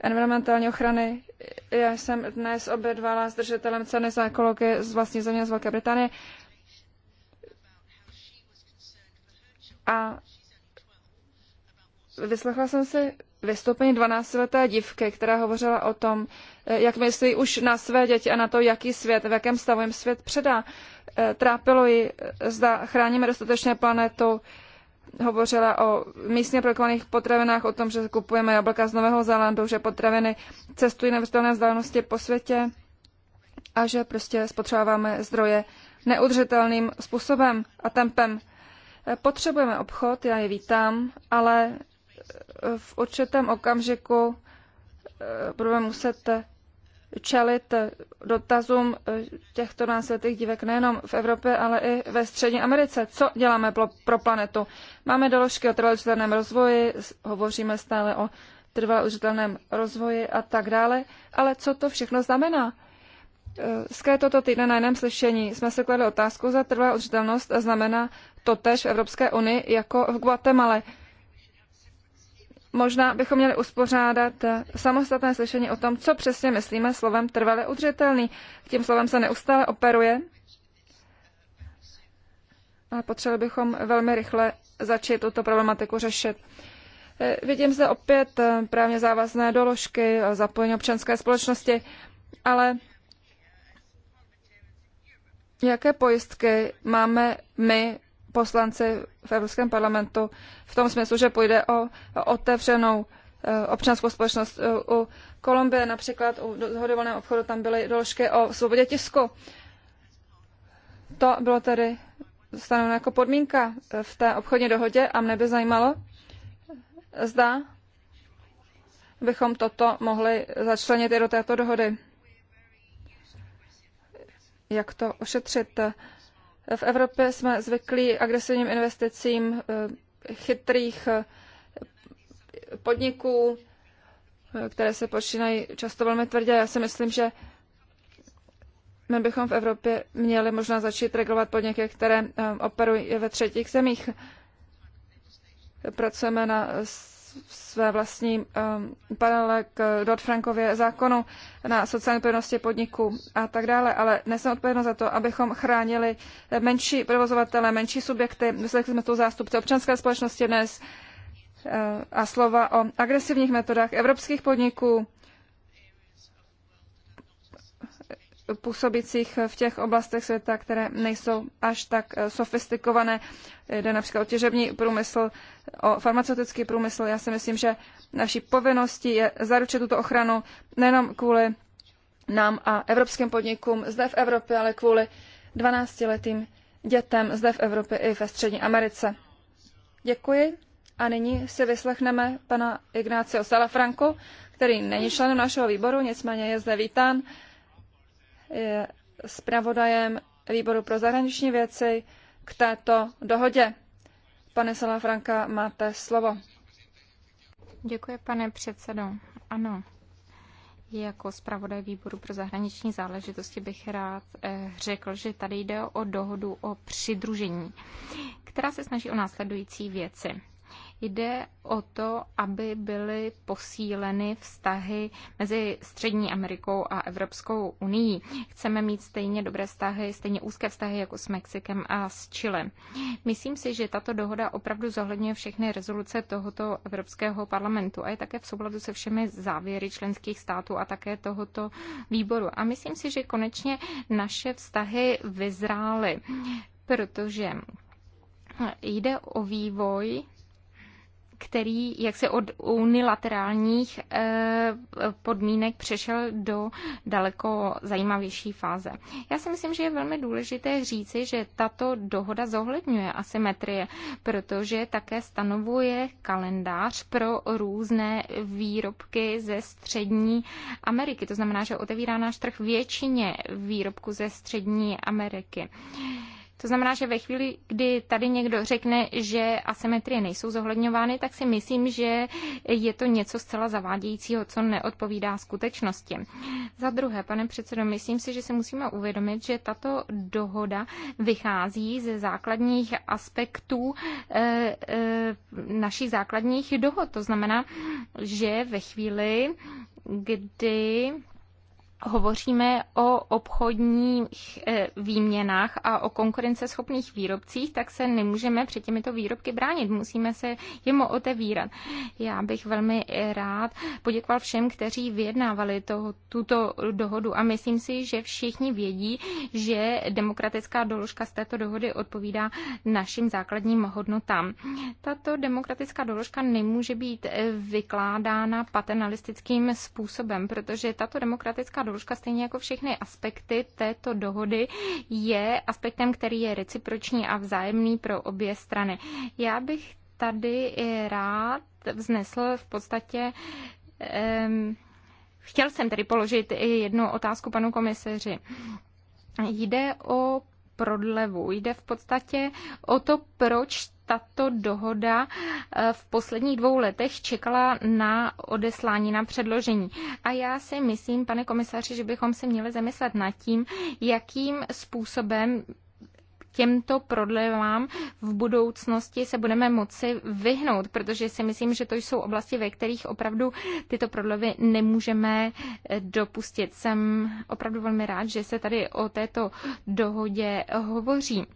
environmentální ochrany. Já jsem dnes obědvala s držitelem ceny za ekologii z vlastní země z Velké Británie. A Vyslechla jsem si vystoupení 12-leté dívky, která hovořila o tom, eh, jak myslí už na své děti a na to, jaký svět, v jakém stavu jim svět předá. Eh, trápilo ji, eh, zda chráníme dostatečně planetu, hovořila o místně produkovaných potravinách, o tom, že kupujeme jablka z Nového Zélandu, že potraviny cestují nevyspělné vzdálenosti po světě a že prostě spotřebáváme zdroje neudržitelným způsobem a tempem. Potřebujeme obchod, já je vítám, ale v určitém okamžiku eh, budeme muset čelit dotazům eh, těchto následných dívek nejenom v Evropě, ale i ve Střední Americe. Co děláme pro, planetu? Máme doložky o trvalé rozvoji, hovoříme stále o trvalé rozvoji a tak dále, ale co to všechno znamená? Eh, z toto týdne na jiném slyšení jsme se kladli otázku, za trvalá udržitelnost znamená tež v Evropské unii jako v Guatemala. Možná bychom měli uspořádat eh, samostatné slyšení o tom, co přesně myslíme slovem trvale udržitelný. Tím slovem se neustále operuje, A potřebovali bychom velmi rychle začít tuto problematiku řešit. Eh, vidím zde opět eh, právně závazné doložky a zapojení občanské společnosti, ale jaké pojistky máme my poslanci v Evropském parlamentu v tom smyslu, že půjde o otevřenou eh, občanskou společnost. Eh, u Kolumbie například u dohody obchodu tam byly doložky o svobodě tisku. To bylo tedy stanoveno jako podmínka eh, v té obchodní dohodě a mne by zajímalo, zda bychom toto mohli začlenit i do této dohody. Jak to ošetřit? V Evropě jsme zvyklí agresivním investicím eh, chytrých eh, podniků, eh, které se počínají často velmi tvrdě. Já si myslím, že my bychom v Evropě měli možná začít regulovat podniky, které operují ve třetích zemích. Pracujeme na své vlastní um, paralele k Dodd-Frankově zákonu na sociální odpovědnosti podniků a tak dále, ale nesem odpovědnost za to, abychom chránili menší provozovatele, menší subjekty, mysleli jsme tu zástupce občanské společnosti dnes eh, a slova o agresivních metodách evropských podniků, působících v těch oblastech světa, které nejsou až tak eh, sofistikované. Jde například o těžební průmysl, o farmaceutický průmysl. Já si myslím, že naší povinností je zaručit tuto ochranu nejenom kvůli nám a evropským podnikům zde v Evropě, ale kvůli 12-letým dětem zde v Evropě i ve Střední Americe. Děkuji a nyní si vyslechneme pana Ignácio Salafranku, který není členem našeho výboru, nicméně je zde vítán je zpravodajem výboru pro zahraniční věci k této dohodě. Pane Salafranka, máte slovo. Děkuji, pane předsedo. Ano, jako zpravodaj výboru pro zahraniční záležitosti bych rád eh, řekl, že tady jde o dohodu o přidružení, která se snaží o následující věci. Jde o to, aby byly posíleny vztahy mezi Střední Amerikou a Evropskou unii. Chceme mít stejně dobré vztahy, stejně úzké vztahy jako s Mexikem a s Chile. Myslím si, že tato dohoda opravdu zohledňuje všechny rezoluce tohoto Evropského parlamentu a je také v souladu se všemi závěry členských států a také tohoto výboru. A myslím si, že konečně naše vztahy vyzrály, protože jde o vývoj, který jak se od unilaterálních eh, podmínek přešel do daleko zajímavější fáze. Já si myslím, že je velmi důležité říci, že tato dohoda zohledňuje asymetrie, protože také stanovuje kalendář pro různé výrobky ze střední Ameriky. To znamená, že otevírá náš trh většině výrobků ze střední Ameriky. To znamená, že ve chvíli, kdy tady někdo řekne, že asymetrie nejsou zohledňovány, tak si myslím, že je to něco zcela zavádějícího, co neodpovídá skutečnosti. Za druhé, pane předsedo, myslím si, že si musíme uvědomit, že tato dohoda vychází ze základních aspektů e, eh, e, eh, našich základních dohod. To znamená, že ve chvíli, kdy hovoříme o obchodních eh, výměnách a o konkurenceschopných výrobcích, tak se nemůžeme před těmito výrobky bránit. Musíme se jemu otevírat. Já bych velmi eh, rád poděkoval všem, kteří vyjednávali to, tuto dohodu a myslím si, že všichni vědí, že demokratická doložka z této dohody odpovídá našim základním hodnotám. Tato demokratická doložka nemůže být eh, vykládána paternalistickým způsobem, protože tato demokratická doložka Lůžka, stejně jako všechny aspekty této dohody, je aspektem, který je reciproční a vzájemný pro obě strany. Já bych tady rád vznesl v podstatě um, Chtěl jsem tedy položit i jednu otázku panu komiseři. Jde o prodlevu. Jde v podstatě o to, proč tato dohoda eh, v posledních dvou letech čekala na odeslání, na předložení. A já si myslím, pane komisaři, že bychom se měli zamyslet nad tím, jakým způsobem těmto prodlevám v budoucnosti se budeme moci vyhnout, protože si myslím, že to jsou oblasti, ve kterých opravdu tyto prodlevy nemůžeme eh, dopustit. Jsem opravdu velmi rád, že se tady o této dohodě hovoří.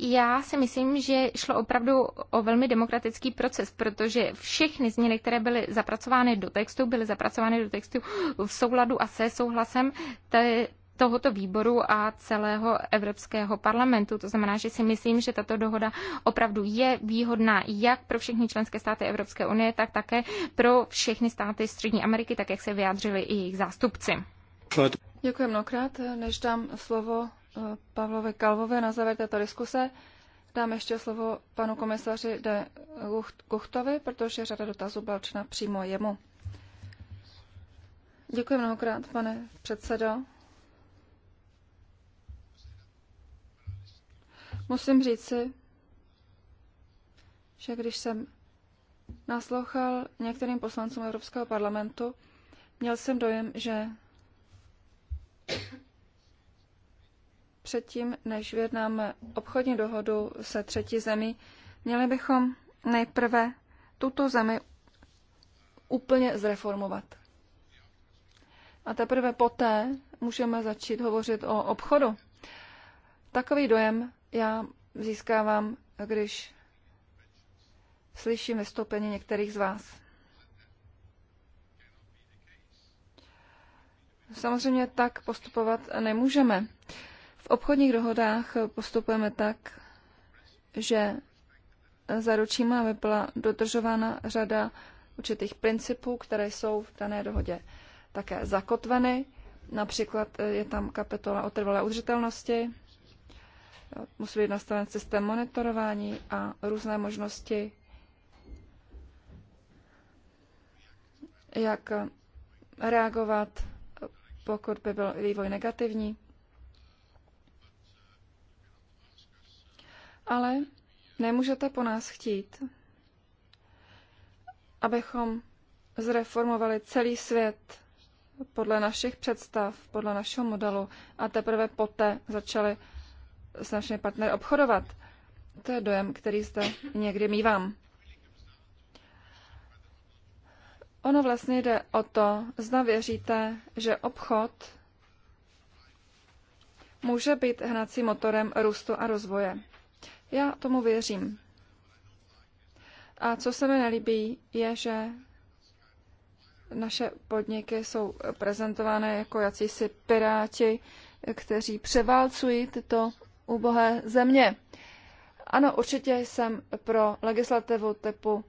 já si myslím, že šlo opravdu o velmi demokratický proces, protože všechny změny, které byly zapracovány do textu, byly zapracovány do textu v souladu a se souhlasem té, tohoto výboru a celého Evropského parlamentu. To znamená, že si myslím, že tato dohoda opravdu je výhodná jak pro všechny členské státy Evropské unie, tak také pro všechny státy Střední Ameriky, tak jak se vyjádřili i jejich zástupci. Děkuji mnohokrát. Než dám slovo Pavlovi Kalvovi na závěr této diskuse. Dám ještě slovo panu komisaři de Kuchtovi, protože řada dotazů byla určena přímo jemu. Děkuji mnohokrát, pane předsedo. Musím říci, že když jsem naslouchal některým poslancům Evropského parlamentu, měl jsem dojem, že předtím, než vyjednáme obchodní dohodu se třetí zemí, měli bychom nejprve tuto zemi úplně zreformovat. A teprve poté můžeme začít hovořit o obchodu. Takový dojem já získávám, když slyším vystoupení některých z vás. Samozřejmě tak postupovat nemůžeme. V obchodních dohodách postupujeme tak, že zaručíme, aby byla dodržována řada určitých principů, které jsou v dané dohodě také zakotveny. Například eh, je tam kapitola o trvalé udržitelnosti, musí být nastaven systém monitorování a různé možnosti, jak reagovat, pokud by byl vývoj negativní. ale nemůžete po nás chtít, abychom zreformovali celý svět podle našich představ, podle našeho modelu a teprve poté začali s našimi partnery obchodovat. To je dojem, který zde někdy mývám. Ono vlastně jde o to, zda věříte, že obchod může být hnacím motorem růstu a rozvoje. Já tomu věřím. A co se mi nelíbí, je, že naše podniky jsou prezentovány jako jacísi piráti, kteří převálcují tyto ubohé země. Ano, určitě jsem pro legislativu typu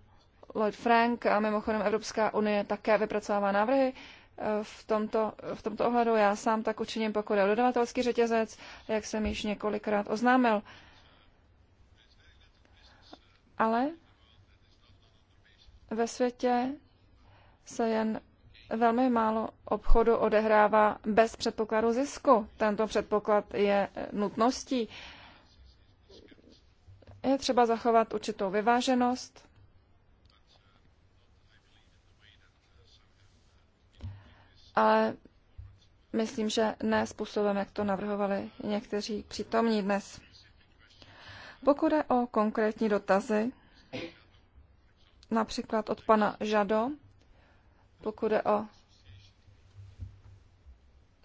Lloyd Frank a mimochodem Evropská unie také vypracovává návrhy eh, v tomto, v tomto ohledu. Já sám tak učiním, pokud je dodavatelský řetězec, jak jsem již několikrát oznámil ale ve světě se jen velmi málo obchodu odehrává bez předpokladu zisku. Tento předpoklad je nutností. Je třeba zachovat určitou vyváženost. Ale myslím, že ne způsobem, jak to navrhovali někteří přítomní dnes. Pokud je o konkrétní dotazy, například od pana Žado, pokud je o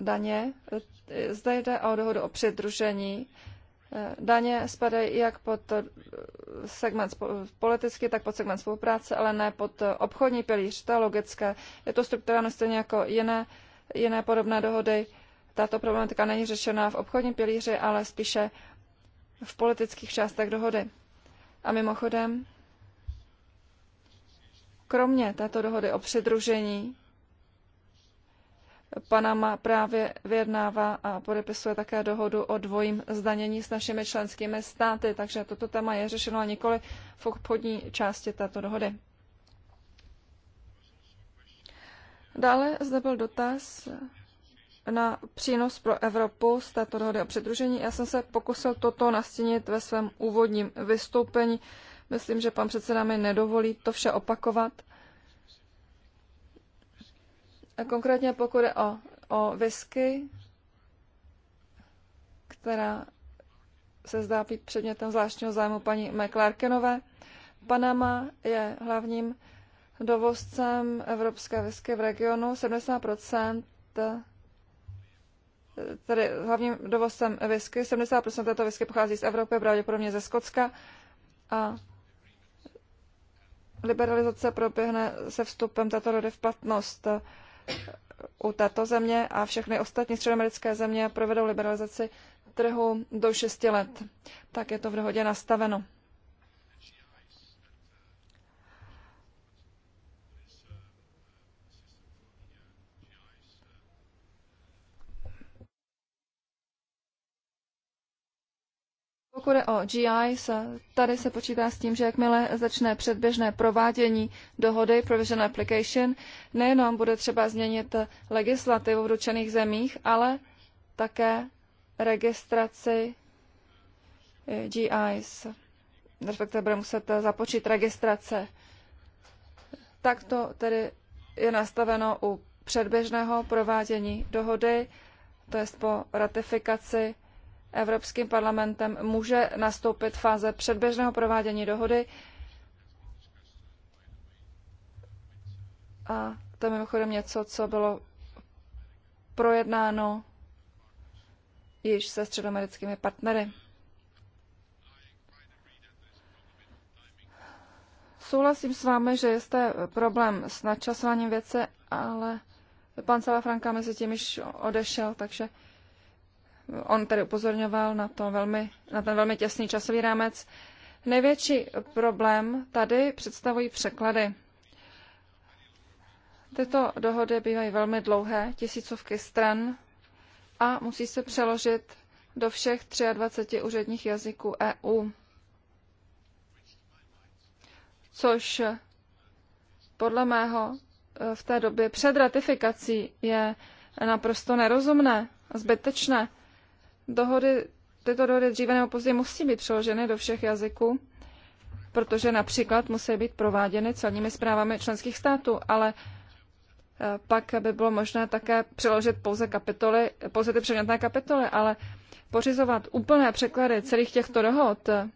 daně, eh, zde jde o dohodu o přidružení. Eh, daně spadají jak pod eh, segment politicky, tak pod segment spolupráce, ale ne pod obchodní pilíř, to je logické. Je to strukturováno stejně jako jiné, jiné podobné dohody. Tato problematika není řešena v obchodním pilíři, ale spíše v politických částech dohody. A mimochodem, kromě této dohody o přidružení, Panama právě vyjednává a podepisuje také dohodu o dvojím zdanění s našimi členskými státy, takže toto téma je řešeno a nikoli v obchodní části této dohody. Dále zde byl dotaz na přínos pro Evropu z této dohody o přidružení. Já jsem se pokusil toto nastínit ve svém úvodním vystoupení. Myslím, že pan předseda mi nedovolí to vše opakovat. A konkrétně pokud je o, o whisky, která se zdá být předmětem zvláštního zájmu paní McClarkenové. Panama je hlavním dovozcem evropské whisky v regionu. 70 tedy hlavním dovozcem whisky. 70% této whisky pochází z Evropy, pravděpodobně ze Skotska. A liberalizace proběhne se vstupem této rody v platnost eh, u této země a všechny ostatní středoamerické země provedou liberalizaci trhu do 6 let. Tak je to v dohodě nastaveno. Pokud je o GI, tady se počítá s tím, že jakmile začne předběžné provádění dohody Provision Application, nejenom bude třeba změnit legislativu v dočených zemích, ale také registraci eh, GIs, respektive bude muset započít registrace. Tak to tedy je nastaveno u předběžného provádění dohody, to je po ratifikaci Evropským parlamentem může nastoupit fáze předběžného provádění dohody. A to je mimochodem něco, co bylo projednáno již se středoamerickými partnery. Souhlasím s vámi, že jste problém s nadčasováním věce, ale pan Franka mezi tím již odešel, takže On tedy upozorňoval na, to velmi, na ten velmi těsný časový rámec. Největší problém tady představují překlady. Tyto dohody bývají velmi dlouhé, tisícovky stran a musí se přeložit do všech 23 úředních jazyků EU. Což podle mého eh, v té době před ratifikací je naprosto nerozumné a zbytečné dohody, tyto dohody dříve nebo později musí být přeloženy do všech jazyků, protože například musí být prováděny celními zprávami členských států, ale eh, pak by bylo možné také přeložit pouze kapitoly, pouze ty předmětné kapitoly, ale pořizovat úplné překlady celých těchto dohod eh,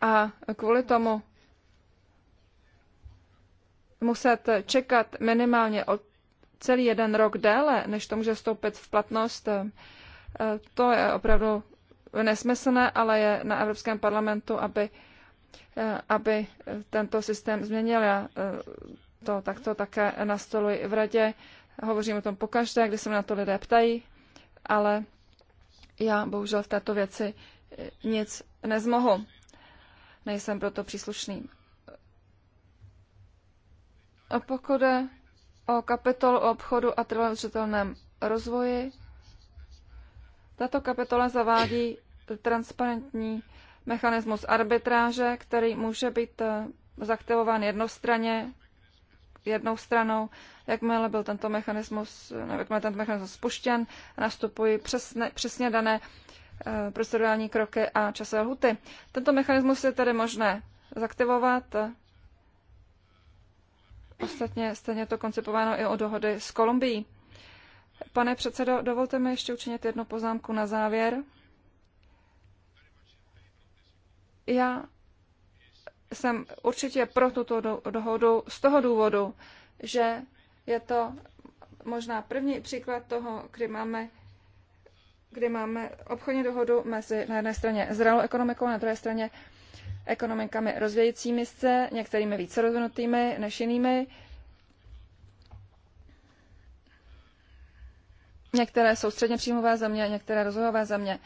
a kvůli tomu muset čekat minimálně o celý jeden rok déle, než to může vstoupit v platnost, eh, Eh, to je opravdu nesmyslné, ale je na Evropském parlamentu, aby, eh, aby tento systém změnil. Já eh, to takto také nastoluji v radě. Hovořím o tom pokaždé, když se mě na to lidé ptají, ale já bohužel v této věci nic nezmohu. Nejsem proto příslušný. A pokud je o kapitolu o obchodu a trvalém rozvoji, tato kapitola zavádí transparentní mechanismus arbitráže, který může být eh, zaktivován jednostranně, jednou stranou. Jakmile byl tento mechanismus, eh, nebo jakmile tento mechanismus spuštěn, nastupují přesne, přesně dané eh, procedurální kroky a časové lhuty. Tento mechanismus je tedy možné zaktivovat. Ostatně stejně to koncipováno i o dohody s Kolumbií. Pane předsedo, dovolte mi ještě učinit jednu poznámku na závěr. Já jsem určitě pro tuto do, dohodu z toho důvodu, že je to možná první příklad toho, kdy máme, kdy máme obchodní dohodu mezi na jedné straně zralou ekonomikou a na druhé straně ekonomikami rozvějícími se, některými více rozvinutými než jinými. Některé jsou středně příjmové země, některé rozvojové země.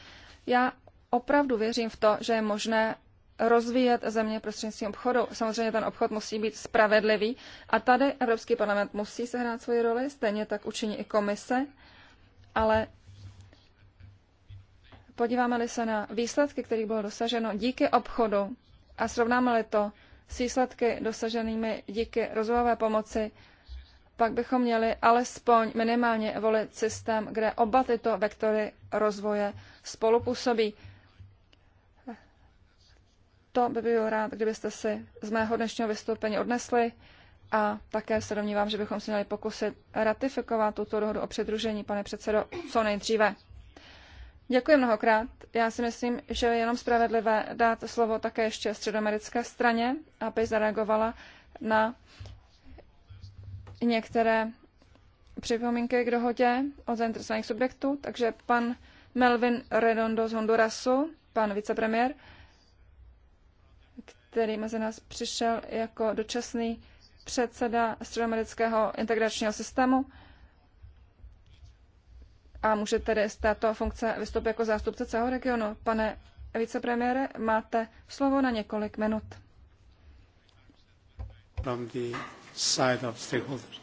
Já opravdu věřím v to, že je možné rozvíjet země prostřednictvím obchodu. Samozřejmě ten obchod musí být spravedlivý a tady Evropský parlament musí sehrát svoji roli, stejně tak učiní i komise, ale podíváme-li se na výsledky, které bylo dosaženo díky obchodu a srovnáme-li to s výsledky dosaženými díky rozvojové pomoci, pak bychom měli alespoň minimálně volit systém, kde oba tyto vektory rozvoje spolupůsobí. To by byl rád, kdybyste si z mého dnešního vystoupení odnesli a také se domnívám, že bychom se měli pokusit ratifikovat tuto dohodu o předružení, pane předsedo, co nejdříve. Děkuji mnohokrát. Já si myslím, že je jenom spravedlivé dát slovo také ještě středoamerické straně, aby zareagovala na některé připomínky k dohodě od zainteresovaných subjektů, takže pan Melvin Redondo z Hondurasu, pan vicepremiér, který mezi nás přišel jako dočasný předseda středoamerického integračního systému a může tedy z této funkce vystoupit jako zástupce celého regionu. Pane vicepremiére, máte slovo na několik minut side of stakeholders.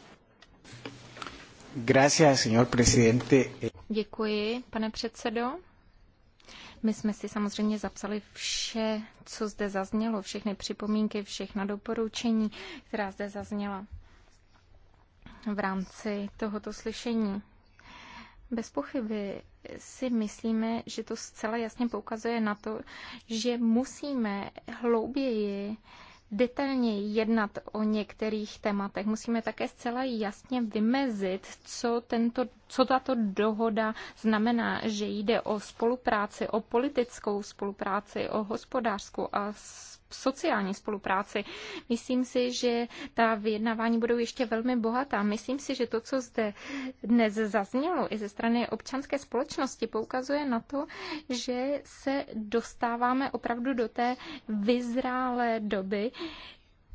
Gracias, señor presidente. Děkuji, pane předsedo. My jsme si samozřejmě zapsali vše, co zde zaznělo, všechny připomínky, všechna doporučení, která zde zazněla v rámci tohoto slyšení. Bez pochyby si myslíme, že to zcela jasně poukazuje na to, že musíme hlouběji detailně jednat o některých tématech. Musíme také zcela jasně vymezit, co, tento, co tato dohoda znamená, že jde o spolupráci, o politickou spolupráci, o hospodářskou a sociální spolupráci. Myslím si, že ta vyjednávání budou ještě velmi bohatá. Myslím si, že to, co zde dnes zaznělo i ze strany občanské společnosti, poukazuje na to, že se dostáváme opravdu do té vyzrálé doby,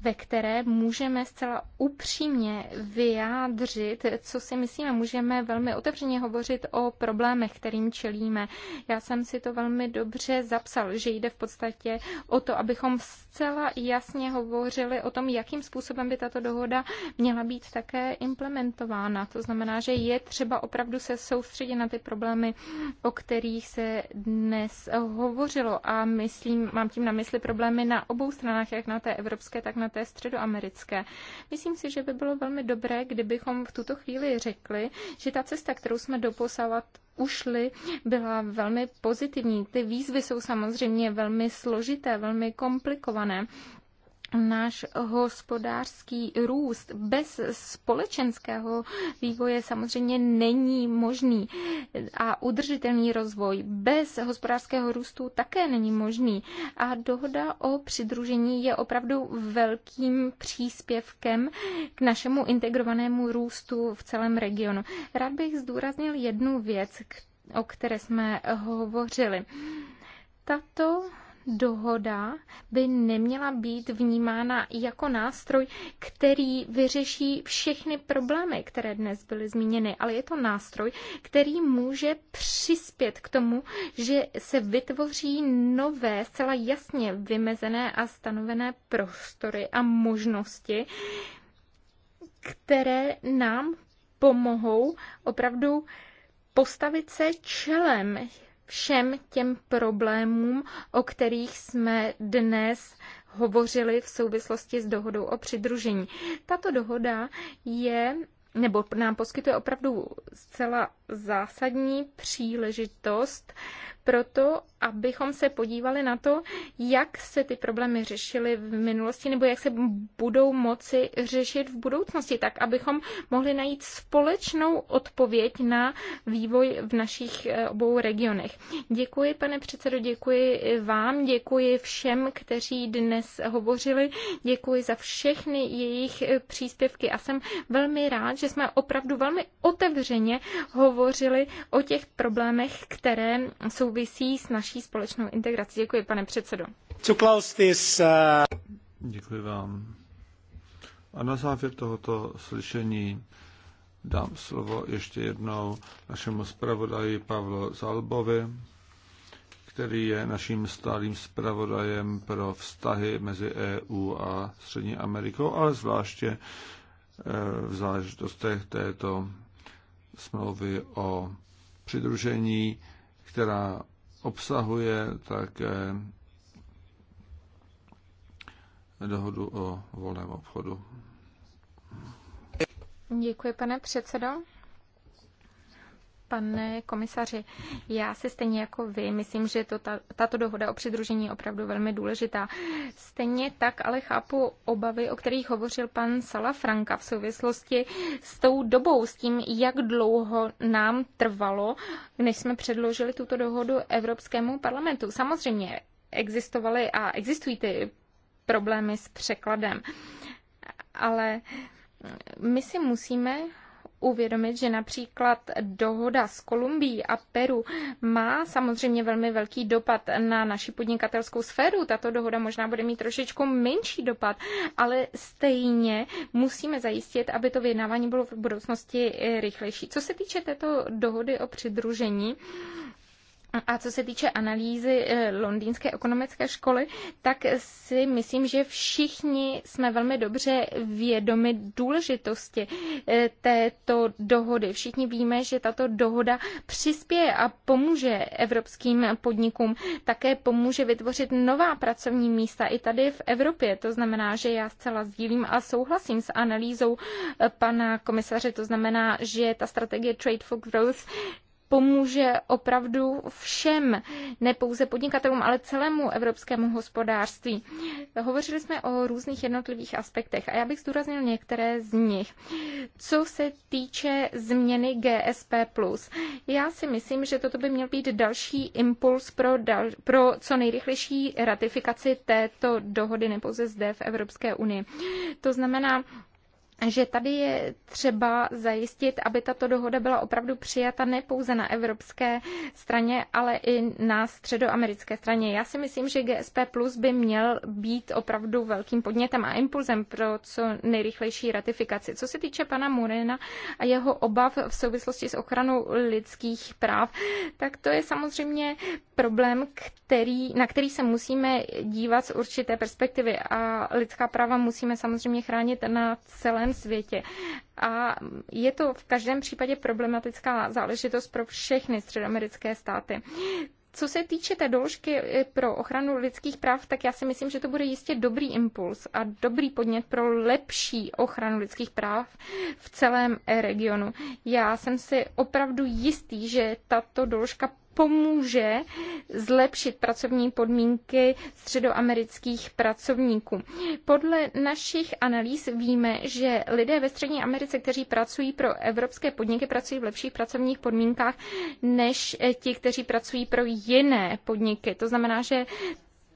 ve které můžeme zcela upřímně vyjádřit, co si myslíme. Můžeme velmi otevřeně hovořit o problémech, kterým čelíme. Já jsem si to velmi dobře zapsal, že jde v podstatě o to, abychom zcela jasně hovořili o tom, jakým způsobem by tato dohoda měla být také implementována. To znamená, že je třeba opravdu se soustředit na ty problémy, o kterých se dnes hovořilo. A myslím, mám tím na mysli problémy na obou stranách, jak na té evropské, tak na té té středoamerické. Myslím si, že by bylo velmi dobré, kdybychom v tuto chvíli řekli, že ta cesta, kterou jsme doposavat ušli, byla velmi pozitivní. Ty výzvy jsou samozřejmě velmi složité, velmi komplikované, náš hospodářský růst bez společenského vývoje samozřejmě není možný a udržitelný rozvoj bez hospodářského růstu také není možný. A dohoda o přidružení je opravdu velkým příspěvkem k našemu integrovanému růstu v celém regionu. Rád bych zdůraznil jednu věc, o které jsme hovořili. Tato dohoda by neměla být vnímána jako nástroj, který vyřeší všechny problémy, které dnes byly zmíněny, ale je to nástroj, který může přispět k tomu, že se vytvoří nové, zcela jasně vymezené a stanovené prostory a možnosti, které nám pomohou opravdu postavit se čelem všem těm problémům, o kterých jsme dnes hovořili v souvislosti s dohodou o přidružení. Tato dohoda je nebo nám poskytuje opravdu zcela zásadní příležitost proto, abychom se podívali na to, jak se ty problémy řešily v minulosti nebo jak se budou moci řešit v budoucnosti, tak abychom mohli najít společnou odpověď na vývoj v našich eh, obou regionech. Děkuji, pane předsedo, děkuji vám, děkuji všem, kteří dnes hovořili, děkuji za všechny jejich eh, příspěvky a jsem velmi rád, že jsme opravdu velmi otevřeně hovořili o těch problémech, které jsou souvisí s naší společnou integrací. Děkuji, pane předsedo. To close this, uh... Děkuji vám. A na závěr tohoto slyšení dám slovo ještě jednou našemu zpravodaji Pavlo Zalbovi, který je naším stálým zpravodajem pro vztahy mezi EU a Střední Amerikou, ale zvláště eh, v záležitostech této smlouvy o přidružení která obsahuje také dohodu o volném obchodu. Děkuji, pane předsedo. Pane komisaři, já si stejně jako vy myslím, že to, ta, tato dohoda o přidružení je opravdu velmi důležitá. Stejně tak ale chápu obavy, o kterých hovořil pan Salafranka v souvislosti s tou dobou, s tím, jak dlouho nám trvalo, než jsme předložili tuto dohodu Evropskému parlamentu. Samozřejmě existovaly a existují ty problémy s překladem, ale my si musíme uvědomit, že například dohoda s Kolumbií a Peru má samozřejmě velmi velký dopad na naši podnikatelskou sféru. Tato dohoda možná bude mít trošičku menší dopad, ale stejně musíme zajistit, aby to vyjednávání bylo v budoucnosti rychlejší. Co se týče této dohody o přidružení, a co se týče analýzy eh, londýnské ekonomické školy, tak si myslím, že všichni jsme velmi dobře vědomi důležitosti eh, této dohody. Všichni víme, že tato dohoda přispěje a pomůže evropským podnikům, také pomůže vytvořit nová pracovní místa i tady v Evropě. To znamená, že já zcela sdílím a souhlasím s analýzou eh, pana komisaře. To znamená, že ta strategie Trade for Growth pomůže opravdu všem, ne pouze podnikatelům, ale celému evropskému hospodářství. Hovořili jsme o různých jednotlivých aspektech a já bych zdůraznil některé z nich. Co se týče změny GSP+, já si myslím, že toto by měl být další impuls pro, dal, pro co nejrychlejší ratifikaci této dohody, nepouze zde v Evropské unii. To znamená, že tady je třeba zajistit, aby tato dohoda byla opravdu přijata ne pouze na evropské straně, ale i na středoamerické straně. Já si myslím, že GSP Plus by měl být opravdu velkým podnětem a impulzem pro co nejrychlejší ratifikaci. Co se týče pana Murena a jeho obav v souvislosti s ochranou lidských práv, tak to je samozřejmě problém, který, na který se musíme dívat z určité perspektivy a lidská práva musíme samozřejmě chránit na celém světě. A je to v každém případě problematická záležitost pro všechny středoamerické státy. Co se týče té doložky pro ochranu lidských práv, tak já si myslím, že to bude jistě dobrý impuls a dobrý podnět pro lepší ochranu lidských práv v celém regionu. Já jsem si opravdu jistý, že tato doložka pomůže zlepšit pracovní podmínky středoamerických pracovníků. Podle našich analýz víme, že lidé ve Střední Americe, kteří pracují pro evropské podniky, pracují v lepších pracovních podmínkách než ti, kteří pracují pro jiné podniky. To znamená, že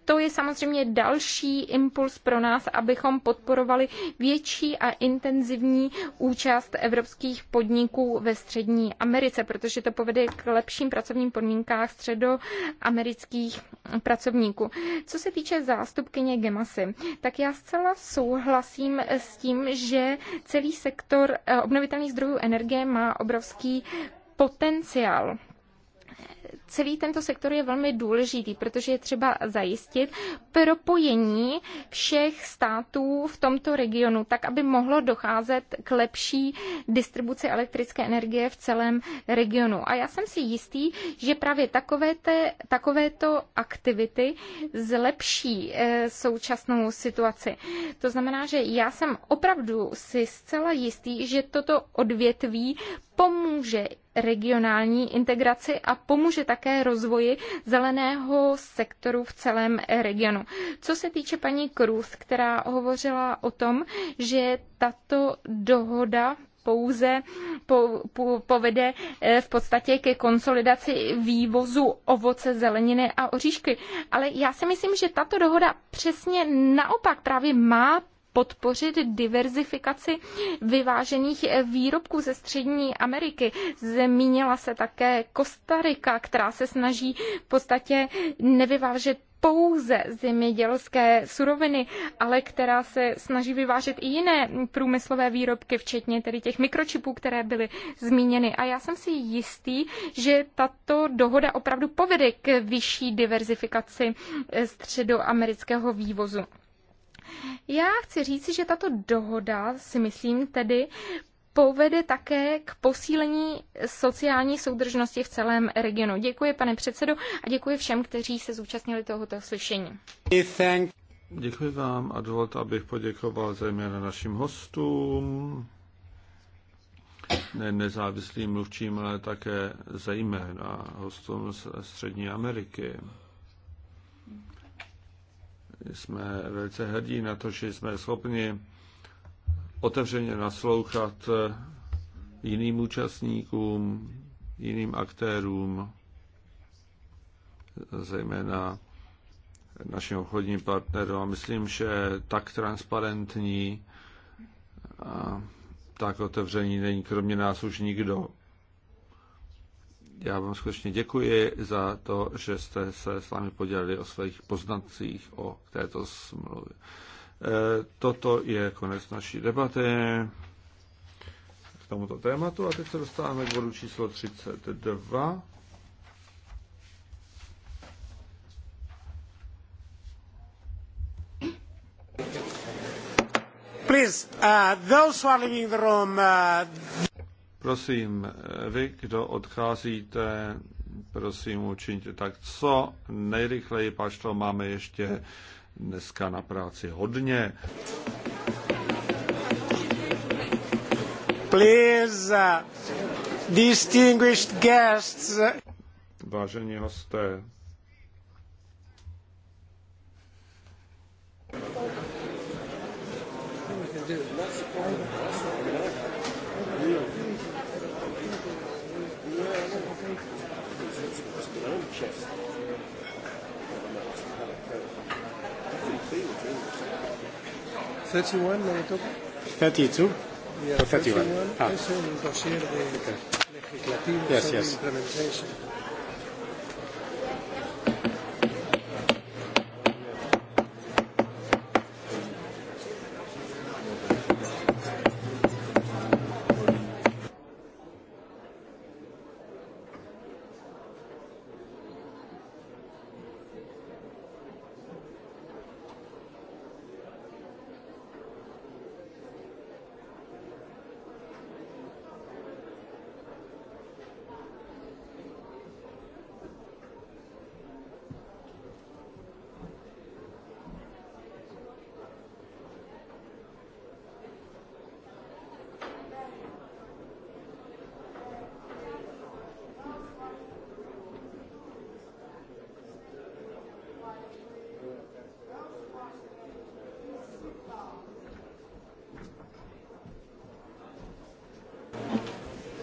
to je samozřejmě další impuls pro nás, abychom podporovali větší a intenzivní účast evropských podniků ve Střední Americe, protože to povede k lepším pracovním podmínkám středoamerických pracovníků. Co se týče zástupkyně Gemasy, tak já zcela souhlasím s tím, že celý sektor eh, obnovitelných zdrojů energie má obrovský potenciál celý tento sektor je velmi důležitý, protože je třeba zajistit propojení všech států v tomto regionu, tak aby mohlo docházet k lepší distribuci elektrické energie v celém regionu. A já jsem si jistý, že právě takové te, takovéto aktivity zlepší eh, současnou situaci. To znamená, že já jsem opravdu si zcela jistý, že toto odvětví pomůže regionální integraci a pomůže pomůže také rozvoji zeleného sektoru v celém regionu. Co se týče paní Cruz, která hovořila o tom, že tato dohoda pouze po, po, povede eh, v podstatě ke konsolidaci vývozu ovoce, zeleniny a oříšky. Ale já si myslím, že tato dohoda přesně naopak právě má podpořit diverzifikaci vyvážených výrobků ze Střední Ameriky. Zmínila se také Kostarika, která se snaží v podstatě nevyvážet pouze zemědělské suroviny, ale která se snaží vyvážet i jiné průmyslové výrobky, včetně tedy těch mikročipů, které byly zmíněny. A já jsem si jistý, že tato dohoda opravdu povede k vyšší diverzifikaci středoamerického vývozu. Já chci říci, že tato dohoda, si myslím tedy, povede také k posílení sociální soudržnosti v celém regionu. Děkuji, pane předsedo, a děkuji všem, kteří se zúčastnili tohoto slyšení. Děkuji vám a dovolte, abych poděkoval zejména našim hostům, ne nezávislým mluvčím, ale také zejména hostům z Střední Ameriky jsme velice hrdí na to, že jsme schopni otevřeně naslouchat eh, jiným účastníkům, jiným aktérům, zejména našim obchodním partnerům. A myslím, že tak transparentní a tak otevření není kromě nás už nikdo. Já vám skutečně děkuji za to, že jste se s námi podělili o svých poznacích o této smlouvě. E, toto je konec naší debaty k tomuto tématu a teď se dostáváme k bodu číslo 32. Please, uh, those who are leaving the room, uh... Prosím, eh, vy, kdo odcházíte, prosím, učiňte tak co nejrychleji, pač to máme ještě dneska na práci hodně. Please, uh, distinguished guests. Vážení hosté, 31 le ¿no toca. 32. Yeah, 31. 31 ah. es dossier de okay. legislativo yes, sobre yes.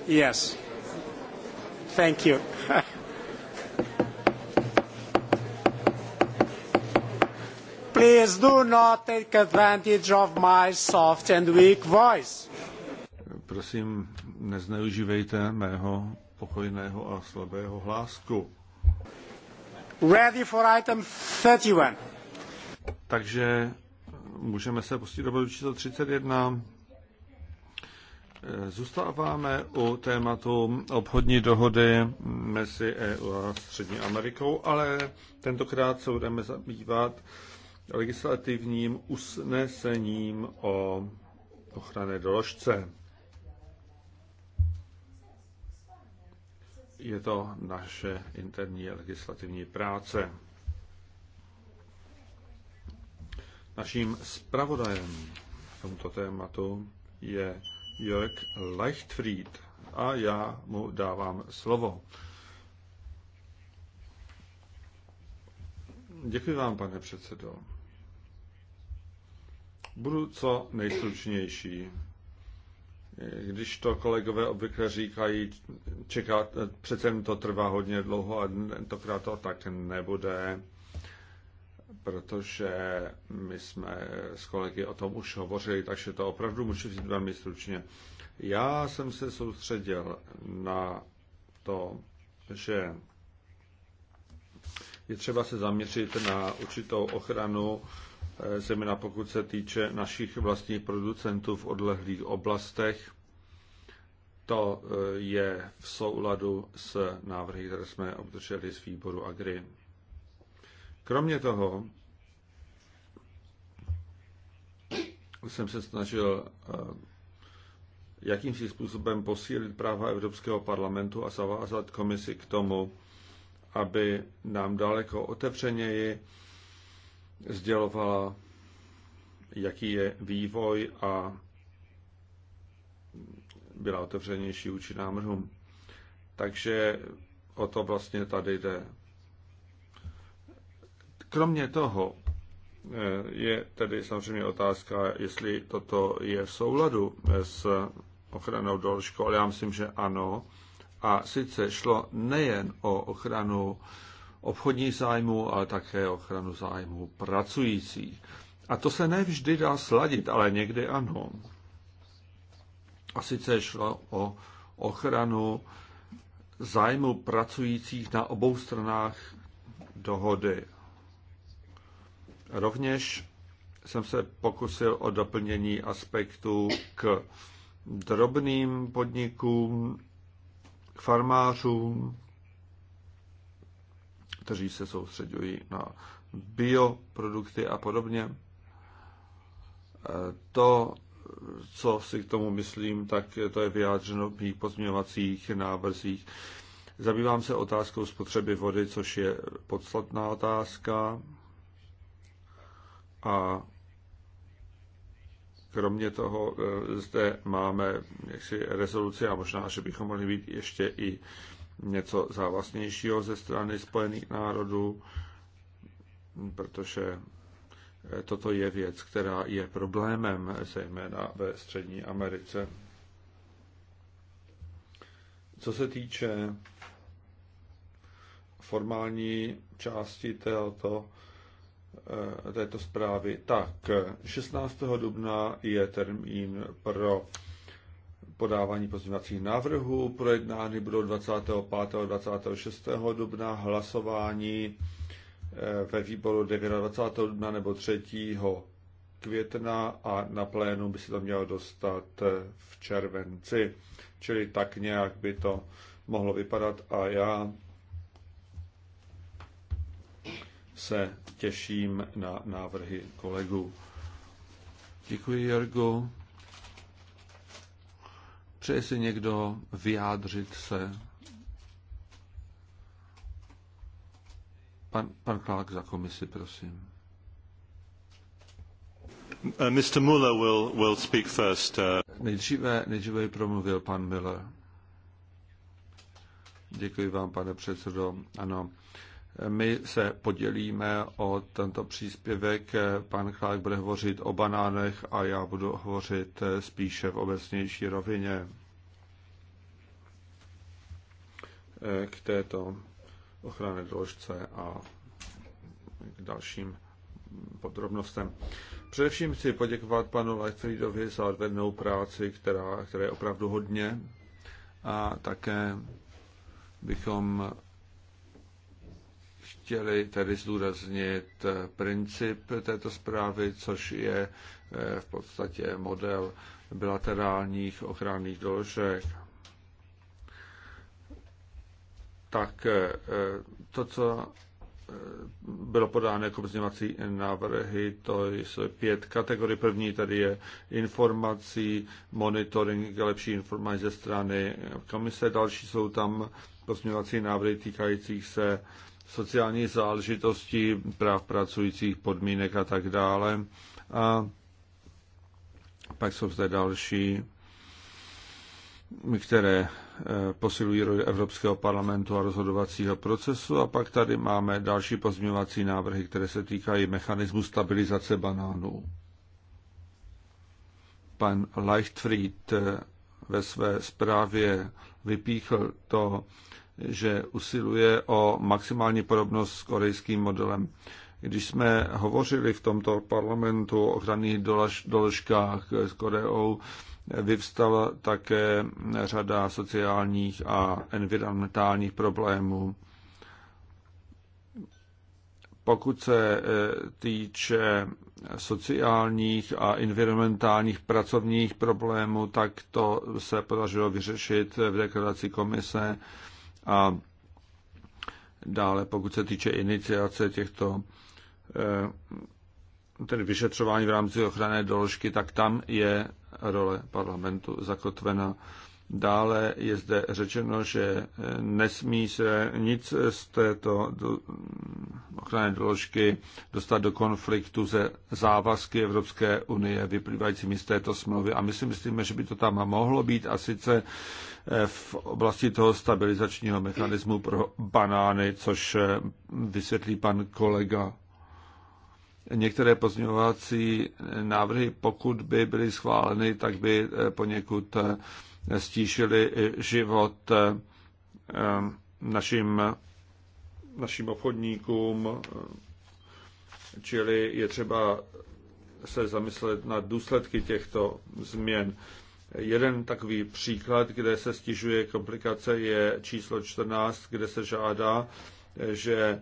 Yes. Thank you. Please do not take advantage of my soft and weak voice. Prosím, nezneužívejte mého pokojného a slabého hlásku. Ready for item 31. Takže můžeme se pustit do bodu číslo 31. Zůstáváme u tématu obchodní dohody mezi EU a Střední Amerikou, ale tentokrát se budeme zabývat legislativním usnesením o ochranné doložce. Je to naše interní legislativní práce. Naším zpravodajem tomuto tématu je Jörg Leichtfried a já mu dávám slovo. Děkuji vám, pane předsedo. Budu co nejstručnější. Když to kolegové obvykle říkají, čeká, přece to trvá hodně dlouho a tentokrát to tak nebude protože my jsme s kolegy o tom už hovořili, takže to opravdu můžu říct velmi stručně. Já jsem se soustředil na to, že je třeba se zaměřit na určitou ochranu, eh, zejména pokud se týče našich vlastních producentů v odlehlých oblastech. To eh, je v souladu s návrhy, které jsme obdrželi z výboru Agri. Kromě toho jsem se snažil eh, jakýmsi způsobem posílit práva Evropského parlamentu a zavázat komisi k tomu, aby nám daleko otevřeněji sdělovala, jaký je vývoj a byla otevřenější vůči návrhům. Takže o to vlastně tady jde. Kromě toho eh, je tedy samozřejmě otázka, jestli toto je v souladu eh, s ochranou doložkou, ale já myslím, že ano. A sice šlo nejen o ochranu obchodní zájmu, ale také ochranu zájmu pracujících. A to se nevždy dá sladit, ale někdy ano. A sice šlo o ochranu zájmu pracujících na obou stranách dohody. Rovněž jsem se pokusil o doplnění aspektů k drobným podnikům, k farmářům, kteří se soustředují na bioprodukty a podobně. E, to, co si k tomu myslím, tak to je vyjádřeno v mých pozměňovacích návrzích. Zabývám se otázkou spotřeby vody, což je podstatná otázka. A kromě toho eh, zde máme jaksi rezoluci a možná, že bychom mohli být ještě i něco závaznějšího ze strany Spojených národů, protože eh, toto je věc, která je problémem, zejména ve Střední Americe. Co se týče formální části této Eh, této zprávy. Tak, eh, 16. dubna je termín pro podávání pozměňovacích návrhů. Projednány budou 25. a 26. dubna hlasování eh, ve výboru 29. dubna nebo 3. května a na plénu by se to mělo dostat v červenci. Čili tak nějak by to mohlo vypadat a já se těším na návrhy kolegů. Děkuji, Jirgu. Přeje si někdo vyjádřit se? Pan, pan Klák za komisi, prosím. Uh, Mr. Muller will, will speak first. Uh... Nejdříve, nejdříve promluvil pan Miller. Děkuji vám, pane předsedo. Ano, my se podělíme o tento příspěvek. Pan Chlák bude hovořit o banánech a já budu hovořit spíše v obecnější rovině k této ochranné doložce a k dalším podrobnostem. Především chci poděkovat panu Lightfriedovi za odvednou práci, která, která je opravdu hodně a také bychom chtěli tedy zdůraznit eh, princip této zprávy, což je eh, v podstatě model bilaterálních ochranných doložek. Tak eh, to, co bylo podáno jako pozměňovací návrhy, to jsou pět kategorií. První tady je informací, monitoring, lepší informace ze strany komise. Další jsou tam pozměňovací návrhy týkajících se sociální záležitosti, práv pracujících, podmínek a tak dále. A pak jsou zde další, které eh, posilují roli Evropského parlamentu a rozhodovacího procesu. A pak tady máme další pozměňovací návrhy, které se týkají mechanismu stabilizace banánů. Pan Leichtfried eh, ve své zprávě vypíchl to, že usiluje o maximální podobnost s korejským modelem. Když jsme hovořili v tomto parlamentu o ochranných doložkách s Koreou, vyvstala také řada sociálních a environmentálních problémů. Pokud se e, týče sociálních a environmentálních pracovních problémů, tak to se podařilo vyřešit v deklaraci komise a dále, pokud se týče iniciace těchto eh, tedy vyšetřování v rámci ochranné doložky, tak tam je role parlamentu zakotvena. Dále je zde řečeno, že eh, nesmí se nic z této ochranné doložky dostat do konfliktu ze závazky Evropské unie vyplývajícími z této smlouvy. A my si myslíme, že by to tam mohlo být a sice v oblasti toho stabilizačního mechanismu pro banány, což eh, vysvětlí pan kolega. Některé pozměňovací návrhy, pokud by byly schváleny, tak by eh, poněkud eh, stíšily život našim, našim obchodníkům, čili je třeba se zamyslet na důsledky těchto změn. Jeden takový příklad, kde se stěžuje komplikace, je číslo 14, kde se žádá, že e,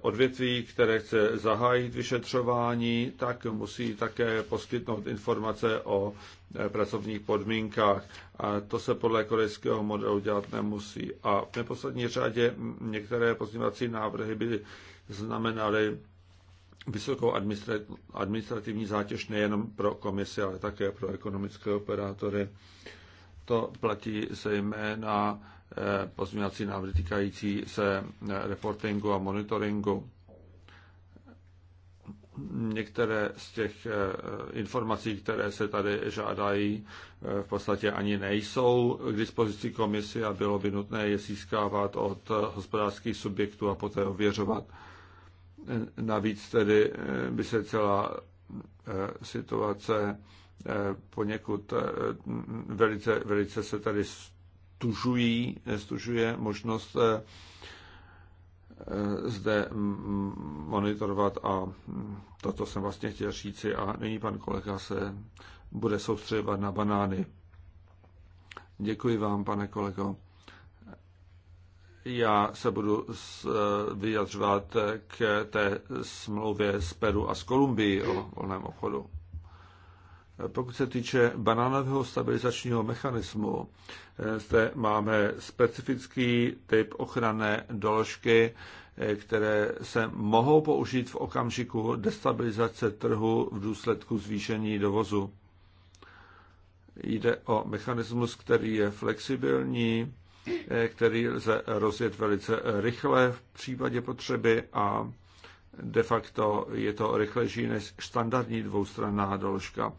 odvětví, které chce zahájit vyšetřování, tak musí také poskytnout informace o e, pracovních podmínkách. A to se podle korejského modelu dělat nemusí. A v neposlední řadě některé pozměňovací návrhy by znamenaly vysokou administrativní zátěž nejenom pro komisi, ale také pro ekonomické operátory. To platí zejména eh, pozměňovací návrhy týkající se eh, reportingu a monitoringu. Některé z těch eh, informací, které se tady žádají, v podstatě ani nejsou k dispozici komisi a bylo by nutné je získávat od hospodářských subjektů a poté ověřovat. Eh, navíc tedy eh, by se celá eh, situace poněkud velice, velice se tady stužují, stužuje možnost zde monitorovat a hm, toto jsem vlastně chtěl říci a nyní pan kolega se bude soustředovat na banány. Děkuji vám, pane kolego. Já se budu eh, vyjadřovat k té smlouvě z Peru a z Kolumbii o volném obchodu. Pokud se týče banánového stabilizačního mechanismu, eh, zde máme specifický typ ochranné doložky, eh, které se mohou použít v okamžiku destabilizace trhu v důsledku zvýšení dovozu. Jde o mechanismus, který je flexibilní, Eh, který lze rozjet velice rychle v případě potřeby a de facto je to rychlejší než standardní dvoustranná doložka.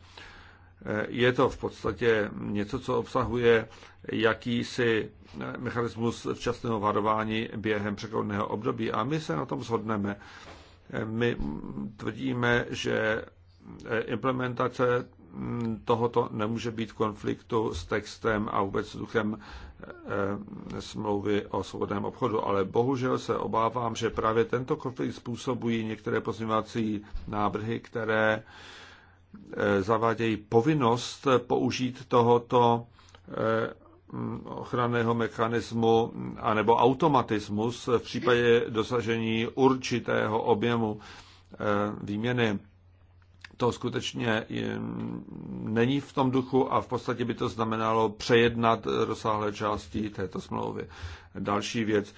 Eh, je to v podstatě něco, co obsahuje jakýsi eh, mechanismus včasného varování během přechodného období a my se na tom shodneme. My tvrdíme, že implementace hm, tohoto nemůže být konfliktu s textem a vůbec s duchem Eh, smlouvy o svobodném obchodu, ale bohužel se obávám, že právě tento konflikt způsobují některé pozměňovací návrhy, které eh, zavádějí povinnost použít tohoto eh, ochranného mechanismu anebo automatismus v případě dosažení určitého objemu výměny. To skutečně není v tom duchu a v podstatě by to znamenalo přejednat rozsáhlé části této smlouvy. Další věc.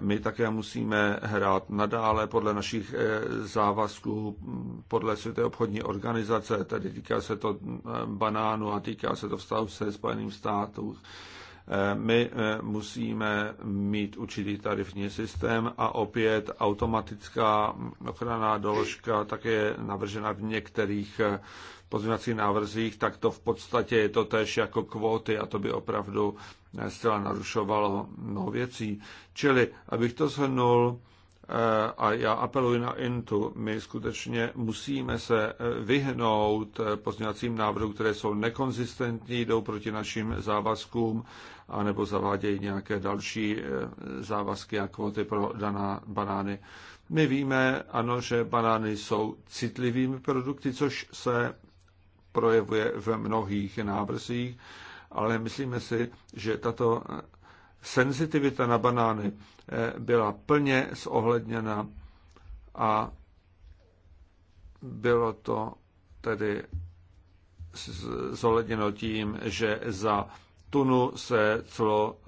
My také musíme hrát nadále podle našich eh, závazků, podle Světé obchodní organizace, tedy týká se to eh, banánu a týká se to vztahu se Spojeným státům my eh, musíme mít určitý tarifní systém a opět automatická ochranná doložka také je navržena v některých eh, pozměňovacích návrzích, tak to v podstatě je to tež jako kvóty a to by opravdu eh, zcela narušovalo mnoho věcí. Čili, abych to shrnul, Eh, a já apeluji na INTU, my skutečně musíme se eh, vyhnout eh, pozměňovacím návrhům, které jsou nekonzistentní, jdou proti našim závazkům, anebo zavádějí nějaké další závazky a kvoty pro daná banány. My víme, ano, že banány jsou citlivými produkty, což se projevuje ve mnohých návrzích, ale myslíme si, že tato senzitivita na banány byla plně zohledněna a bylo to tedy zohledněno tím, že za tunu se clo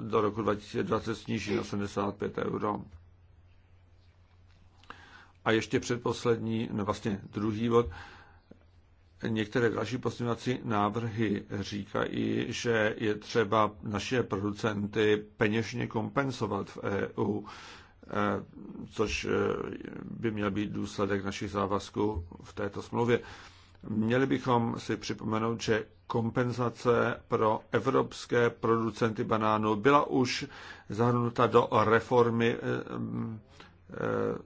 do roku 2020 sníží na 75 euro. A ještě předposlední, no vlastně druhý bod, některé další pozměňovací návrhy říkají, že je třeba naše producenty peněžně kompenzovat v EU, eh, což eh, by měl být důsledek našich závazků v této smlouvě. Měli bychom si připomenout, že kompenzace pro evropské producenty banánů byla už zahrnuta do reformy eh,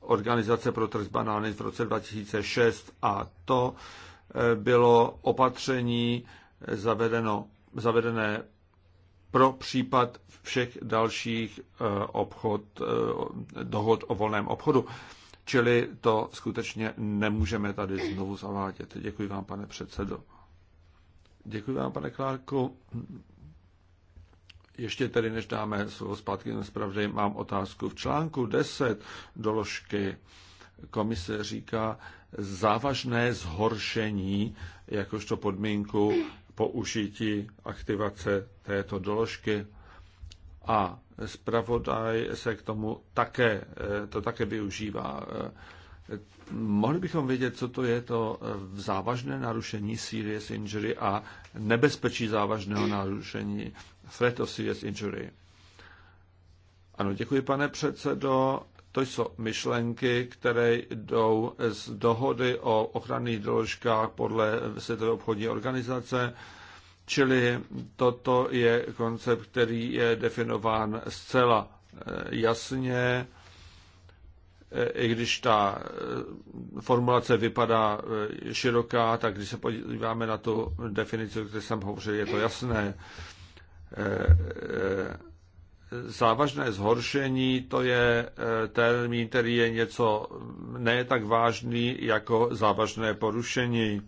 Organizace pro trh banány v roce 2006 a to bylo opatření zavedeno, zavedené pro případ všech dalších e, obchod, e, dohod o volném obchodu. Čili to skutečně nemůžeme tady znovu zavádět. Děkuji vám, pane předsedo. Děkuji vám, pane Klárku. Ještě tedy, než dáme slovo zpátky na mám otázku. V článku 10 doložky komise říká závažné zhoršení jakožto podmínku použití aktivace této doložky. A zpravodaj se k tomu také, eh, to také využívá. Eh, mohli bychom vědět, co to je to eh, závažné narušení serious injury a nebezpečí závažného narušení threat of serious injury. Ano, děkuji, pane předsedo. To jsou myšlenky, které jdou z dohody o ochranných doložkách podle Světové obchodní organizace, čili toto je koncept, který je definován zcela eh, jasně, eh, i když ta eh, formulace vypadá široká, tak když se podíváme na tu definici, o které jsem hovořil, je to jasné závažné zhoršení, to je eh, termín, který je něco ne tak vážný jako závažné porušení.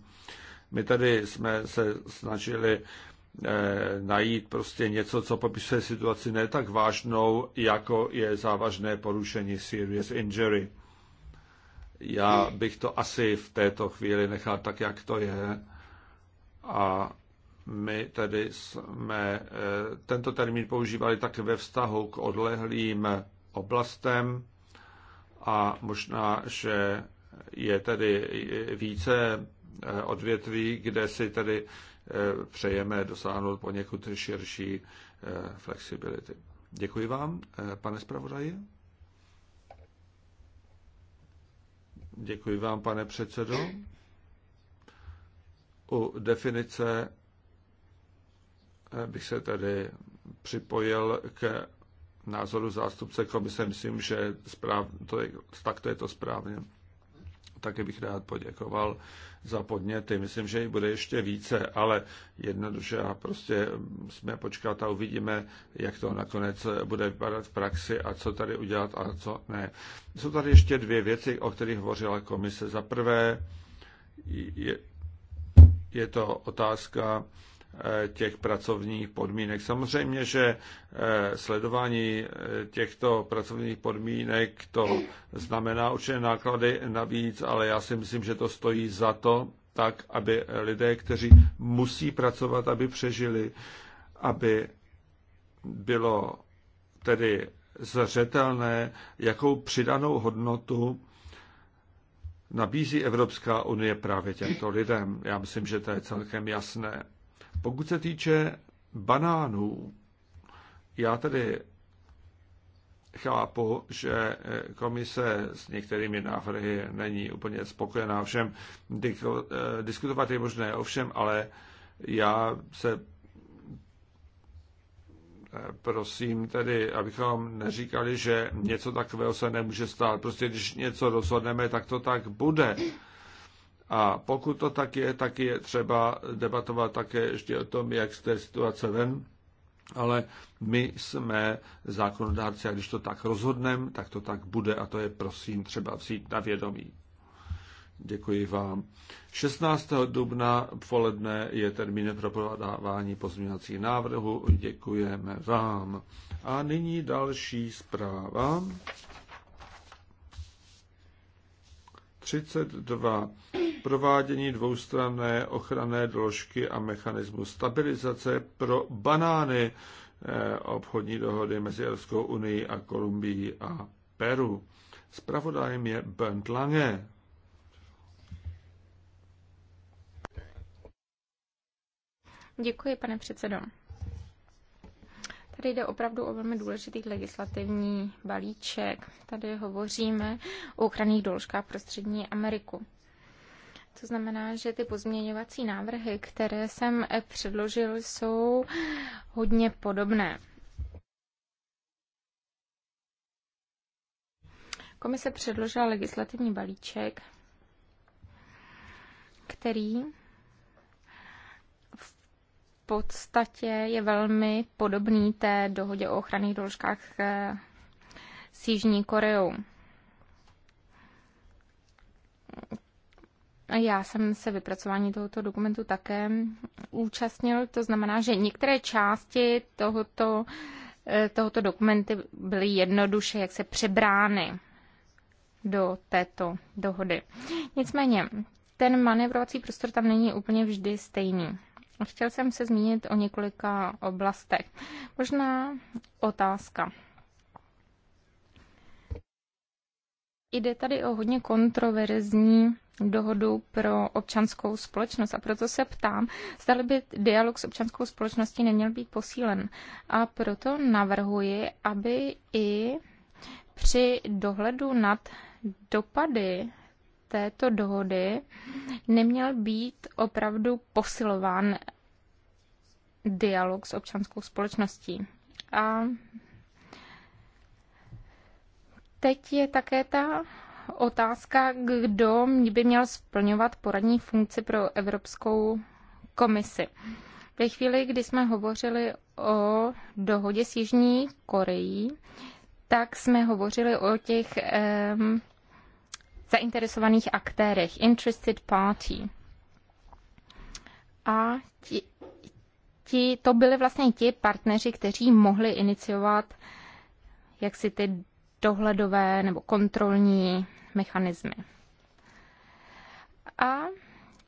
My tady jsme se snažili eh, najít prostě něco, co popisuje situaci ne tak vážnou, jako je závažné porušení serious injury. Já bych to asi v této chvíli nechal tak, jak to je a my tedy jsme eh, tento termín používali také ve vztahu k odlehlým oblastem a možná, že je tedy více eh, odvětví, kde si tedy eh, přejeme dosáhnout poněkud širší flexibility. Děkuji vám, pane zpravodaji. Děkuji vám, pane předsedo. U definice bych se tady připojil k názoru zástupce komise. Myslím, že správ, to je, tak to je to správně. Taky bych rád poděkoval za podněty. Myslím, že jich bude ještě více, ale jednoduše a prostě jsme počkat a uvidíme, jak to nakonec bude vypadat v praxi a co tady udělat a co ne. Jsou tady ještě dvě věci, o kterých hovořila komise. Za prvé je, je to otázka Eh, těch pracovních podmínek. Samozřejmě, že eh, sledování eh, těchto pracovních podmínek to znamená určitě náklady navíc, ale já si myslím, že to stojí za to, tak, aby lidé, kteří musí pracovat, aby přežili, aby bylo tedy zřetelné, jakou přidanou hodnotu nabízí Evropská unie právě těmto lidem. Já myslím, že to je celkem jasné. Pokud se týče banánů, já tedy chápu, že eh, komise s některými návrhy není úplně spokojená. Všem eh, diskutovat je možné ovšem, ale já se eh, prosím tedy, abychom neříkali, že něco takového se nemůže stát. Prostě když něco rozhodneme, tak to tak bude. A pokud to tak je, tak je třeba debatovat také ještě o tom, jak z té situace ven. Ale my jsme zákonodárci a když to tak rozhodneme, tak to tak bude a to je prosím třeba vzít na vědomí. Děkuji vám. 16. dubna poledne je termín pro podávání pozměňovacích návrhů. Děkujeme vám. A nyní další zpráva. 32. Provádění dvoustranné ochranné doložky a mechanismu stabilizace pro banány eh, obchodní dohody mezi Evropskou unii a Kolumbií a Peru. Spravodajem je Bernd Lange. Děkuji, pane předsedo. Tady jde opravdu o velmi důležitý legislativní balíček. Tady hovoříme o ochranných doložkách pro střední Ameriku. To znamená, že ty pozměňovací návrhy, které jsem předložil, jsou hodně podobné. Komise předložila legislativní balíček, který podstatě je velmi podobný té dohodě o ochranných doložkách eh, s Jižní Koreou. Já jsem se vypracování tohoto dokumentu také účastnil, to znamená, že některé části tohoto, eh, tohoto dokumenty byly jednoduše jak se přebrány do této dohody. Nicméně, ten manévrovací prostor tam není úplně vždy stejný. Chtěl jsem se zmínit o několika oblastech. Možná otázka. Jde tady o hodně kontroverzní dohodu pro občanskou společnost. A proto se ptám, zda by dialog s občanskou společností neměl být posílen. A proto navrhuji, aby i při dohledu nad dopady této dohody neměl být opravdu posilován dialog s občanskou společností. A teď je také ta otázka, kdo by měl splňovat poradní funkci pro Evropskou komisi. Ve chvíli, kdy jsme hovořili o dohodě s Jižní Koreí, tak jsme hovořili o těch eh, zainteresovaných aktérech, interested party. A ti, ti, to byly vlastně ti partneři, kteří mohli iniciovat jaksi ty dohledové nebo kontrolní mechanismy. A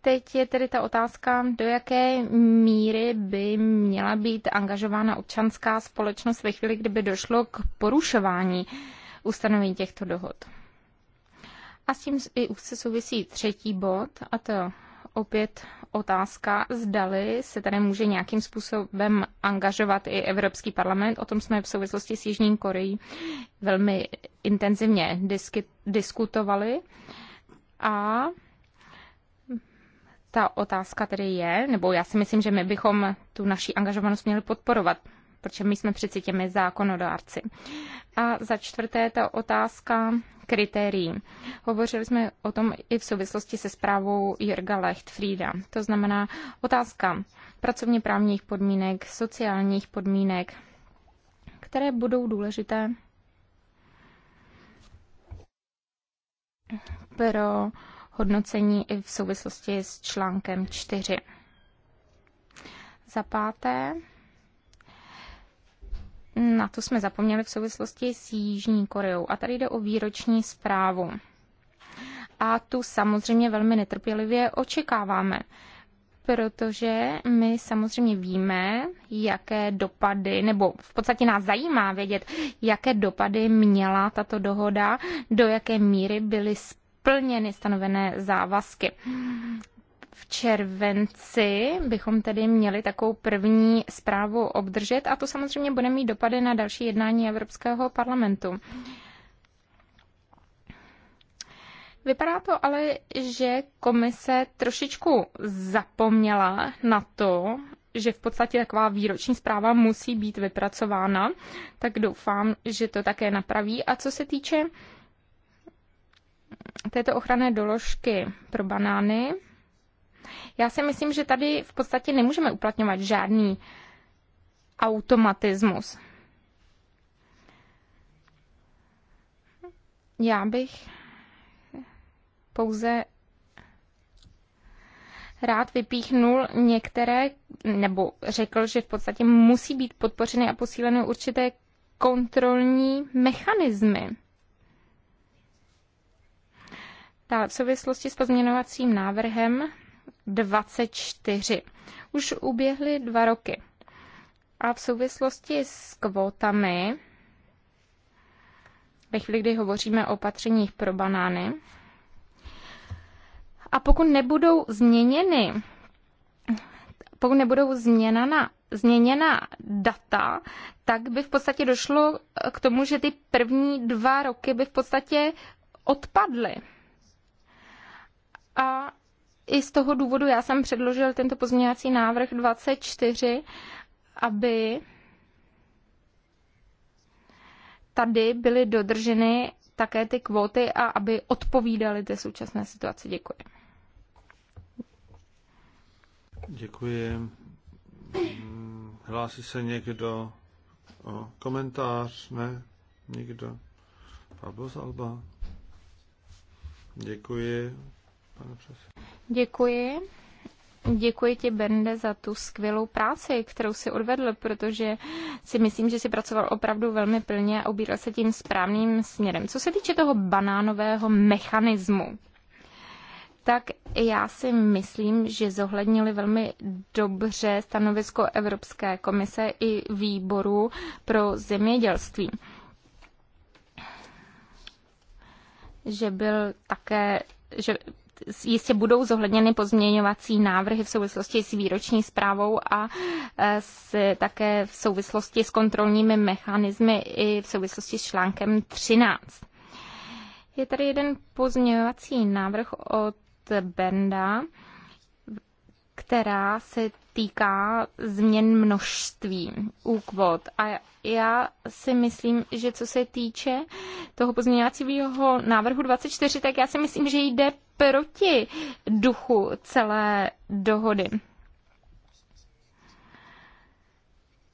teď je tedy ta otázka, do jaké míry by měla být angažována občanská společnost ve chvíli, kdyby došlo k porušování ustanovení těchto dohod. A s tím i úzce souvisí třetí bod, a to opět otázka, zdali se tady může nějakým způsobem angažovat i Evropský parlament. O tom jsme v souvislosti s Jižní Koreí velmi intenzivně disky, diskutovali. A ta otázka tedy je, nebo já si myslím, že my bychom tu naší angažovanost měli podporovat protože my jsme přeci těmi zákonodárci. A za čtvrté ta otázka kritérií. Hovořili jsme o tom i v souvislosti se zprávou Jirga Lechtfrieda. To znamená otázka pracovně právních podmínek, sociálních podmínek, které budou důležité pro hodnocení i v souvislosti s článkem 4. Za páté, na to jsme zapomněli v souvislosti s Jižní Koreou. A tady jde o výroční zprávu. A tu samozřejmě velmi netrpělivě očekáváme, protože my samozřejmě víme, jaké dopady, nebo v podstatě nás zajímá vědět, jaké dopady měla tato dohoda, do jaké míry byly splněny stanovené závazky. V červenci bychom tedy měli takovou první zprávu obdržet a to samozřejmě bude mít dopady na další jednání Evropského parlamentu. Vypadá to ale, že komise trošičku zapomněla na to, že v podstatě taková výroční zpráva musí být vypracována, tak doufám, že to také napraví. A co se týče této ochranné doložky pro banány, já si myslím, že tady v podstatě nemůžeme uplatňovat žádný automatismus. Já bych pouze rád vypíchnul některé, nebo řekl, že v podstatě musí být podpořeny a posíleny určité kontrolní mechanismy. Dále v souvislosti s pozměňovacím návrhem 24. Už uběhly dva roky. A v souvislosti s kvótami, ve chvíli, kdy hovoříme o opatřeních pro banány, a pokud nebudou změněny, pokud nebudou změněna, změněna data, tak by v podstatě došlo k tomu, že ty první dva roky by v podstatě odpadly. A i z toho důvodu já jsem předložil tento pozměňovací návrh 24, aby tady byly dodrženy také ty kvóty a aby odpovídaly té současné situaci. Děkuji. Děkuji. Hlásí se někdo o komentář? Ne, nikdo. Pablo Salba. Děkuji, pane předsedo. Děkuji. Děkuji ti, Bernde, za tu skvělou práci, kterou si odvedl, protože si myslím, že si pracoval opravdu velmi plně a ubíral se tím správným směrem. Co se týče toho banánového mechanismu, tak já si myslím, že zohlednili velmi dobře stanovisko Evropské komise i výboru pro zemědělství. Že byl také že jistě budou zohledněny pozměňovací návrhy v souvislosti s výroční zprávou a e, s, také v souvislosti s kontrolními mechanismy i v souvislosti s článkem 13. Je tady jeden pozměňovací návrh od Benda, která se týká změn množství u kvot. A já si myslím, že co se týče toho pozměňovacího návrhu 24, tak já si myslím, že jde proti duchu celé dohody.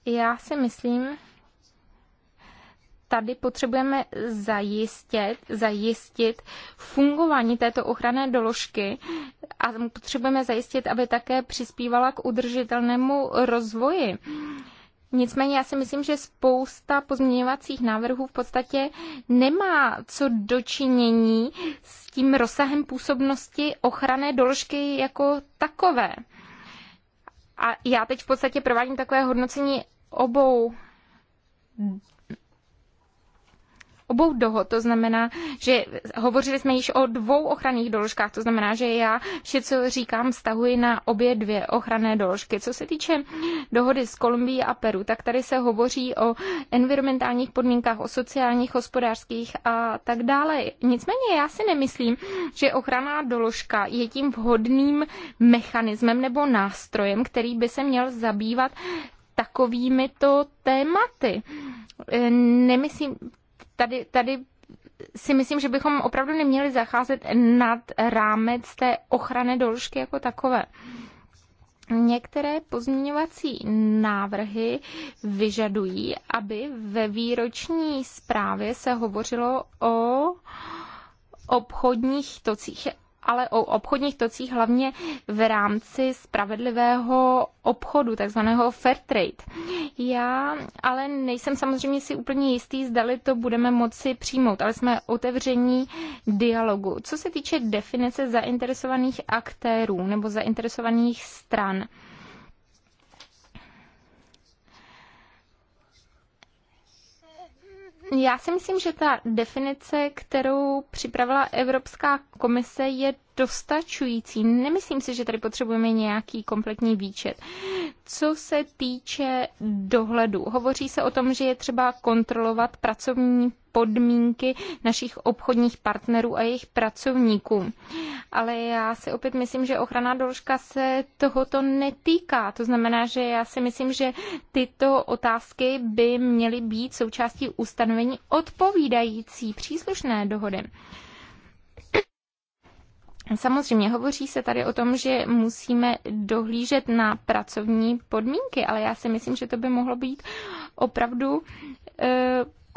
Já si myslím, tady potřebujeme zajistit, zajistit fungování této ochranné doložky a potřebujeme zajistit, aby také přispívala k udržitelnému rozvoji. Nicméně já si myslím, že spousta pozměňovacích návrhů v podstatě nemá co dočinění s tím rozsahem působnosti ochranné doložky jako takové. A já teď v podstatě provádím takové hodnocení obou obou dohod. To znamená, že hovořili jsme již o dvou ochranných doložkách, to znamená, že já vše, co říkám, stahuji na obě dvě ochranné doložky. Co se týče dohody s Kolumbií a Peru, tak tady se hovoří o environmentálních podmínkách, o sociálních, hospodářských a tak dále. Nicméně já si nemyslím, že ochranná doložka je tím vhodným mechanismem nebo nástrojem, který by se měl zabývat takovými to tématy. E, nemyslím, tady, tady si myslím, že bychom opravdu neměli zacházet nad rámec té ochrany doložky jako takové. Některé pozměňovací návrhy vyžadují, aby ve výroční zprávě se hovořilo o obchodních tocích ale o obchodních tocích hlavně v rámci spravedlivého obchodu, takzvaného fair trade. Já ale nejsem samozřejmě si úplně jistý, zdali to budeme moci přijmout, ale jsme otevření dialogu. Co se týče definice zainteresovaných aktérů nebo zainteresovaných stran, Já si myslím, že ta definice, kterou připravila Evropská komise, je dostačující. Nemyslím si, že tady potřebujeme nějaký kompletní výčet. Co se týče dohledu, hovoří se o tom, že je třeba kontrolovat pracovní podmínky našich obchodních partnerů a jejich pracovníků. Ale já si opět myslím, že ochrana doložka se tohoto netýká. To znamená, že já si myslím, že tyto otázky by měly být součástí ustanovení odpovídající příslušné dohody. Samozřejmě, hovoří se tady o tom, že musíme dohlížet na pracovní podmínky, ale já si myslím, že to by mohlo být opravdu e,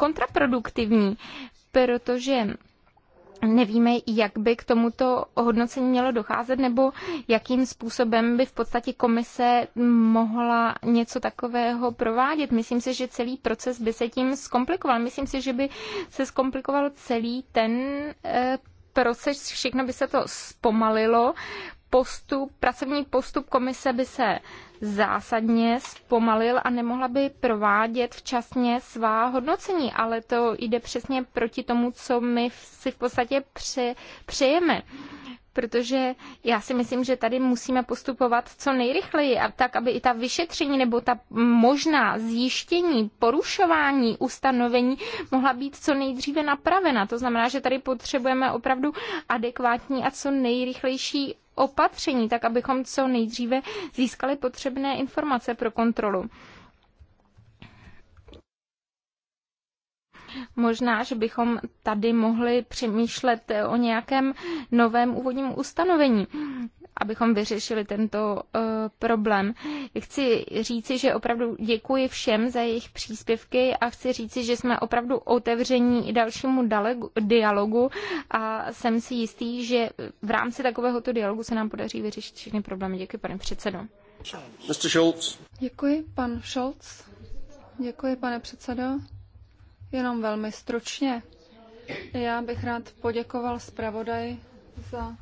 kontraproduktivní, protože nevíme, jak by k tomuto hodnocení mělo docházet, nebo jakým způsobem by v podstatě komise mohla něco takového provádět. Myslím si, že celý proces by se tím zkomplikoval. Myslím si, že by se zkomplikoval celý ten eh, proces, všechno by se to zpomalilo, postup, pracovní postup komise by se zásadně zpomalil a nemohla by provádět včasně svá hodnocení, ale to jde přesně proti tomu, co my si v podstatě pře- přejeme protože já si myslím, že tady musíme postupovat co nejrychleji a tak, aby i ta vyšetření nebo ta možná zjištění, porušování ustanovení mohla být co nejdříve napravena. To znamená, že tady potřebujeme opravdu adekvátní a co nejrychlejší opatření, tak abychom co nejdříve získali potřebné informace pro kontrolu. Možná, že bychom tady mohli přemýšlet o nějakém novém úvodním ustanovení abychom vyřešili tento eh, problém. Chci říci, že opravdu děkuji všem za jejich příspěvky a chci říci, že jsme opravdu otevření i dalšímu dialogu a jsem si jistý, že v rámci takovéhoto dialogu se nám podaří vyřešit všechny problémy. Děkuji, pane předsedo. Mr. Schultz. Děkuji, pan Scholz. Děkuji, pane předsedo. Jenom velmi stručně. Já bych rád poděkoval zpravodaj za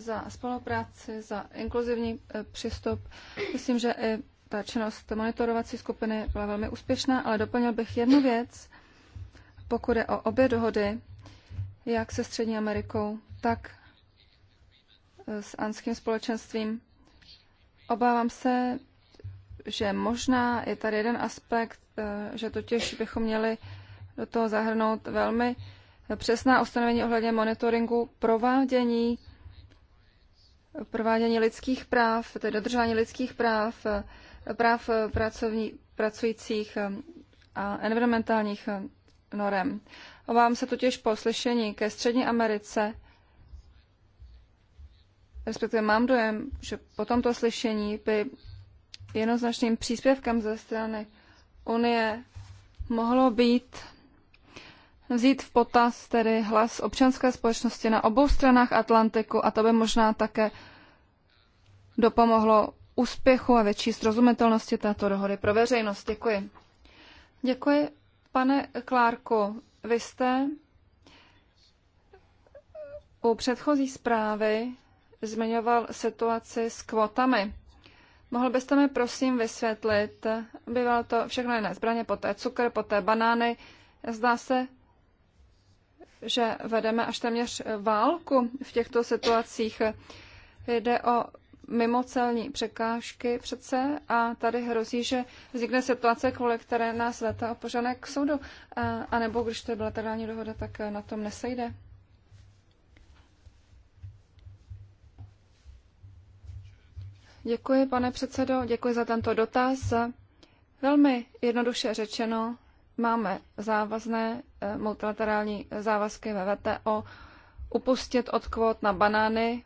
za spolupráci, za inkluzivní e, přístup. Myslím, že i ta činnost monitorovací skupiny byla velmi úspěšná, ale doplnil bych jednu věc, pokud je o obě dohody, jak se Střední Amerikou, tak e, s anským společenstvím. Obávám se, že možná je tady jeden aspekt, e, že totiž bychom měli do toho zahrnout velmi přesná ustanovení ohledně monitoringu provádění provádění lidských práv, tedy dodržování lidských práv, práv pracovní, pracujících a environmentálních norem. Obávám se totiž po slyšení ke Střední Americe, respektive mám dojem, že po tomto slyšení by jednoznačným příspěvkem ze strany Unie mohlo být vzít v potaz tedy hlas občanské společnosti na obou stranách Atlantiku a to by možná také dopomohlo úspěchu a větší srozumitelnosti této dohody pro veřejnost. Děkuji. Děkuji, pane Klárku. Vy jste u předchozí zprávy zmiňoval situaci s kvotami. Mohl byste mi prosím vysvětlit, bývalo to všechno jiné zbraně, poté cukr, poté banány. Zdá se, že vedeme až téměř válku v těchto situacích. Jde o mimocelní překážky přece a tady hrozí, že vznikne situace, kvůli které nás leta opožané k soudu, a, nebo když to je bilaterální dohoda, tak na tom nesejde. Děkuji, pane předsedo, děkuji za tento dotaz. Velmi jednoduše řečeno, máme závazné Eh, multilaterální závazky ve VTO, upustit od kvót na banány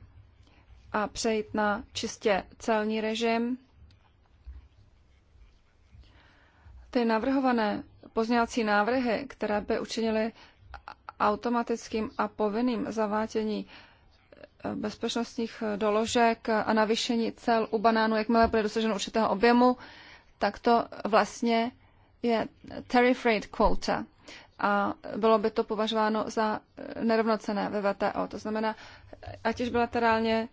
a přejít na čistě celní režim. Ty navrhované pozněvací návrhy, které by učinily automatickým a povinným zavádění eh, bezpečnostních doložek a navýšení cel u banánu, jakmile bude dosaženo určitého objemu, tak to vlastně je tariff rate quota a bylo by to považováno za e, nerovnocené ve VTO. To znamená, ať už bilaterálně e,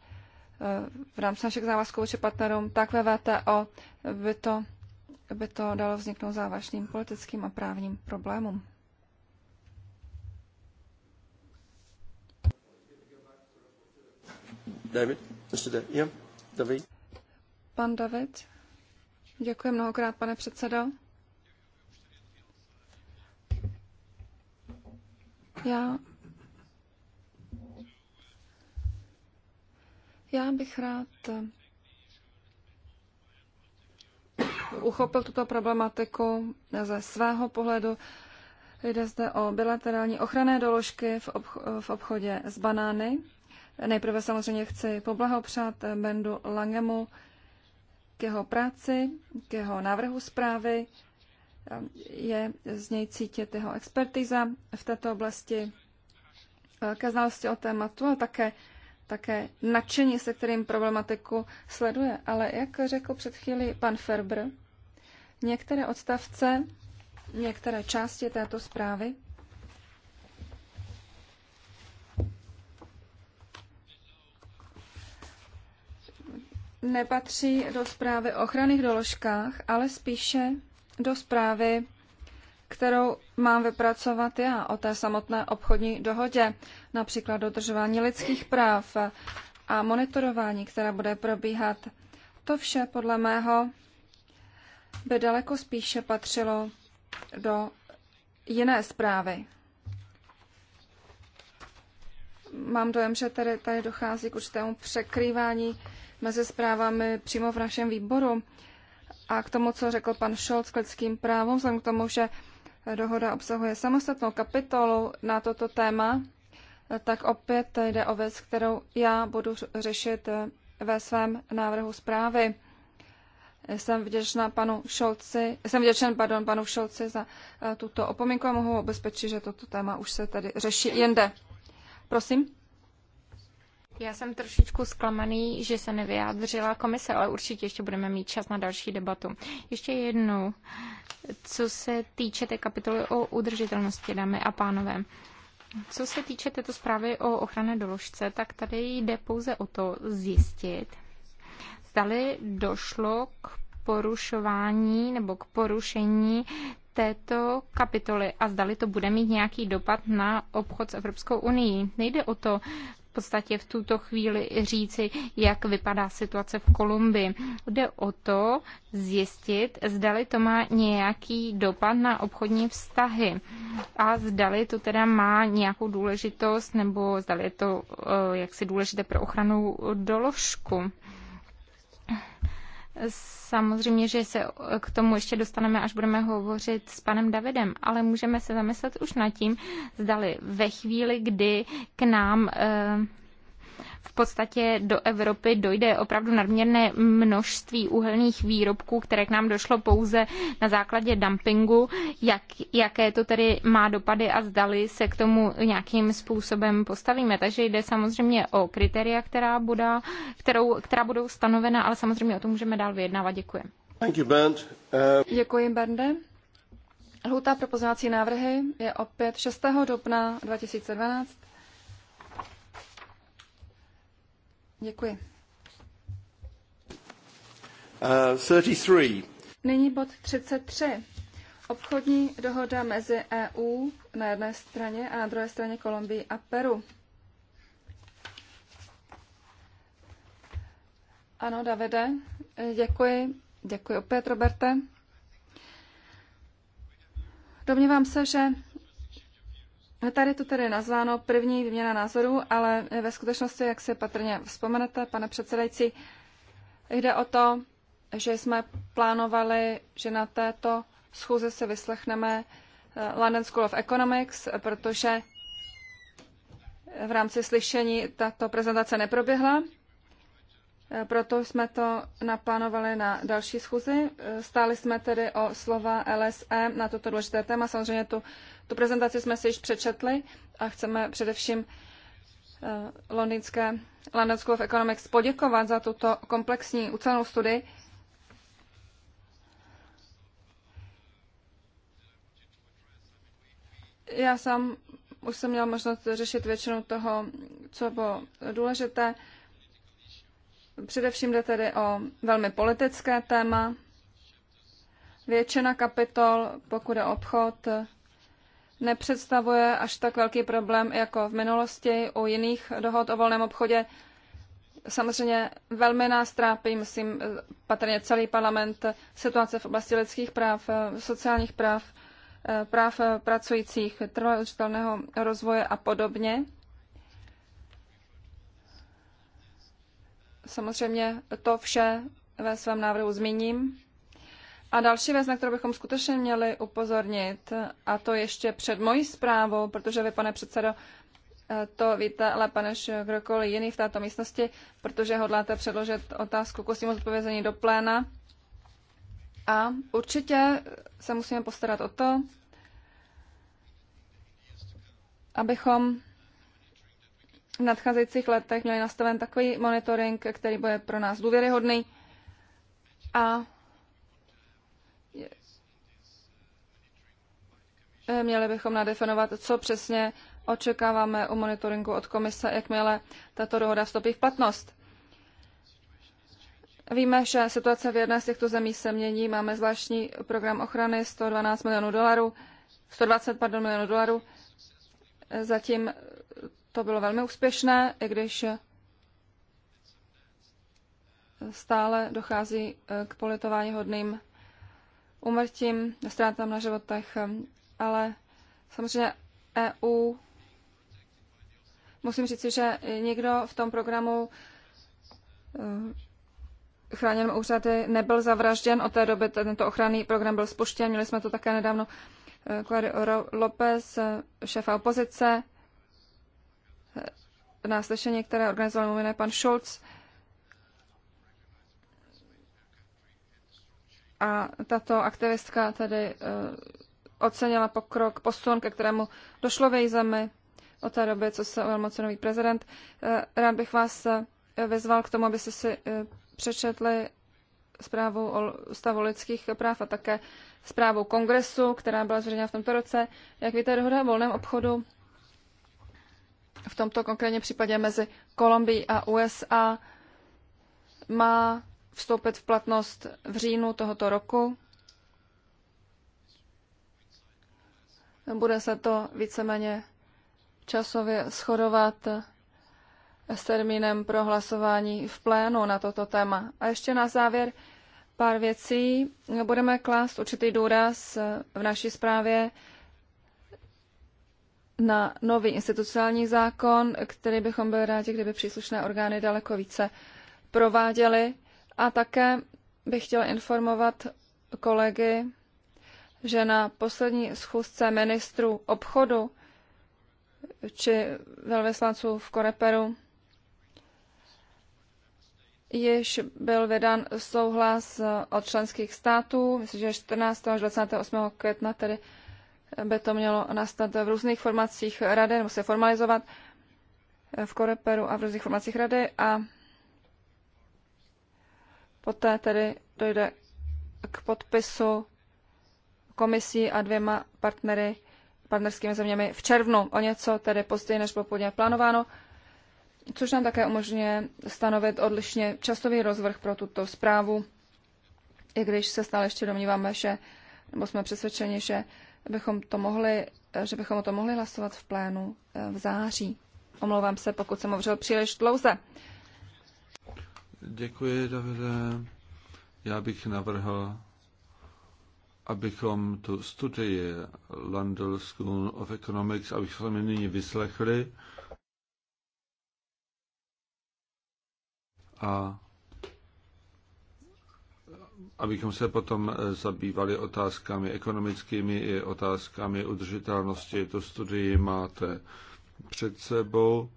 v rámci našich závazků či partnerům, tak ve VTO by to, by to dalo vzniknout závažným politickým a právním problémům. David, Mr. Da- yeah, David. Pan David, děkuji mnohokrát, pane předsedo. Já Já bych rád eh, uchopil tuto problematiku eh, ze svého pohledu. Jde zde o bilaterální ochranné doložky v, obch- v obchodě s banány. Nejprve samozřejmě chci poblahopřát eh, Bendu Langemu k jeho práci, k jeho návrhu zprávy je z něj cítit jeho expertiza v této oblasti, velké eh, znalosti o tématu a také, také nadšení, se kterým problematiku sleduje. Ale jak řekl před chvíli pan Ferber, některé odstavce, některé části této zprávy nepatří do zprávy o ochranných doložkách, ale spíše do zprávy, kterou mám vypracovat já o té samotné obchodní dohodě, například dodržování lidských práv a monitorování, které bude probíhat. To vše podle mého by daleko spíše patřilo do jiné zprávy. Mám dojem, že tady, tady dochází k určitému překrývání mezi zprávami přímo v našem výboru. A k tomu, co řekl pan Scholz k lidským právům, vzhledem k tomu, že dohoda obsahuje samostatnou kapitolu na toto téma, tak opět jde o věc, kterou já budu řešit ve svém návrhu zprávy. Jsem vděčná panu Šolci, jsem vděčen, pardon, panu Šolci za eh, tuto opomínku a mohu obezpečit, že toto téma už se tady řeší jinde. Prosím. Já jsem trošičku zklamaný, že se nevyjádřila komise, ale určitě ještě budeme mít čas na další debatu. Ještě jednou, co se týče té kapitoly o udržitelnosti, dámy a pánové. Co se týče této zprávy o ochranné doložce, tak tady jde pouze o to zjistit, zdali došlo k porušování nebo k porušení této kapitoly a zdali to bude mít nějaký dopad na obchod s Evropskou unii. Nejde o to v podstatě v tuto chvíli říci, jak vypadá situace v Kolumbii. Jde o to zjistit, zdali to má nějaký dopad na obchodní vztahy a zdali to teda má nějakou důležitost nebo zdali je to eh, jaksi důležité pro ochranu doložku. Samozřejmě, že se k tomu ještě dostaneme, až budeme hovořit s panem Davidem, ale můžeme se zamyslet už nad tím, zdali ve chvíli, kdy k nám eh, v podstatě do Evropy dojde opravdu nadměrné množství uhelných výrobků, které k nám došlo pouze na základě dumpingu, jak, jaké to tedy má dopady a zdali se k tomu nějakým způsobem postavíme. Takže jde samozřejmě o kritéria, která, bude, kterou, která budou stanovena, ale samozřejmě o tom můžeme dál vyjednávat. Děkuji. Thank you, Bernd. Uh... Děkuji, Bernde. Lhuta pro pozvácí návrhy je opět 6. dubna 2012. Děkuji. 33. Uh, Nyní bod 33. Obchodní dohoda mezi EU na jedné straně a na druhé straně Kolumbii a Peru. Ano, Davide, děkuji. Děkuji opět, Roberte. Domnívám se, že Tady to tedy je nazváno první výměna názorů, ale ve skutečnosti, jak si patrně vzpomenete, pane předsedající, jde o to, že jsme plánovali, že na této schůze se vyslechneme eh, London School of Economics, protože v rámci slyšení tato prezentace neproběhla. Eh, proto jsme to naplánovali na další schůzi. Eh, stáli jsme tedy o slova LSE na toto důležité téma. Samozřejmě tu, tu prezentaci jsme si již přečetli a chceme především eh, londýnské London School of Economics poděkovat za tuto komplexní ucelenou studii. Já sám už jsem měl možnost řešit většinu toho, co bylo důležité. Především jde tedy o velmi politické téma. Většina kapitol, pokud je obchod, nepředstavuje až tak velký problém jako v minulosti u jiných dohod o volném obchodě. Samozřejmě velmi nás trápí, myslím, patrně celý parlament, situace v oblasti lidských práv, sociálních práv, eh, práv pracujících, trvalého rozvoje a podobně. Samozřejmě to vše ve svém návrhu zmíním. A další věc, na kterou bychom skutečně měli upozornit, a to ještě před mojí zprávou, protože vy, pane předsedo, to víte lépe než kdokoliv jiný v této místnosti, protože hodláte předložit otázku k ústnímu zodpovězení do pléna. A určitě se musíme postarat o to, abychom v nadcházejících letech měli nastaven takový monitoring, který bude pro nás důvěryhodný a měli bychom nadefinovat, co přesně očekáváme u monitoringu od komise, jakmile tato dohoda vstoupí v platnost. Víme, že situace v jedné z těchto zemí se mění. Máme zvláštní program ochrany 112 milionů dolarů, 120 pardon, milionů dolarů. Zatím to bylo velmi úspěšné, i když stále dochází eh, k politování hodným umrtím, ztrátám na životech, ale samozřejmě EU musím říci, že nikdo v tom programu eh, chráněn úřady nebyl zavražděn. Od té doby tento ochranný program byl spuštěn. Měli jsme to také nedávno eh, Clary López, šéfa opozice, na slyšení, které organizoval mimo jiné pan Scholz. A tato aktivistka tedy eh, ocenila pokrok, posun, ke kterému došlo v její zemi od té doby, co se ujal nový prezident. Eh, rád bych vás eh, vyzval k tomu, abyste si přečetli zprávu o stavu lidských práv a také zprávu kongresu, která byla zveřejněna v tomto roce. Jak víte, dohoda o volném obchodu v tomto konkrétním případě mezi Kolumbií a USA, má vstoupit v platnost v říjnu tohoto roku. Bude se to víceméně časově shodovat s termínem pro hlasování v plénu na toto téma. A ještě na závěr pár věcí. Budeme klást určitý důraz v naší zprávě na nový institucionální zákon, který bychom byli rádi, kdyby příslušné orgány daleko více prováděly. A také bych chtěla informovat kolegy, že na poslední schůzce ministrů obchodu či velvyslanců v Koreperu již byl vydán souhlas od členských států, myslím, že 14. až 28. května tedy by to mělo nastat v různých formacích rady, nebo se formalizovat v Koreperu a v různých formacích rady a poté tedy dojde k podpisu komisí a dvěma partnery, partnerskými zeměmi v červnu, o něco tedy později, než bylo původně plánováno, což nám také umožňuje stanovit odlišně časový rozvrh pro tuto zprávu, i když se stále ještě domníváme, že, nebo jsme přesvědčeni, že bychom to mohli, že bychom o to mohli hlasovat v plénu eh, v září. Omlouvám se, pokud jsem hovořil příliš dlouze. Děkuji, Davide. Já bych navrhl, abychom tu studii London School of Economics, abychom ji nyní vyslechli. A abychom se potom eh, zabývali otázkami ekonomickými i otázkami udržitelnosti. Tu studii máte před sebou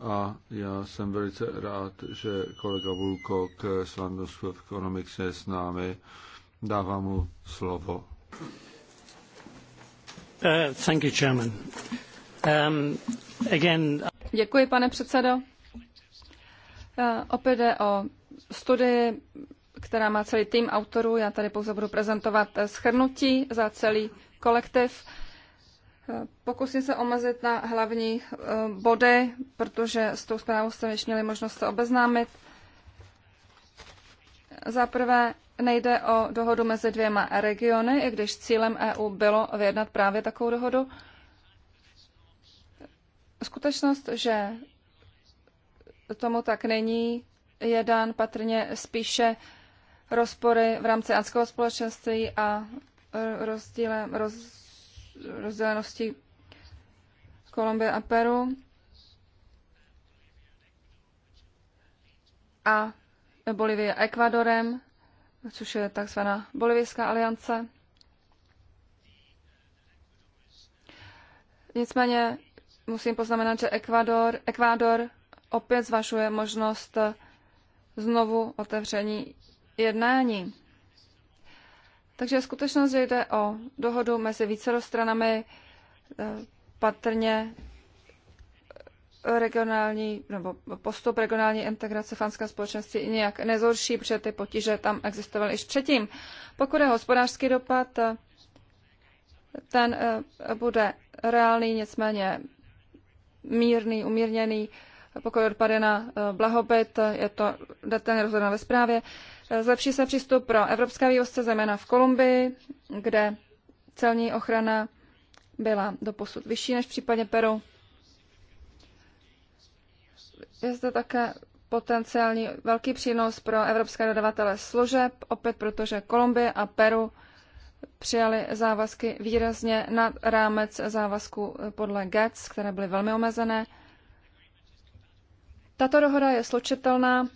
a já jsem velice rád, že kolega Vulko k Slandus Economics je s námi. Dávám mu slovo. Uh, thank you, Chairman. Um, again... Uh, Děkuji, pane předsedo. Uh, opět jde o studii která má celý tým autorů. Já tady pouze budu prezentovat eh, schrnutí za celý kolektiv. Eh, Pokusím se omezit na hlavní eh, body, protože s tou zprávou jste již měli možnost se obeznámit. Za prvé nejde o dohodu mezi dvěma regiony, i když cílem EU bylo vyjednat právě takovou dohodu. Skutečnost, že tomu tak není, je dán patrně spíše rozpory v rámci anského společenství a e, rozdíle, roz, rozdělenosti Kolumbie a Peru. A Bolivie a Ekvadorem, což je takzvaná Bolivijská aliance. Nicméně musím poznamenat, že Ekvador, Ekvádor opět zvažuje možnost znovu otevření jednání. Takže skutečnost, že jde o dohodu mezi více eh, patrně regionální nebo postup regionální integrace fanské společnosti, nějak nezhorší, protože ty potíže tam existovaly již předtím. Pokud je hospodářský dopad, eh, ten eh, bude reálný, nicméně mírný, umírněný. Pokud odpady na blahobyt, je to detailně rozhodná ve zprávě. Zlepší se přístup pro evropské vývozce, zejména v Kolumbii, kde celní ochrana byla doposud vyšší než v případě Peru. Je zde také potenciální velký přínos pro evropské dodavatele služeb, opět protože Kolumbie a Peru přijali závazky výrazně nad rámec závazku podle GATS, e které byly velmi omezené. Tato dohoda je slučitelná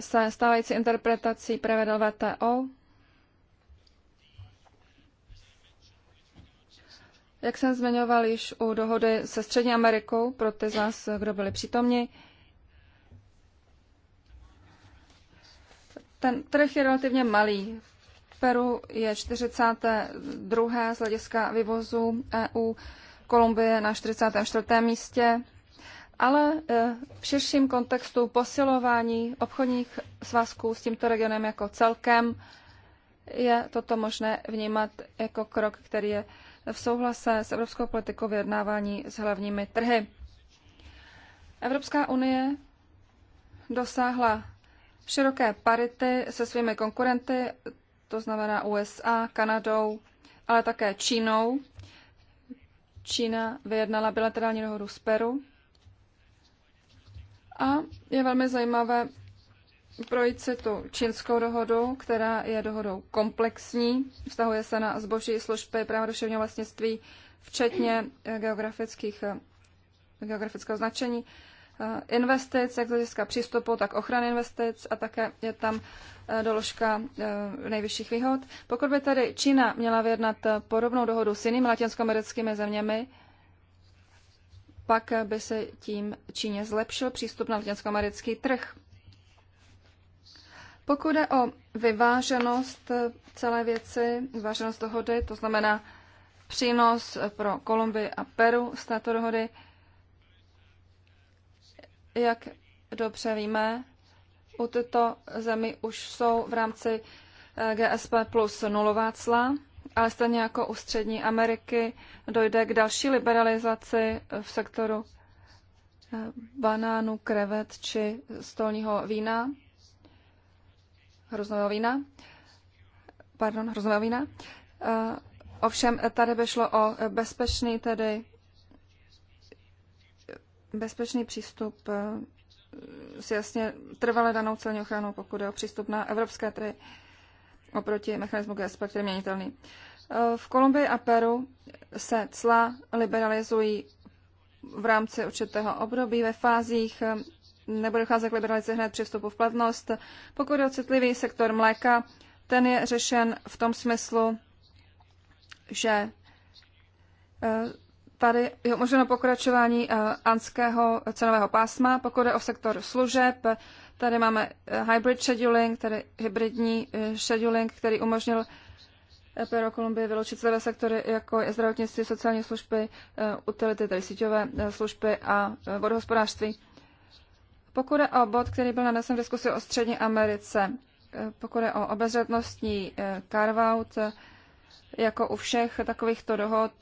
se stávající interpretací pravidel VTO. Jak jsem zmiňoval již u dohody se Střední Amerikou, pro ty z vás, kdo byli přítomni, ten trh je relativně malý. Peru je 42. z hlediska vývozu EU, Kolumbie na 44. místě ale eh, v širším kontextu posilování obchodních svazků s tímto regionem jako celkem je toto možné vnímat jako krok, který je v souhlase s evropskou politikou vyjednávání s hlavními trhy. Evropská unie dosáhla široké parity se svými konkurenty, to znamená USA, Kanadou, ale také Čínou. Čína vyjednala bilaterální dohodu s Peru a je velmi zajímavé projít si tu čínskou dohodu, která je dohodou komplexní, vztahuje se na zboží služby práva duševního vlastnictví, včetně eh, geografických, eh, geografického značení eh, investic, jak z hlediska přístupu, tak ochrany investic a také je tam doložka nejvyšších výhod. Pokud by tady Čína měla vyjednat podobnou dohodu s jinými latinskoamerickými zeměmi, pak by se tím Číně zlepšil přístup na latinskoamerický trh. Pokud jde o vyváženost celé věci, vyváženost dohody, to znamená přínos pro Kolumbii a Peru z této dohody, jak dobře víme, u této zemi už jsou v rámci GSP plus nulová cla ale stejně jako u Střední Ameriky dojde k další liberalizaci v sektoru eh, banánů, krevet či stolního vína, hroznového vína, pardon, hroznového vína. Eh, ovšem tady by šlo o bezpečný, tedy bezpečný přístup eh, s jasně trvale danou celní ochranou, pokud je o přístup na evropské trhy oproti mechanismu GSP, který je měnitelný. Eh, v Kolumbii a Peru se cla liberalizují v rámci určitého období ve fázích eh, nebude docházet k liberalizaci hned při vstupu v platnost. Pokud je o citlivý sektor mléka, ten je řešen v tom smyslu, že eh, tady je umožněno pokračování anského cenového pásma. Pokud je o sektor služeb, Tady máme eh, hybrid scheduling, tedy hybridní eh, scheduling, který umožnil eh, pro Kolumbii vyloučit své sektory, jako je zdravotnictví, sociální služby, utility, tedy síťové služby a vodohospodářství. Pokud je o bod, který byl nanesen v diskusi o Střední Americe, pokud je o obezřetnostní carve-out, jako u všech takovýchto dohod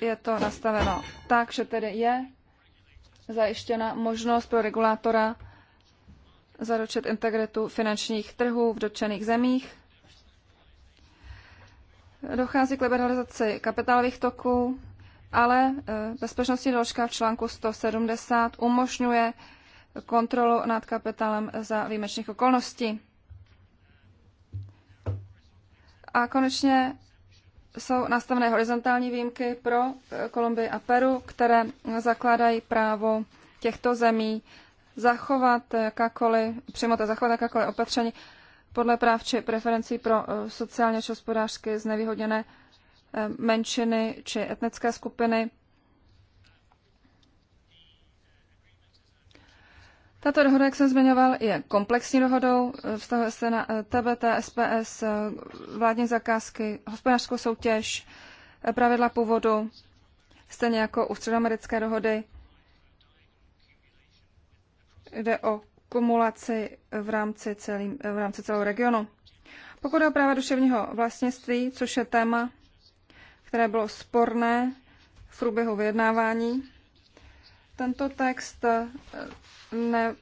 je to nastaveno tak, že tedy je zajištěna možnost pro regulátora zaručit integritu finančních trhů v dotčených zemích. Dochází k liberalizaci kapitálových toků, ale e, bezpečnostní doložka v článku 170 umožňuje kontrolu nad kapitálem za výjimečných okolností. A konečně jsou nastavené horizontální výjimky pro e, Kolumbii a Peru, které zakládají právo těchto zemí zachovat jakákoliv, přímo to zachovat jakákoliv opatření podle práv či preferencí pro eh, sociálně či hospodářsky znevýhodněné eh, menšiny či etnické skupiny. Tato dohoda, jak jsem zmiňoval, je komplexní dohodou. Eh, vztahuje se na TBT, SPS, vládní zakázky, hospodářskou soutěž, pravidla původu, stejně jako u středoamerické dohody Jde o kumulaci v rámci, celý, v rámci celého regionu. Pokud je o práva duševního vlastnictví, což je téma, které bylo sporné v průběhu vyjednávání, tento text eh, ne,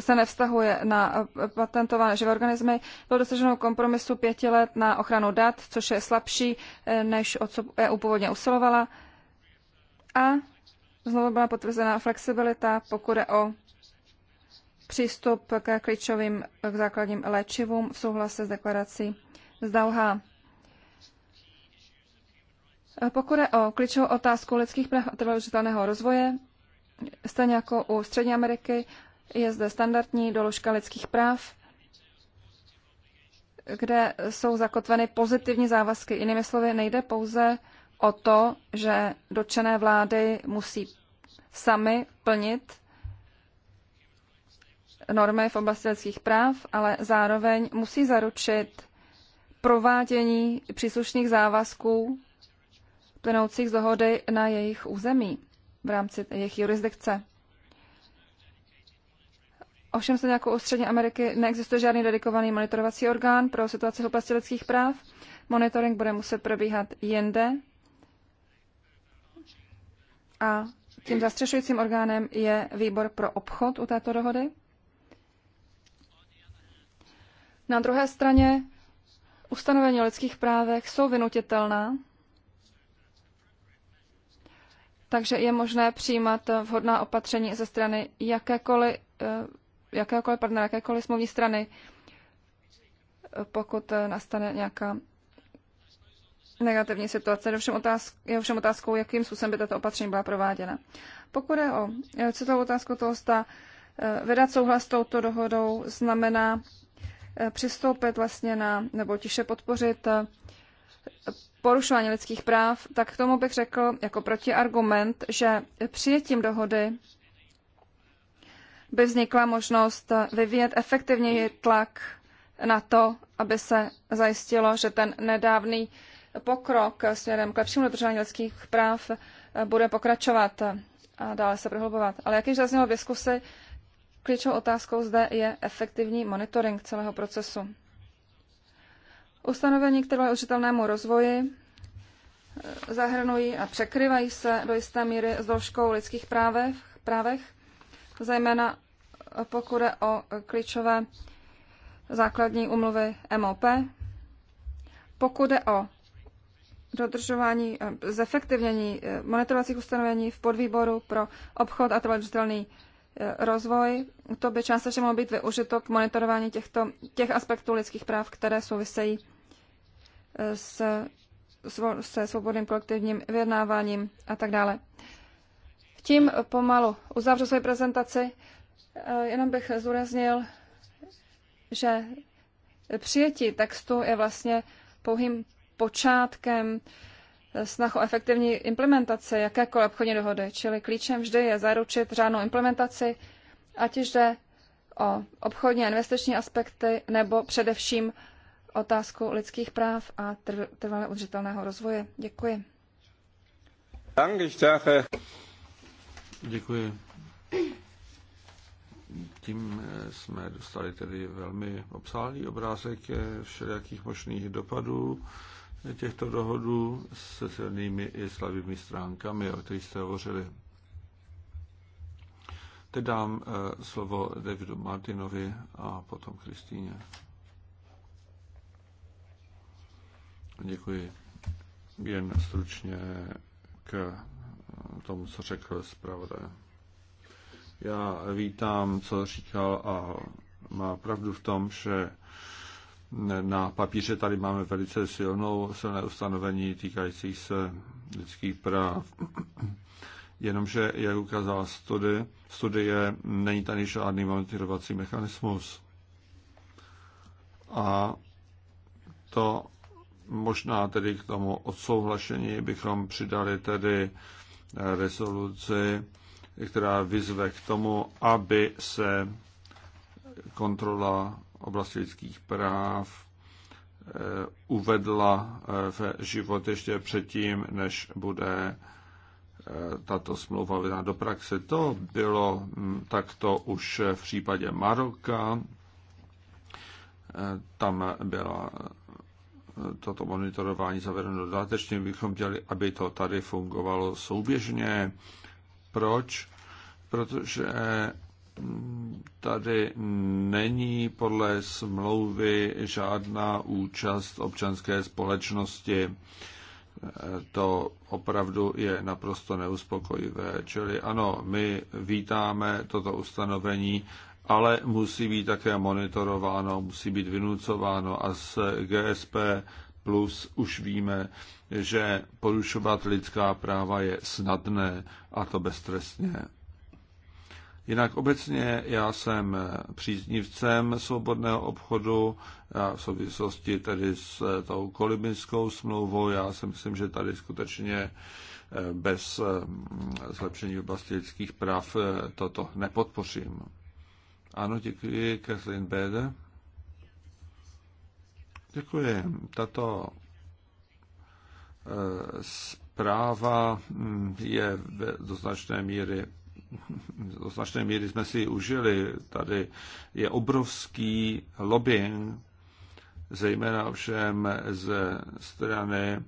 se nevztahuje na eh, patentované živé organismy. Bylo dosaženo kompromisu pěti let na ochranu dat, což je slabší, eh, než o co EU původně usilovala. A znovu byla potvrzená flexibilita, pokud je o přístup k klíčovým k základním léčivům v souhlase s deklarací z Dauha. Pokud je o klíčovou otázku lidských práv a trvalého rozvoje, stejně jako u Střední Ameriky, je zde standardní doložka lidských práv, kde jsou zakotveny pozitivní závazky. Jinými slovy, nejde pouze o to, že dotčené vlády musí sami plnit normy v oblasti lidských práv, ale zároveň musí zaručit provádění příslušných závazků plynoucích z dohody na jejich území v rámci jejich jurisdikce. Ovšem se jako u Střední Ameriky neexistuje žádný dedikovaný monitorovací orgán pro situaci v oblasti lidských práv. Monitoring bude muset probíhat jinde. A tím zastřešujícím orgánem je výbor pro obchod u této dohody. Na druhé straně ustanovení o lidských právech jsou vynutitelná, takže je možné přijímat vhodná opatření ze strany jakékoliv, eh, jakékoliv partnera, jakékoliv smluvní strany, eh, pokud eh, nastane nějaká negativní situace. Je ovšem, otázk, je ovšem otázkou, jakým způsobem by tato opatření byla prováděna. Pokud je o citovou otázku toho, zda vydat souhlas s touto dohodou znamená Eh, přistoupit vlastně na, nebo tiše podpořit eh, porušování lidských práv, tak k tomu bych řekl jako protiargument, že přijetím dohody by vznikla možnost eh, vyvíjet efektivněji tlak na to, aby se zajistilo, že ten nedávný pokrok směrem k lepšímu dodržování lidských práv bude pokračovat a dále se prohlubovat. Ale jak již zaznělo v diskusi, Klíčovou otázkou zde je efektivní monitoring celého procesu. Ustanovení k trvalé učitelnému rozvoji zahrnují a překryvají se do jisté míry s doložkou lidských právech, právech zejména pokud je o klíčové základní umluvy MOP. Pokud je o dodržování, eh, zefektivnění eh, monitorovacích ustanovení v podvýboru pro obchod a trvalý rozvoj. To by částečně mohlo být využito k monitorování těchto, těch aspektů lidských práv, které souvisejí eh, s, se svobodným kolektivním vyjednáváním a tak dále. Tím pomalu uzavřu svoji prezentaci. Eh, jenom bych zúraznil, že přijetí textu je vlastně pouhým počátkem snah o efektivní implementaci jakékoliv obchodní dohody, čili klíčem vždy je zaručit řádnou implementaci, ať už jde o obchodní a investiční aspekty nebo především otázku lidských práv a trvalé udržitelného rozvoje. Děkuji. Děkuji. Tím eh, jsme dostali tedy velmi obsáhlý obrázek eh, všelijakých možných dopadů těchto dohodů se silnými i slabými stránkami, o kterých jste hovořili. Teď dám eh, slovo Davidu Martinovi a potom Kristýně. Děkuji. Jen stručně k eh, tomu, co řekl zpravodaj. Já vítám, co říkal a má pravdu v tom, že na papíře tady máme velice silnou, silné ustanovení týkající se lidských práv. Jenomže, jak ukázal studie, studie není tady žádný monitorovací mechanismus. A to možná tedy k tomu odsouhlašení bychom přidali tedy rezoluci, která vyzve k tomu, aby se kontrola oblasti lidských práv eh, uvedla eh, v život ještě předtím, než bude eh, tato smlouva vydána do praxe. To bylo hm, takto už v případě Maroka. Tam byla toto monitorování zavedeno dodatečně. Bychom chtěli, aby to tady fungovalo souběžně. Proč? Protože tady není podle smlouvy žádná účast občanské společnosti. To opravdu je naprosto neuspokojivé. Čili ano, my vítáme toto ustanovení, ale musí být také monitorováno, musí být vynucováno a z GSP plus už víme, že porušovat lidská práva je snadné a to beztrestně. Jinak obecně já jsem příznivcem svobodného obchodu a v souvislosti tedy s eh, tou kolibinskou smlouvou. Já si myslím, že tady skutečně eh, bez eh, zlepšení oblasti lidských práv toto nepodpořím. Ano, děkuji, Kathleen Bede. Děkuji. Tato zpráva hm, je do značné míry do značné míry jsme si užili. Tady je obrovský lobbying, zejména všem ze strany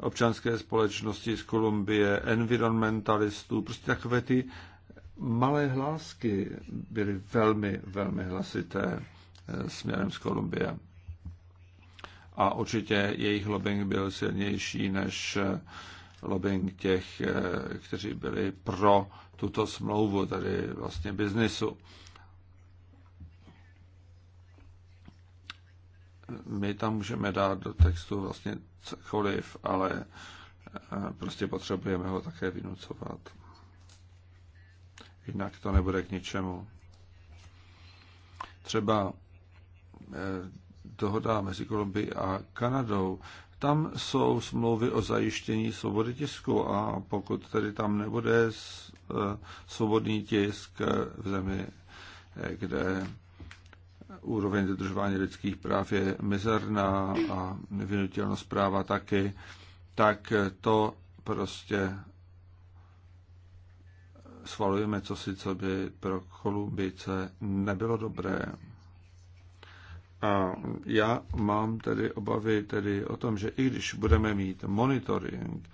občanské společnosti z Kolumbie, environmentalistů, prostě takové ty malé hlásky byly velmi, velmi hlasité eh, směrem z Kolumbie. A určitě jejich lobbying byl silnější než eh, lobbying těch, eh, kteří byli pro tuto smlouvu, tady vlastně biznisu. My tam můžeme dát do textu vlastně cokoliv, ale eh, prostě potřebujeme ho také vynucovat. Jinak to nebude k ničemu. Třeba eh, dohoda mezi Kolumbií a Kanadou, tam jsou smlouvy o zajištění svobody tisku a pokud tedy tam nebude e, svobodný tisk v zemi, e, kde úroveň dodržování lidských práv je mizerná a nevinutelnost práva taky, tak to prostě schvalujeme co si, co by pro Kolumbice nebylo dobré. A já mám tedy obavy tedy o tom, že i když budeme mít monitoring,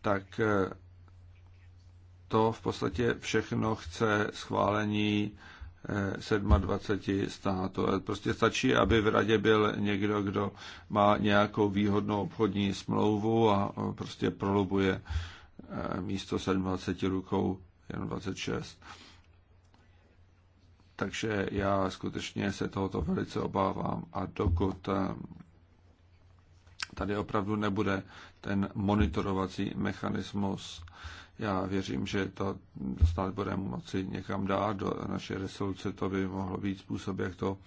tak eh, to v podstatě všechno chce schválení 27 eh, států. Eh, prostě stačí, aby v radě byl někdo, kdo má nějakou výhodnou obchodní smlouvu a prostě prolobuje místo 27 rukou jen 26. Takže já skutečně se tohoto velice obávám a dokud eh, tady opravdu nebude ten monitorovací mechanismus, já věřím, že to snad budeme moci někam dát do naší resoluce, to by mohlo být způsob, jak to,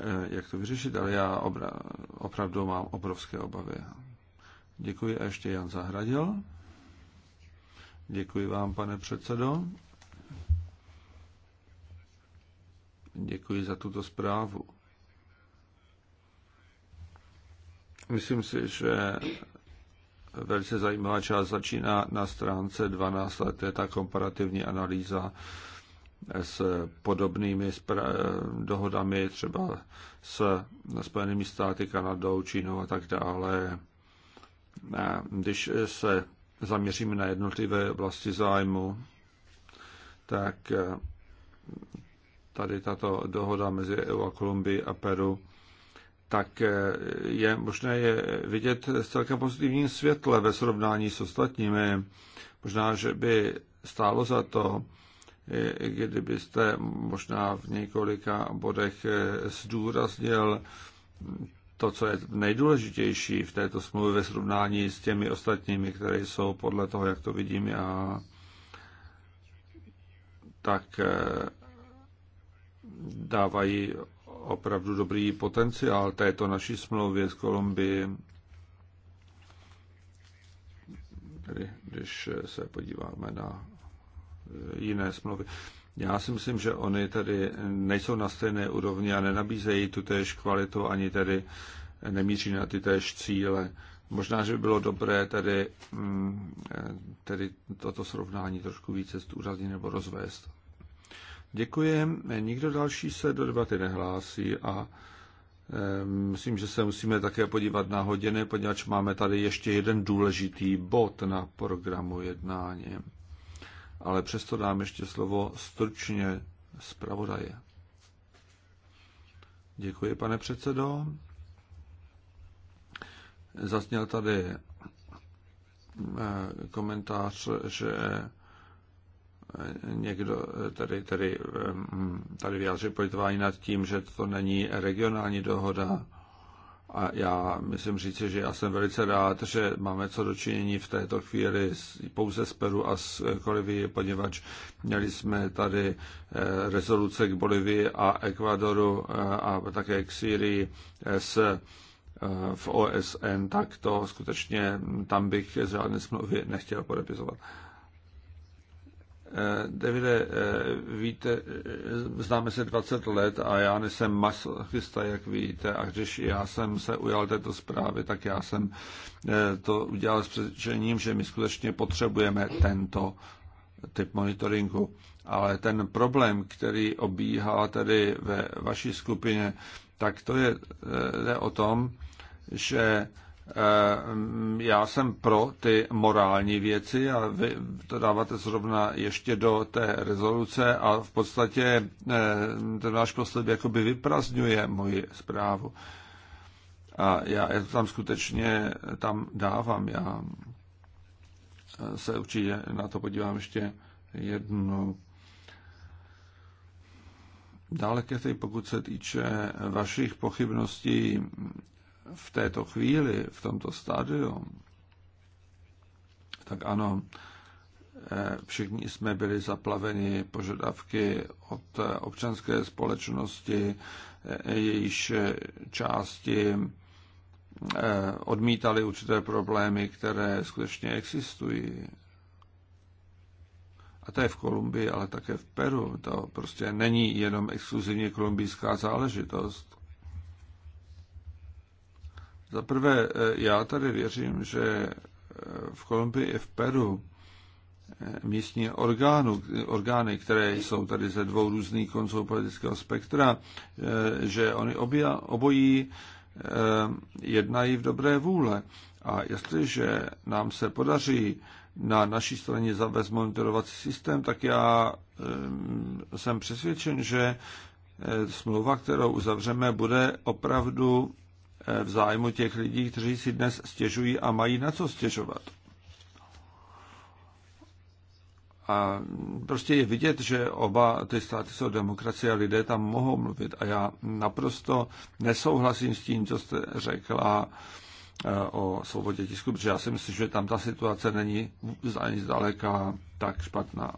eh, jak to vyřešit, ale já opravdu mám obrovské obavy. Děkuji a ještě Jan Zahradil. Děkuji vám, pane předsedo. Děkuji za tuto zprávu. Myslím si, že velice zajímavá část začíná na stránce 12, let, to je ta komparativní analýza s podobnými dohodami, třeba s Spojenými státy, Kanadou, Čínou a tak dále. Když se zaměříme na jednotlivé vlasti zájmu, tak tady tato dohoda mezi EU a Kolumbii a Peru, tak eh, je možné je vidět s celkem pozitivním světle ve srovnání s ostatními. Možná, že by stálo za to, eh, kdybyste možná v několika bodech eh, zdůraznil to, co je nejdůležitější v této smlouvě ve srovnání s těmi ostatními, které jsou podle toho, jak to vidím já, tak dávají opravdu dobrý potenciál této naší smlouvě s Kolumbií. Tedy, když se podíváme na eh, jiné smlouvy. Já si myslím, že oni tedy nejsou na stejné úrovni a nenabízejí tu též kvalitu, ani tedy nemíří na ty též cíle. Možná, že by bylo dobré tedy, mm, eh, tedy toto srovnání trošku více zdůraznit nebo rozvést. Děkuji. Nikdo další se do debaty nehlásí a myslím, že se musíme také podívat na hodiny, poněvadž máme tady ještě jeden důležitý bod na programu jednání. Ale přesto dám ještě slovo stručně zpravodaje. Děkuji, pane předsedo. Zazněl tady eh, komentář, že někdo tady, tady, tady vyjádřil politování nad tím, že to není regionální dohoda. A já myslím říci, že já jsem velice rád, že máme co dočinění v této chvíli pouze z Peru a z Kolivii, poněvadž měli jsme tady eh, rezoluce k Bolivii a Ekvadoru eh, a také k Syrii eh, s v OSN, tak to skutečně mm, tam bych žádné smlouvy nechtěl podepisovat. Eh, Davide, eh, víte, eh, známe se 20 let a já nejsem masochista, jak víte, a když já jsem se ujal této zprávy, tak já jsem to udělal s přesvědčením, že my skutečně potřebujeme tento typ monitoringu. Ale ten problém, který obíhá tedy ve vaší skupině, tak to je, je o tom, že Ehm, já jsem pro ty morální věci a vy to dáváte zrovna ještě do té rezoluce a v podstatě ehm, ten váš posled jakoby vyprazňuje moji zprávu. A já, já to tam skutečně tam dávám. Já ehm, se určitě na to podívám ještě jednou. Dále, Kathy, pokud se týče vašich pochybností v této chvíli, v tomto stádiu, tak ano, eh, všichni jsme byli zaplaveni požadavky od občanské společnosti, eh, jejíž části eh, odmítali určité problémy, které skutečně existují. A to je v Kolumbii, ale také v Peru. To prostě není jenom exkluzivně kolumbijská záležitost. Za prvé, eh, já tady věřím, že eh, v Kolumbii i v Peru eh, místní orgánu, orgány, které jsou tady ze dvou různých konců politického spektra, že oni obě, obojí jednají v dobré vůle. A jestliže nám se podaří na naší straně zavést monitorovací systém, tak já jsem přesvědčen, že smlouva, kterou uzavřeme, bude opravdu v zájmu těch lidí, kteří si dnes stěžují a mají na co stěžovat. A prostě je vidět, že oba ty státy jsou demokracie a lidé tam mohou mluvit. A já naprosto nesouhlasím s tím, co jste řekla eh, o svobodě tisku, protože já si myslím, že tam ta situace není ani zdaleka tak špatná.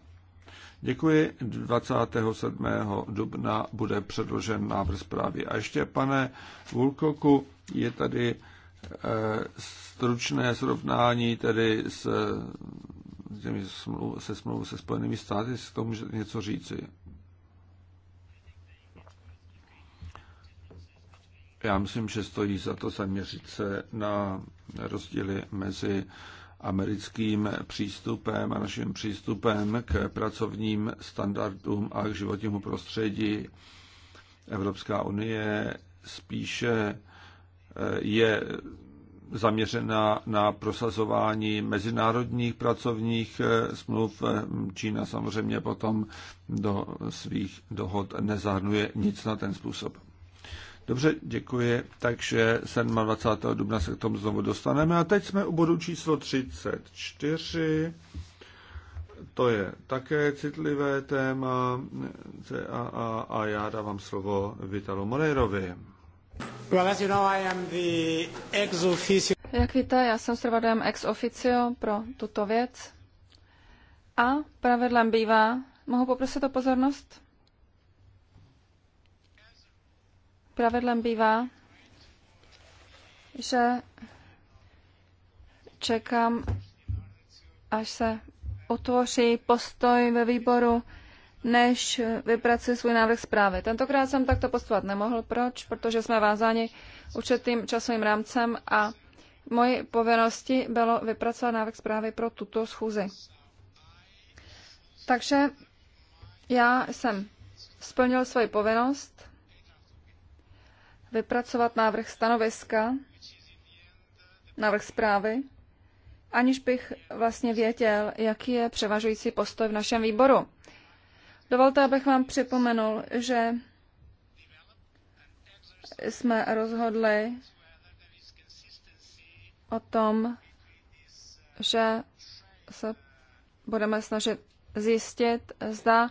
Děkuji. 27. dubna bude předložen návrh zprávy. A ještě, pane Vulkoku, je tady eh, stručné srovnání tedy s těmi smluv, se smlouvou se Spojenými státy, s tomu můžete něco říci. Já myslím, že stojí za to zaměřit se na rozdíly mezi americkým přístupem a naším přístupem k pracovním standardům a k životnímu prostředí. Evropská unie spíše eh, je zaměřena na prosazování mezinárodních pracovních eh, smluv. Čína samozřejmě potom do svých dohod nezahrnuje nic na ten způsob. Dobře, děkuji. Takže 27. dubna se k tomu znovu dostaneme. A teď jsme u bodu číslo 34. To je také citlivé téma CAA a já dávám slovo Vitalu Moreirovi. Jak víte, já jsem zpravodajem ex officio pro tuto věc. A pravidlem bývá, mohu poprosit o pozornost? Pravidlem bývá, že čekám, až se otvoří postoj ve výboru, než vypracuji svůj návrh zprávy. Tentokrát jsem takto postovat nemohl. Proč? Protože jsme vázáni určitým časovým rámcem a moje povinnosti bylo vypracovat návrh zprávy pro tuto schůzi. Takže já jsem splnil svoji povinnost vypracovat návrh stanoviska, návrh zprávy, aniž bych vlastně věděl, jaký je převažující postoj v našem výboru. Dovolte, abych vám připomenul, že jsme rozhodli o tom, že se budeme snažit zjistit, zda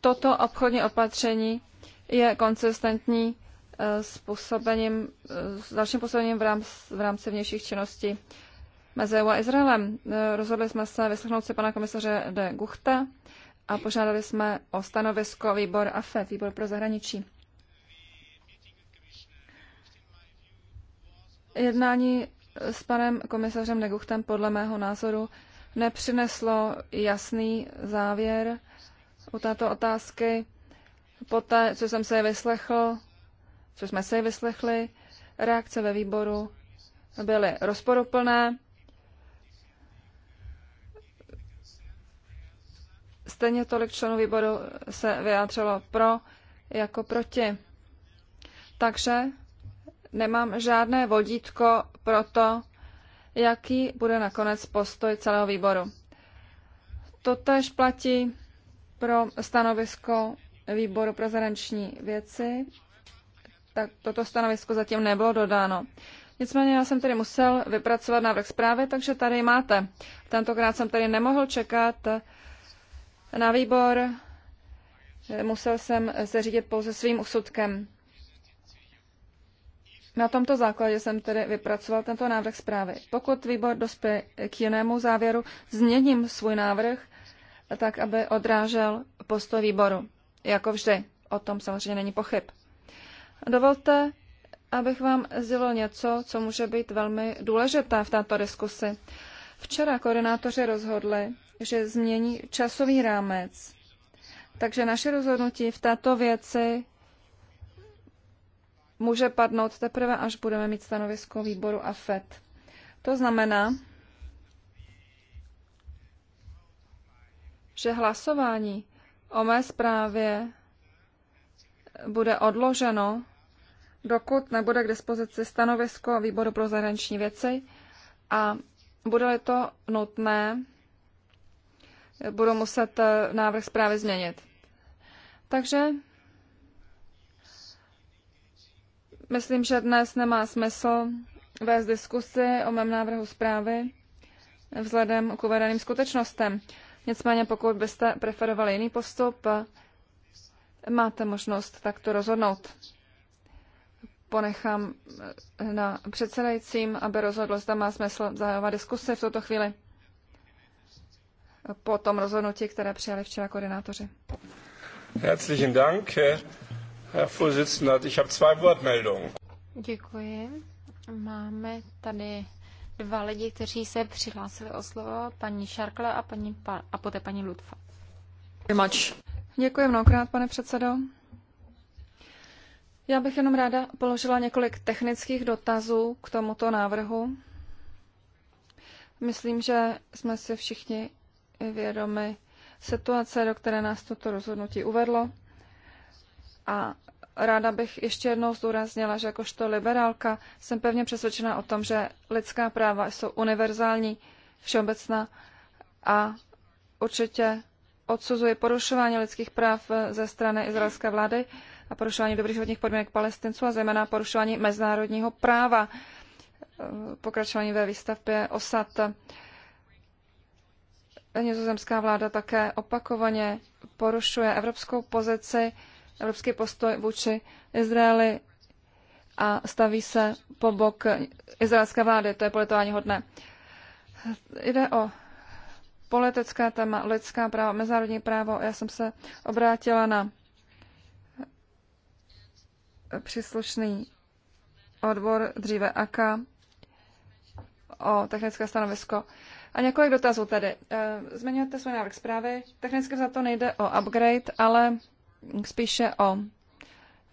toto obchodní opatření je konsistentní způsobením, s dalším působením v rámci, v rámci vnějších činností mezi EU a Izraelem. Rozhodli jsme se vyslechnout si pana komisaře de Guchta a požádali jsme o stanovisko výbor AFE, výbor pro zahraničí. Jednání s panem komisařem Neguchtem podle mého názoru nepřineslo jasný závěr u této otázky. Poté, co jsem se je vyslechl, co jsme si vyslechli. Reakce ve výboru byly rozporuplné. Stejně tolik členů výboru se vyjádřilo pro jako proti. Takže nemám žádné vodítko pro to, jaký bude nakonec postoj celého výboru. Totež platí pro stanovisko výboru pro zahraniční věci tak toto stanovisko zatím nebylo dodáno. Nicméně já jsem tedy musel vypracovat návrh zprávy, takže tady máte. Tentokrát jsem tady nemohl čekat na výbor, musel jsem se řídit pouze svým usudkem. Na tomto základě jsem tedy vypracoval tento návrh zprávy. Pokud výbor dospěje k jinému závěru, změním svůj návrh tak, aby odrážel postoj výboru. Jako vždy, o tom samozřejmě není pochyb. Dovolte, abych vám sdělil něco, co může být velmi důležité v této diskusi. Včera koordinátoři rozhodli, že změní časový rámec. Takže naše rozhodnutí v této věci může padnout teprve, až budeme mít stanovisko výboru AFET. To znamená, že hlasování o mé zprávě bude odloženo dokud nebude k dispozici stanovisko výboru pro zahraniční věci a bude-li to nutné, budu muset eh, návrh zprávy změnit. Takže myslím, že dnes nemá smysl vést diskusi o mém návrhu zprávy vzhledem k uvedeným skutečnostem. Nicméně pokud byste preferovali jiný postup, eh, máte možnost takto rozhodnout ponechám eh, na předsedajícím, aby rozhodl, zda má smysl zahajovat diskuse v tuto chvíli po tom rozhodnutí, které přijali včera koordinátoři. Herzlichen Dank, Herr Vorsitzender. Ich habe zwei Wortmeldungen. Děkuji. Máme tady dva lidi, kteří se přihlásili o slovo, paní Šarkle a, paní pa- a poté paní Ludfa. Děkuji mnohokrát, pane předsedo. Já bych jenom ráda položila několik technických dotazů k tomuto návrhu. Myslím, že jsme si všichni vědomi situace, do které nás toto rozhodnutí uvedlo. A ráda bych ještě jednou zdůraznila, že jakožto liberálka jsem pevně přesvědčena o tom, že lidská práva jsou univerzální, všeobecná a určitě odsuzuje porušování lidských práv ze strany izraelské vlády a porušování dobrých životních podmínek palestinců a zejména porušování mezinárodního práva, e, pokračování ve výstavbě osad. Nizozemská vláda také opakovaně porušuje evropskou pozici, evropský postoj vůči Izraeli a staví se po bok izraelské vlády. To je politování hodné. Jde o politické téma, lidská práva, mezinárodní právo. Já jsem se obrátila na příslušný odbor, dříve AK o technické stanovisko. A několik dotazů tedy. Eh, zmiňujete svůj návrh zprávy. Technicky za to nejde o upgrade, ale spíše o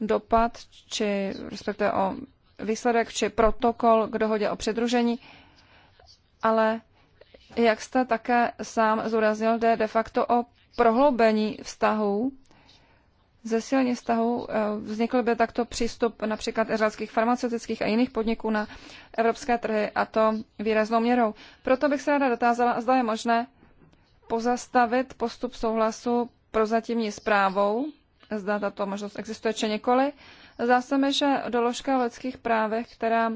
dopad, či respektive o výsledek, či protokol k dohodě o předružení, Ale jak jste také sám zúraznil, jde de facto o prohloubení vztahů zesilně vztahu. Eh, vznikl by takto přístup například izraelských farmaceutických a jiných podniků na evropské trhy a to výraznou měrou. Proto bych se ráda dotázala, zda je možné pozastavit postup souhlasu prozatímní zprávou, zda tato možnost existuje či nikoli. Zdá se mi, že doložka o lidských právech, která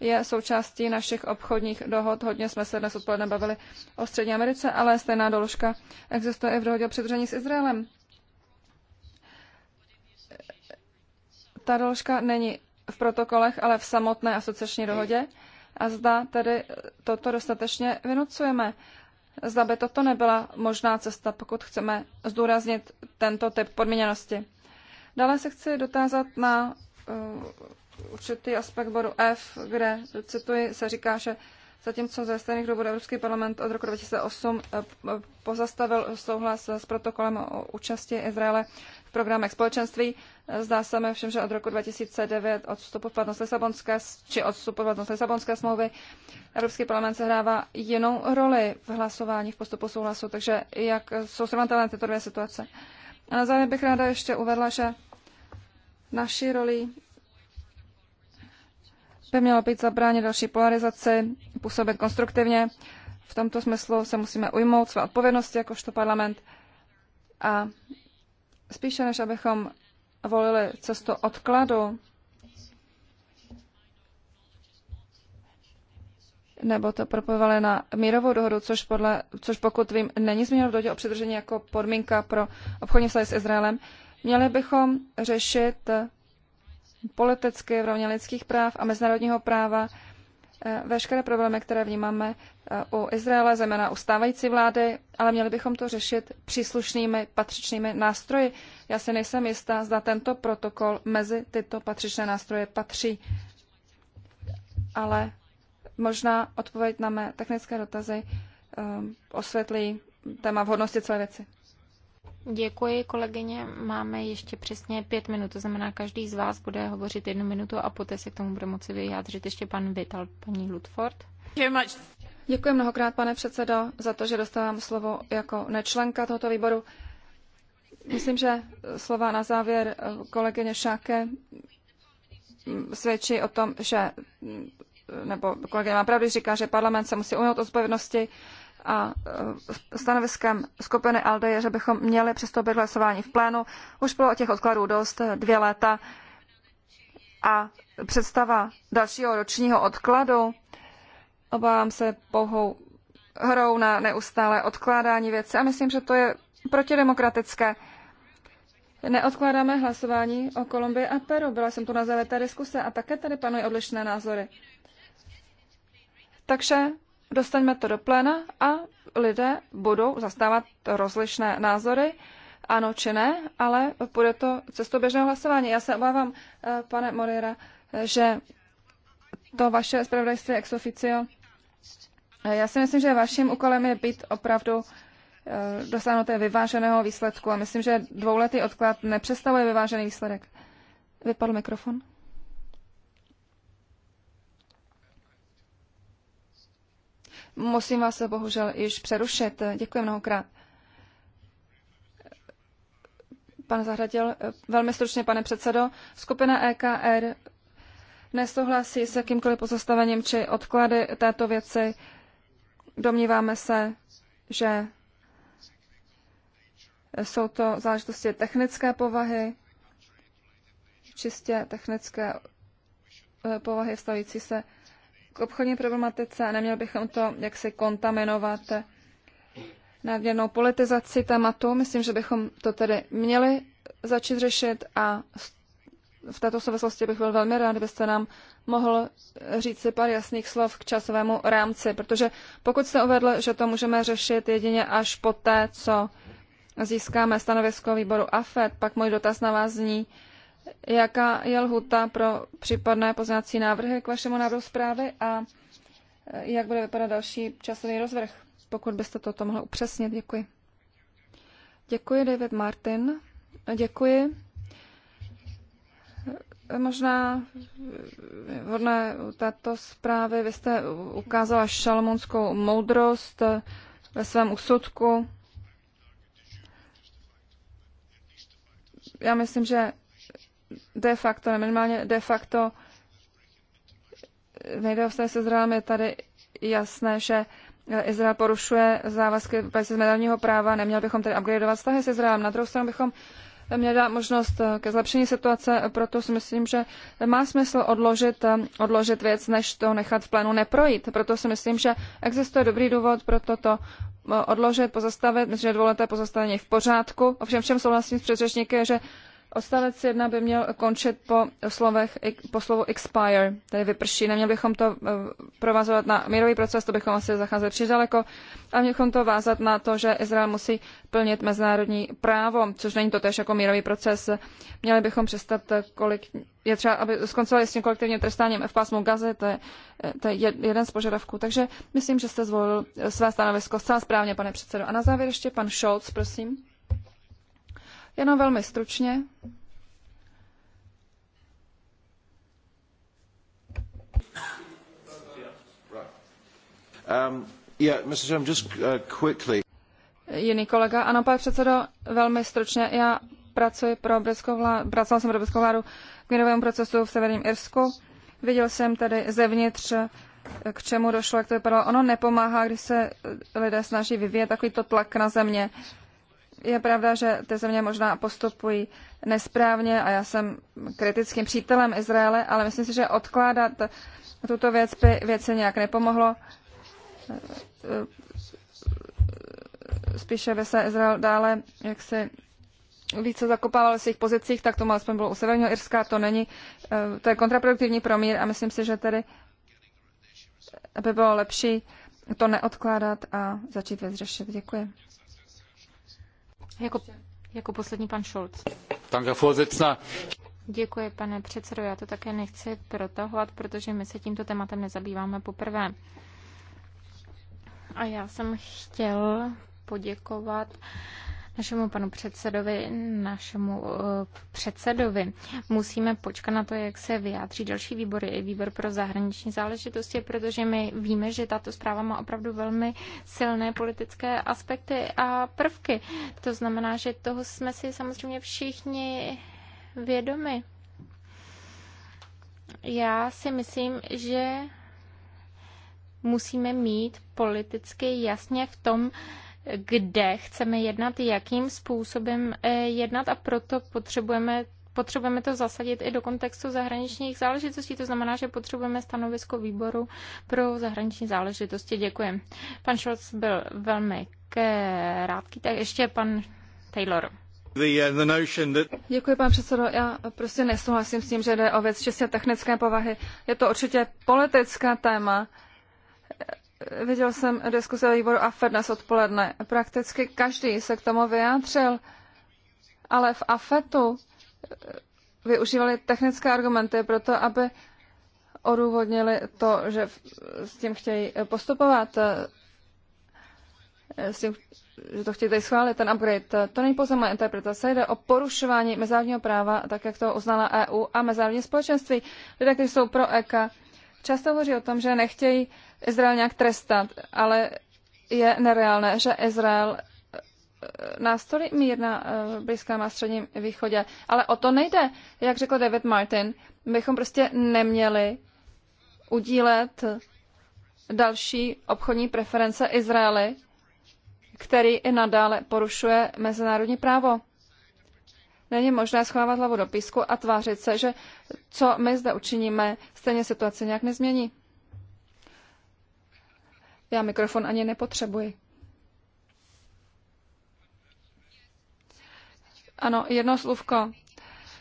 je součástí našich obchodních dohod. Hodně jsme se dnes odpoledne bavili o Střední Americe, ale stejná doložka existuje i v dohodě o přidružení s Izraelem. ta doložka není v protokolech, ale v samotné asociační dohodě. A zda tedy toto dostatečně vynucujeme. Zda by toto nebyla možná cesta, pokud chceme zdůraznit tento typ podmíněnosti. Dále se chci dotázat na uh, určitý aspekt bodu F, kde, cituji, se říká, že zatímco ze stejných důvodů Evropský parlament od roku 2008 eh, eh, pozastavil souhlas s protokolem o účasti Izraele v programech společenství. Eh, zdá se mi všem, že od roku 2009 od vstupu v platnost Lisabonské, či od vstupu v platnost Lisabonské smlouvy Evropský parlament sehrává jinou roli v hlasování v postupu souhlasu, takže jak jsou srovnatelné tyto dvě situace. A na závěr bych ráda ještě uvedla, že naší roli by mělo být zabráně další polarizaci, působit konstruktivně. V tomto smyslu se musíme ujmout své odpovědnosti jakožto parlament a spíše než abychom volili cestu odkladu nebo to propojovali na mírovou dohodu, což, podle, což pokud vím, není změněno v dohodě o přidržení jako podmínka pro obchodní vztahy s Izraelem, měli bychom řešit politicky v rovně lidských práv a mezinárodního práva. Eh, veškeré problémy, které vnímáme eh, u Izraele, zejména u stávající vlády, ale měli bychom to řešit příslušnými patřičnými nástroji. Já si nejsem jistá, zda tento protokol mezi tyto patřičné nástroje patří. Ale možná odpověď na mé technické dotazy um, osvětlí téma vhodnosti celé věci. Děkuji, kolegyně. Máme ještě přesně pět minut, to znamená, každý z vás bude hovořit jednu minutu a poté se k tomu bude moci vyjádřit ještě pan Vital, paní Ludford. Děkuji mnohokrát, pane předsedo, za to, že dostávám slovo jako nečlenka tohoto výboru. Myslím, že slova na závěr eh, kolegyně Šáke mm, svědčí o tom, že mm, nebo kolegyně má pravdu, říká, že parlament se musí ujmout odpovědnosti a e, stanoviskem skupiny ALDE je, že bychom měli přistoupit hlasování v plénu. Už bylo o těch odkladů dost, dvě léta a představa dalšího ročního odkladu, obávám se pouhou hrou na neustále odkládání věci a myslím, že to je protidemokratické. Neodkládáme hlasování o Kolumbii a Peru. Byla jsem tu na zeleté diskuse a také tady panují odlišné názory. Takže dostaňme to do pléna a lidé budou zastávat rozlišné názory, ano či ne, ale bude to cestou běžného hlasování. Já se obávám, eh, pane Morera, že to vaše zpravodajství ex officio, eh, já si myslím, že vaším úkolem je být opravdu eh, dosáhnuté té vyváženého výsledku a myslím, že dvouletý odklad nepředstavuje vyvážený výsledek. Vypadl mikrofon. Musím vás bohužel již přerušit. Děkuji mnohokrát. Pan Zahradil, velmi stručně, pane předsedo. Skupina EKR nesouhlasí s jakýmkoliv pozastavením či odklady této věci. Domníváme se, že jsou to záležitosti technické povahy, čistě technické eh, povahy vstavící se k obchodní problematice a neměli bychom to jaksi kontaminovat nadměrnou politizaci tématu. Myslím, že bychom to tedy měli začít řešit a v této souvislosti bych byl velmi rád, kdybyste nám mohl říct si pár jasných slov k časovému rámci, protože pokud jste uvedl, že to můžeme řešit jedině až poté, co získáme stanovisko výboru AFED, pak můj dotaz na vás zní, jaká je lhuta pro případné poznávací návrhy k vašemu návrhu zprávy a e, jak bude vypadat další časový rozvrh. Pokud byste toto mohla upřesnit, děkuji. Děkuji, David Martin. Děkuji. Možná hodné této zprávy, vy jste ukázala šalmonskou moudrost ve svém úsudku. Já myslím, že de facto, minimálně de facto nejde o Izraelem, je tady jasné, že eh, Izrael porušuje závazky z mezinárodního práva, neměl bychom tedy upgradeovat vztahy s Izraelem. Na druhou stranu bychom měli dát možnost eh, ke zlepšení situace, eh, proto si myslím, že má smysl odložit, odložit věc, než to nechat v plénu neprojít. Proto si myslím, že existuje dobrý důvod pro toto odložit, pozastavit. Myslím, že dvouleté pozastavení je v pořádku. Ovšem všem souhlasím s předřečníky, že Odstavec 1 by měl končit po, slovech, po slovu expire, tedy vyprší. Neměl bychom to eh, provazovat na mírový proces, to bychom asi zacházeli příliš daleko, a měli bychom to vázat na to, že Izrael musí plnit mezinárodní právo, což není to tež jako mírový proces. Měli bychom přestat, eh, kolik je třeba, aby skoncovali s tím kolektivním trestáním v pásmu Gazy, to je, eh, to je jeden z požadavků. Takže myslím, že jste zvolil své stanovisko zcela správně, pane předsedo. A na závěr ještě pan Scholz, prosím. Jenom velmi stručně. Um, yeah, Mr. Chairman, just uh, quickly. Jiný kolega. Ano, pane předsedo, velmi stručně. Já pracuji pro britskou vládu, pracoval jsem pro britskou vládu k mírovému procesu v severním Irsku. Viděl jsem tady zevnitř, k čemu došlo, jak to vypadalo. Ono nepomáhá, když se lidé snaží vyvíjet takovýto tlak na země. Uh, je pravda, že ty země možná postupují nesprávně a já jsem kritickým přítelem Izraele, ale myslím si, že odkládat tuto věc by věci nějak nepomohlo. Spíše by se Izrael dále jak si více zakopával v svých pozicích, tak to alespoň bylo u Severního Irska, to není, to je kontraproduktivní pro a myslím si, že tedy by bylo lepší to neodkládat a začít věc řešit. Děkuji. Jako, jako poslední pan Scholz. Děkuji, pane předsedo. Já to také nechci protahovat, protože my se tímto tématem nezabýváme poprvé. A já jsem chtěl poděkovat našemu panu předsedovi, našemu eh, předsedovi. Musíme počkat na to, jak se vyjádří další výbory, i výbor pro zahraniční záležitosti, protože my víme, že tato zpráva má opravdu velmi silné politické aspekty a prvky. To znamená, že toho jsme si samozřejmě všichni vědomi. Já si myslím, že musíme mít politicky jasně v tom, kde chceme jednat, jakým způsobem eh, jednat a proto potřebujeme potřebujeme to zasadit i do kontextu zahraničních záležitostí, to znamená, že potřebujeme stanovisko výboru pro zahraniční záležitosti. Děkuji. Pan Scholz byl velmi krátký, tak ještě pan Taylor. Uh, Děkuji, pane předsedo. Já prostě nesouhlasím s tím, že jde o věc čistě technické povahy. Je to určitě politické téma. Viděl jsem diskuse výboru AFED dnes odpoledne. Prakticky každý se k tomu vyjádřil, ale v AFETu eh, využívali technické argumenty pro to, aby odůvodnili to, že s tím chtějí eh, postupovat, eh, s tím, že to chtějí schválit, ten upgrade. To není pouze moje interpretace, jde o porušování mezinárodního práva, tak jak to uznala EU a mezinárodní společenství. Lidé, kteří jsou pro EKA, často hovoří o tom, že nechtějí Izrael nějak trestat, ale je nereálné, že Izrael eh, nástolí mír na eh, Blízkém a Středním východě. Ale o to nejde. Jak řekl David Martin, bychom prostě neměli udílet další obchodní preference Izraeli, který i nadále porušuje mezinárodní právo. Není možné schovávat hlavu do písku a tvářit se, že co my zde učiníme, stejně situace nějak nezmění. Já mikrofon ani nepotřebuji. Ano, jedno slovko.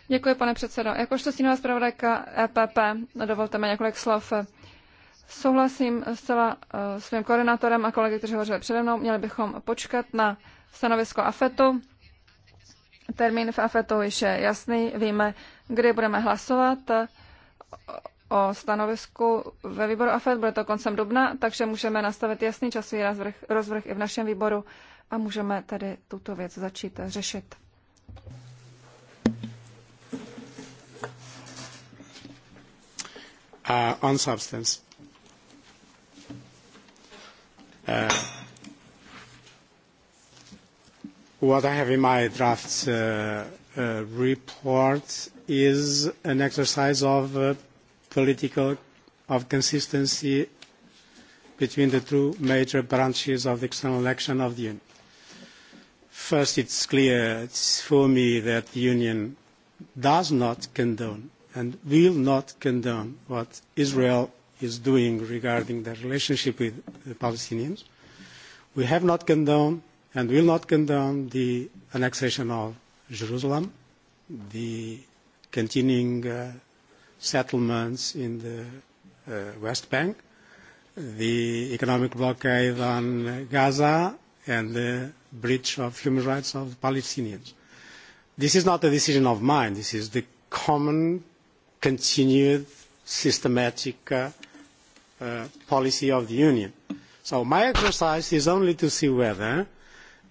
Děkuji, pane předsedo. Jakožto stínová zpravodajka EPP, dovolte mi několik slov. Souhlasím eh, s celá svým koordinátorem a kolegy, kteří hovořili přede mnou. Měli bychom počkat na stanovisko AFETu Termín v AFETu již je jasný, víme, kdy budeme hlasovat o stanovisku ve výboru AFET, bude to koncem dubna, takže můžeme nastavit jasný časový rozvrh, rozvrh i v našem výboru a můžeme tedy tuto věc začít řešit. Uh, on substance. what I have in my draft uh, uh, report is an exercise of uh, political of consistency between the two major branches of the external action of the Union. First, it's clear it's for me that the Union does not condone and will not condone what Israel is doing regarding the relationship with the Palestinians. We have not condoned and will not condemn the annexation of Jerusalem, the continuing uh, settlements in the uh, West Bank, the economic blockade on Gaza, and the breach of human rights of Palestinians. This is not a decision of mine. This is the common, continued, systematic uh, uh, policy of the Union. So my exercise is only to see whether uh,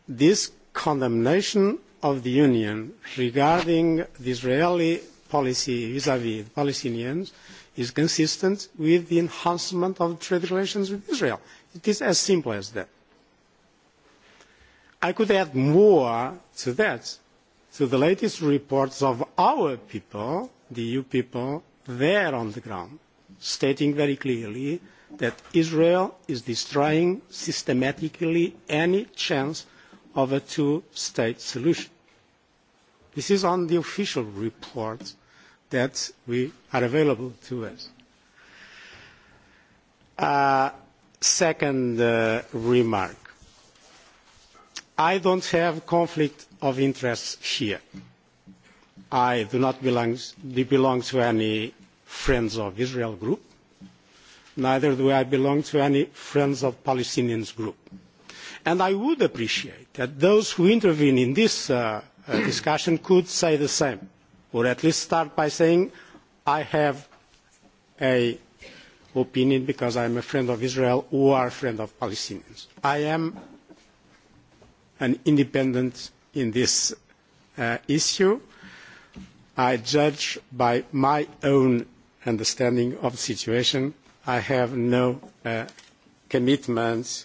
this condemnation of the Union regarding the Israeli policy vis-à-vis -vis the Palestinians is consistent with the enhancement of trade relations with Israel. It is as simple as that. I could add more to that, to the latest reports of our people, the EU people, there on the ground, stating very clearly that Israel is destroying systematically any chance of a two-state solution. This is on the official report that we are available to us. Uh, second uh, remark. I don't have conflict of interest here. I do not belong, belong to any Friends of Israel group. Neither do I belong to any Friends of Palestinians group And I would appreciate that those who intervene in this uh, uh, discussion could say the same, or at least start by saying, I have a opinion because I am a friend of Israel or a friend of Palestinians. I am an independent in this uh, issue. I judge by my own understanding of the situation. I have no uh, commitments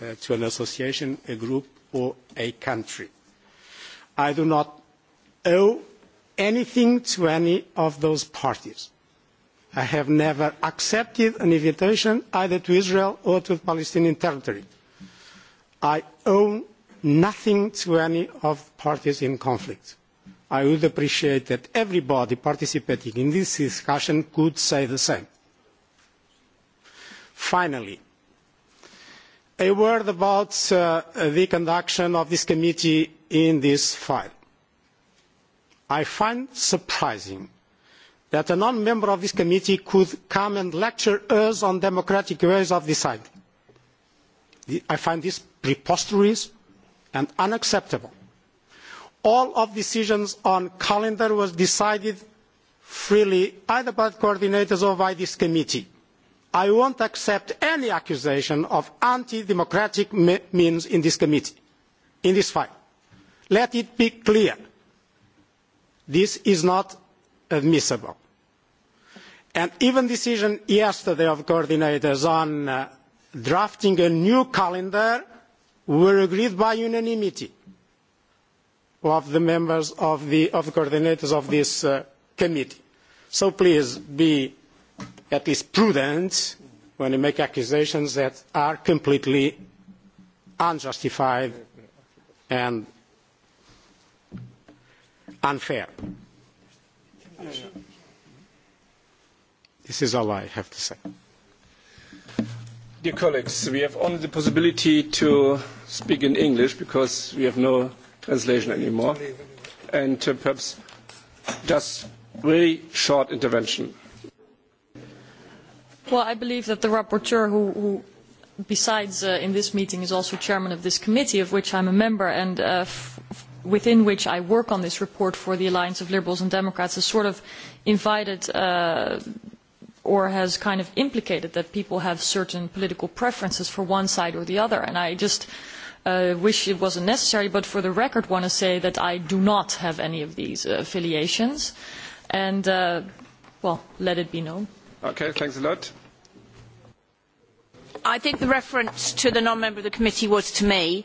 Uh, to an association, a group, or a country. I do not owe anything to any of those parties. I have never accepted an invitation either to Israel or to the Palestinian territory. I owe nothing to any of the parties in conflict. I would appreciate that everybody participating in this discussion could say the same. Finally, a word about uh, the conduction of this committee in this file. I find surprising that a non-member of this committee could come and lecture us on democratic ways of deciding. I find this preposterous and unacceptable. All of decisions on calendar was decided freely either by the coordinators or by this committee i won't accept any accusation of anti-democratic means in this committee, in this file. Let it be clear. This is not admissible. And even decision yesterday of coordinators on uh, drafting a new calendar were agreed by unanimity of the members of the, of the coordinators of this uh, committee. So please be at least prudent when you make accusations that are completely unjustified and unfair. This is all I have to say. Dear colleagues, we have only the possibility to speak in English because we have no translation anymore. And uh, perhaps just really short intervention. Well, I believe that the rapporteur who, who besides uh, in this meeting is also chairman of this committee of which I'm a member and uh, within which I work on this report for the Alliance of Liberals and Democrats has sort of invited uh, or has kind of implicated that people have certain political preferences for one side or the other and I just uh, wish it wasn't necessary but for the record want to say that I do not have any of these uh, affiliations and uh, well let it be known. Okay, thanks a lot. I think the reference to the non-member of the committee was to me.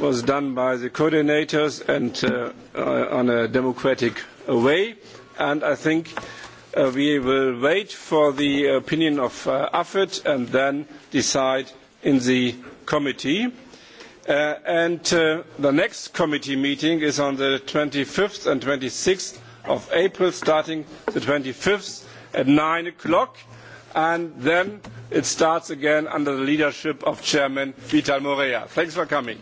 was done by the coordinators and uh, uh, on a democratic way. And I think uh, we will wait for the opinion of uh, AFET and then decide in the committee. Uh, and uh, the next committee meeting is on the 25th and 26th of April, starting the 25th at 9 o'clock. And then it starts again under the leadership of Chairman Vital Morea. Thanks for coming.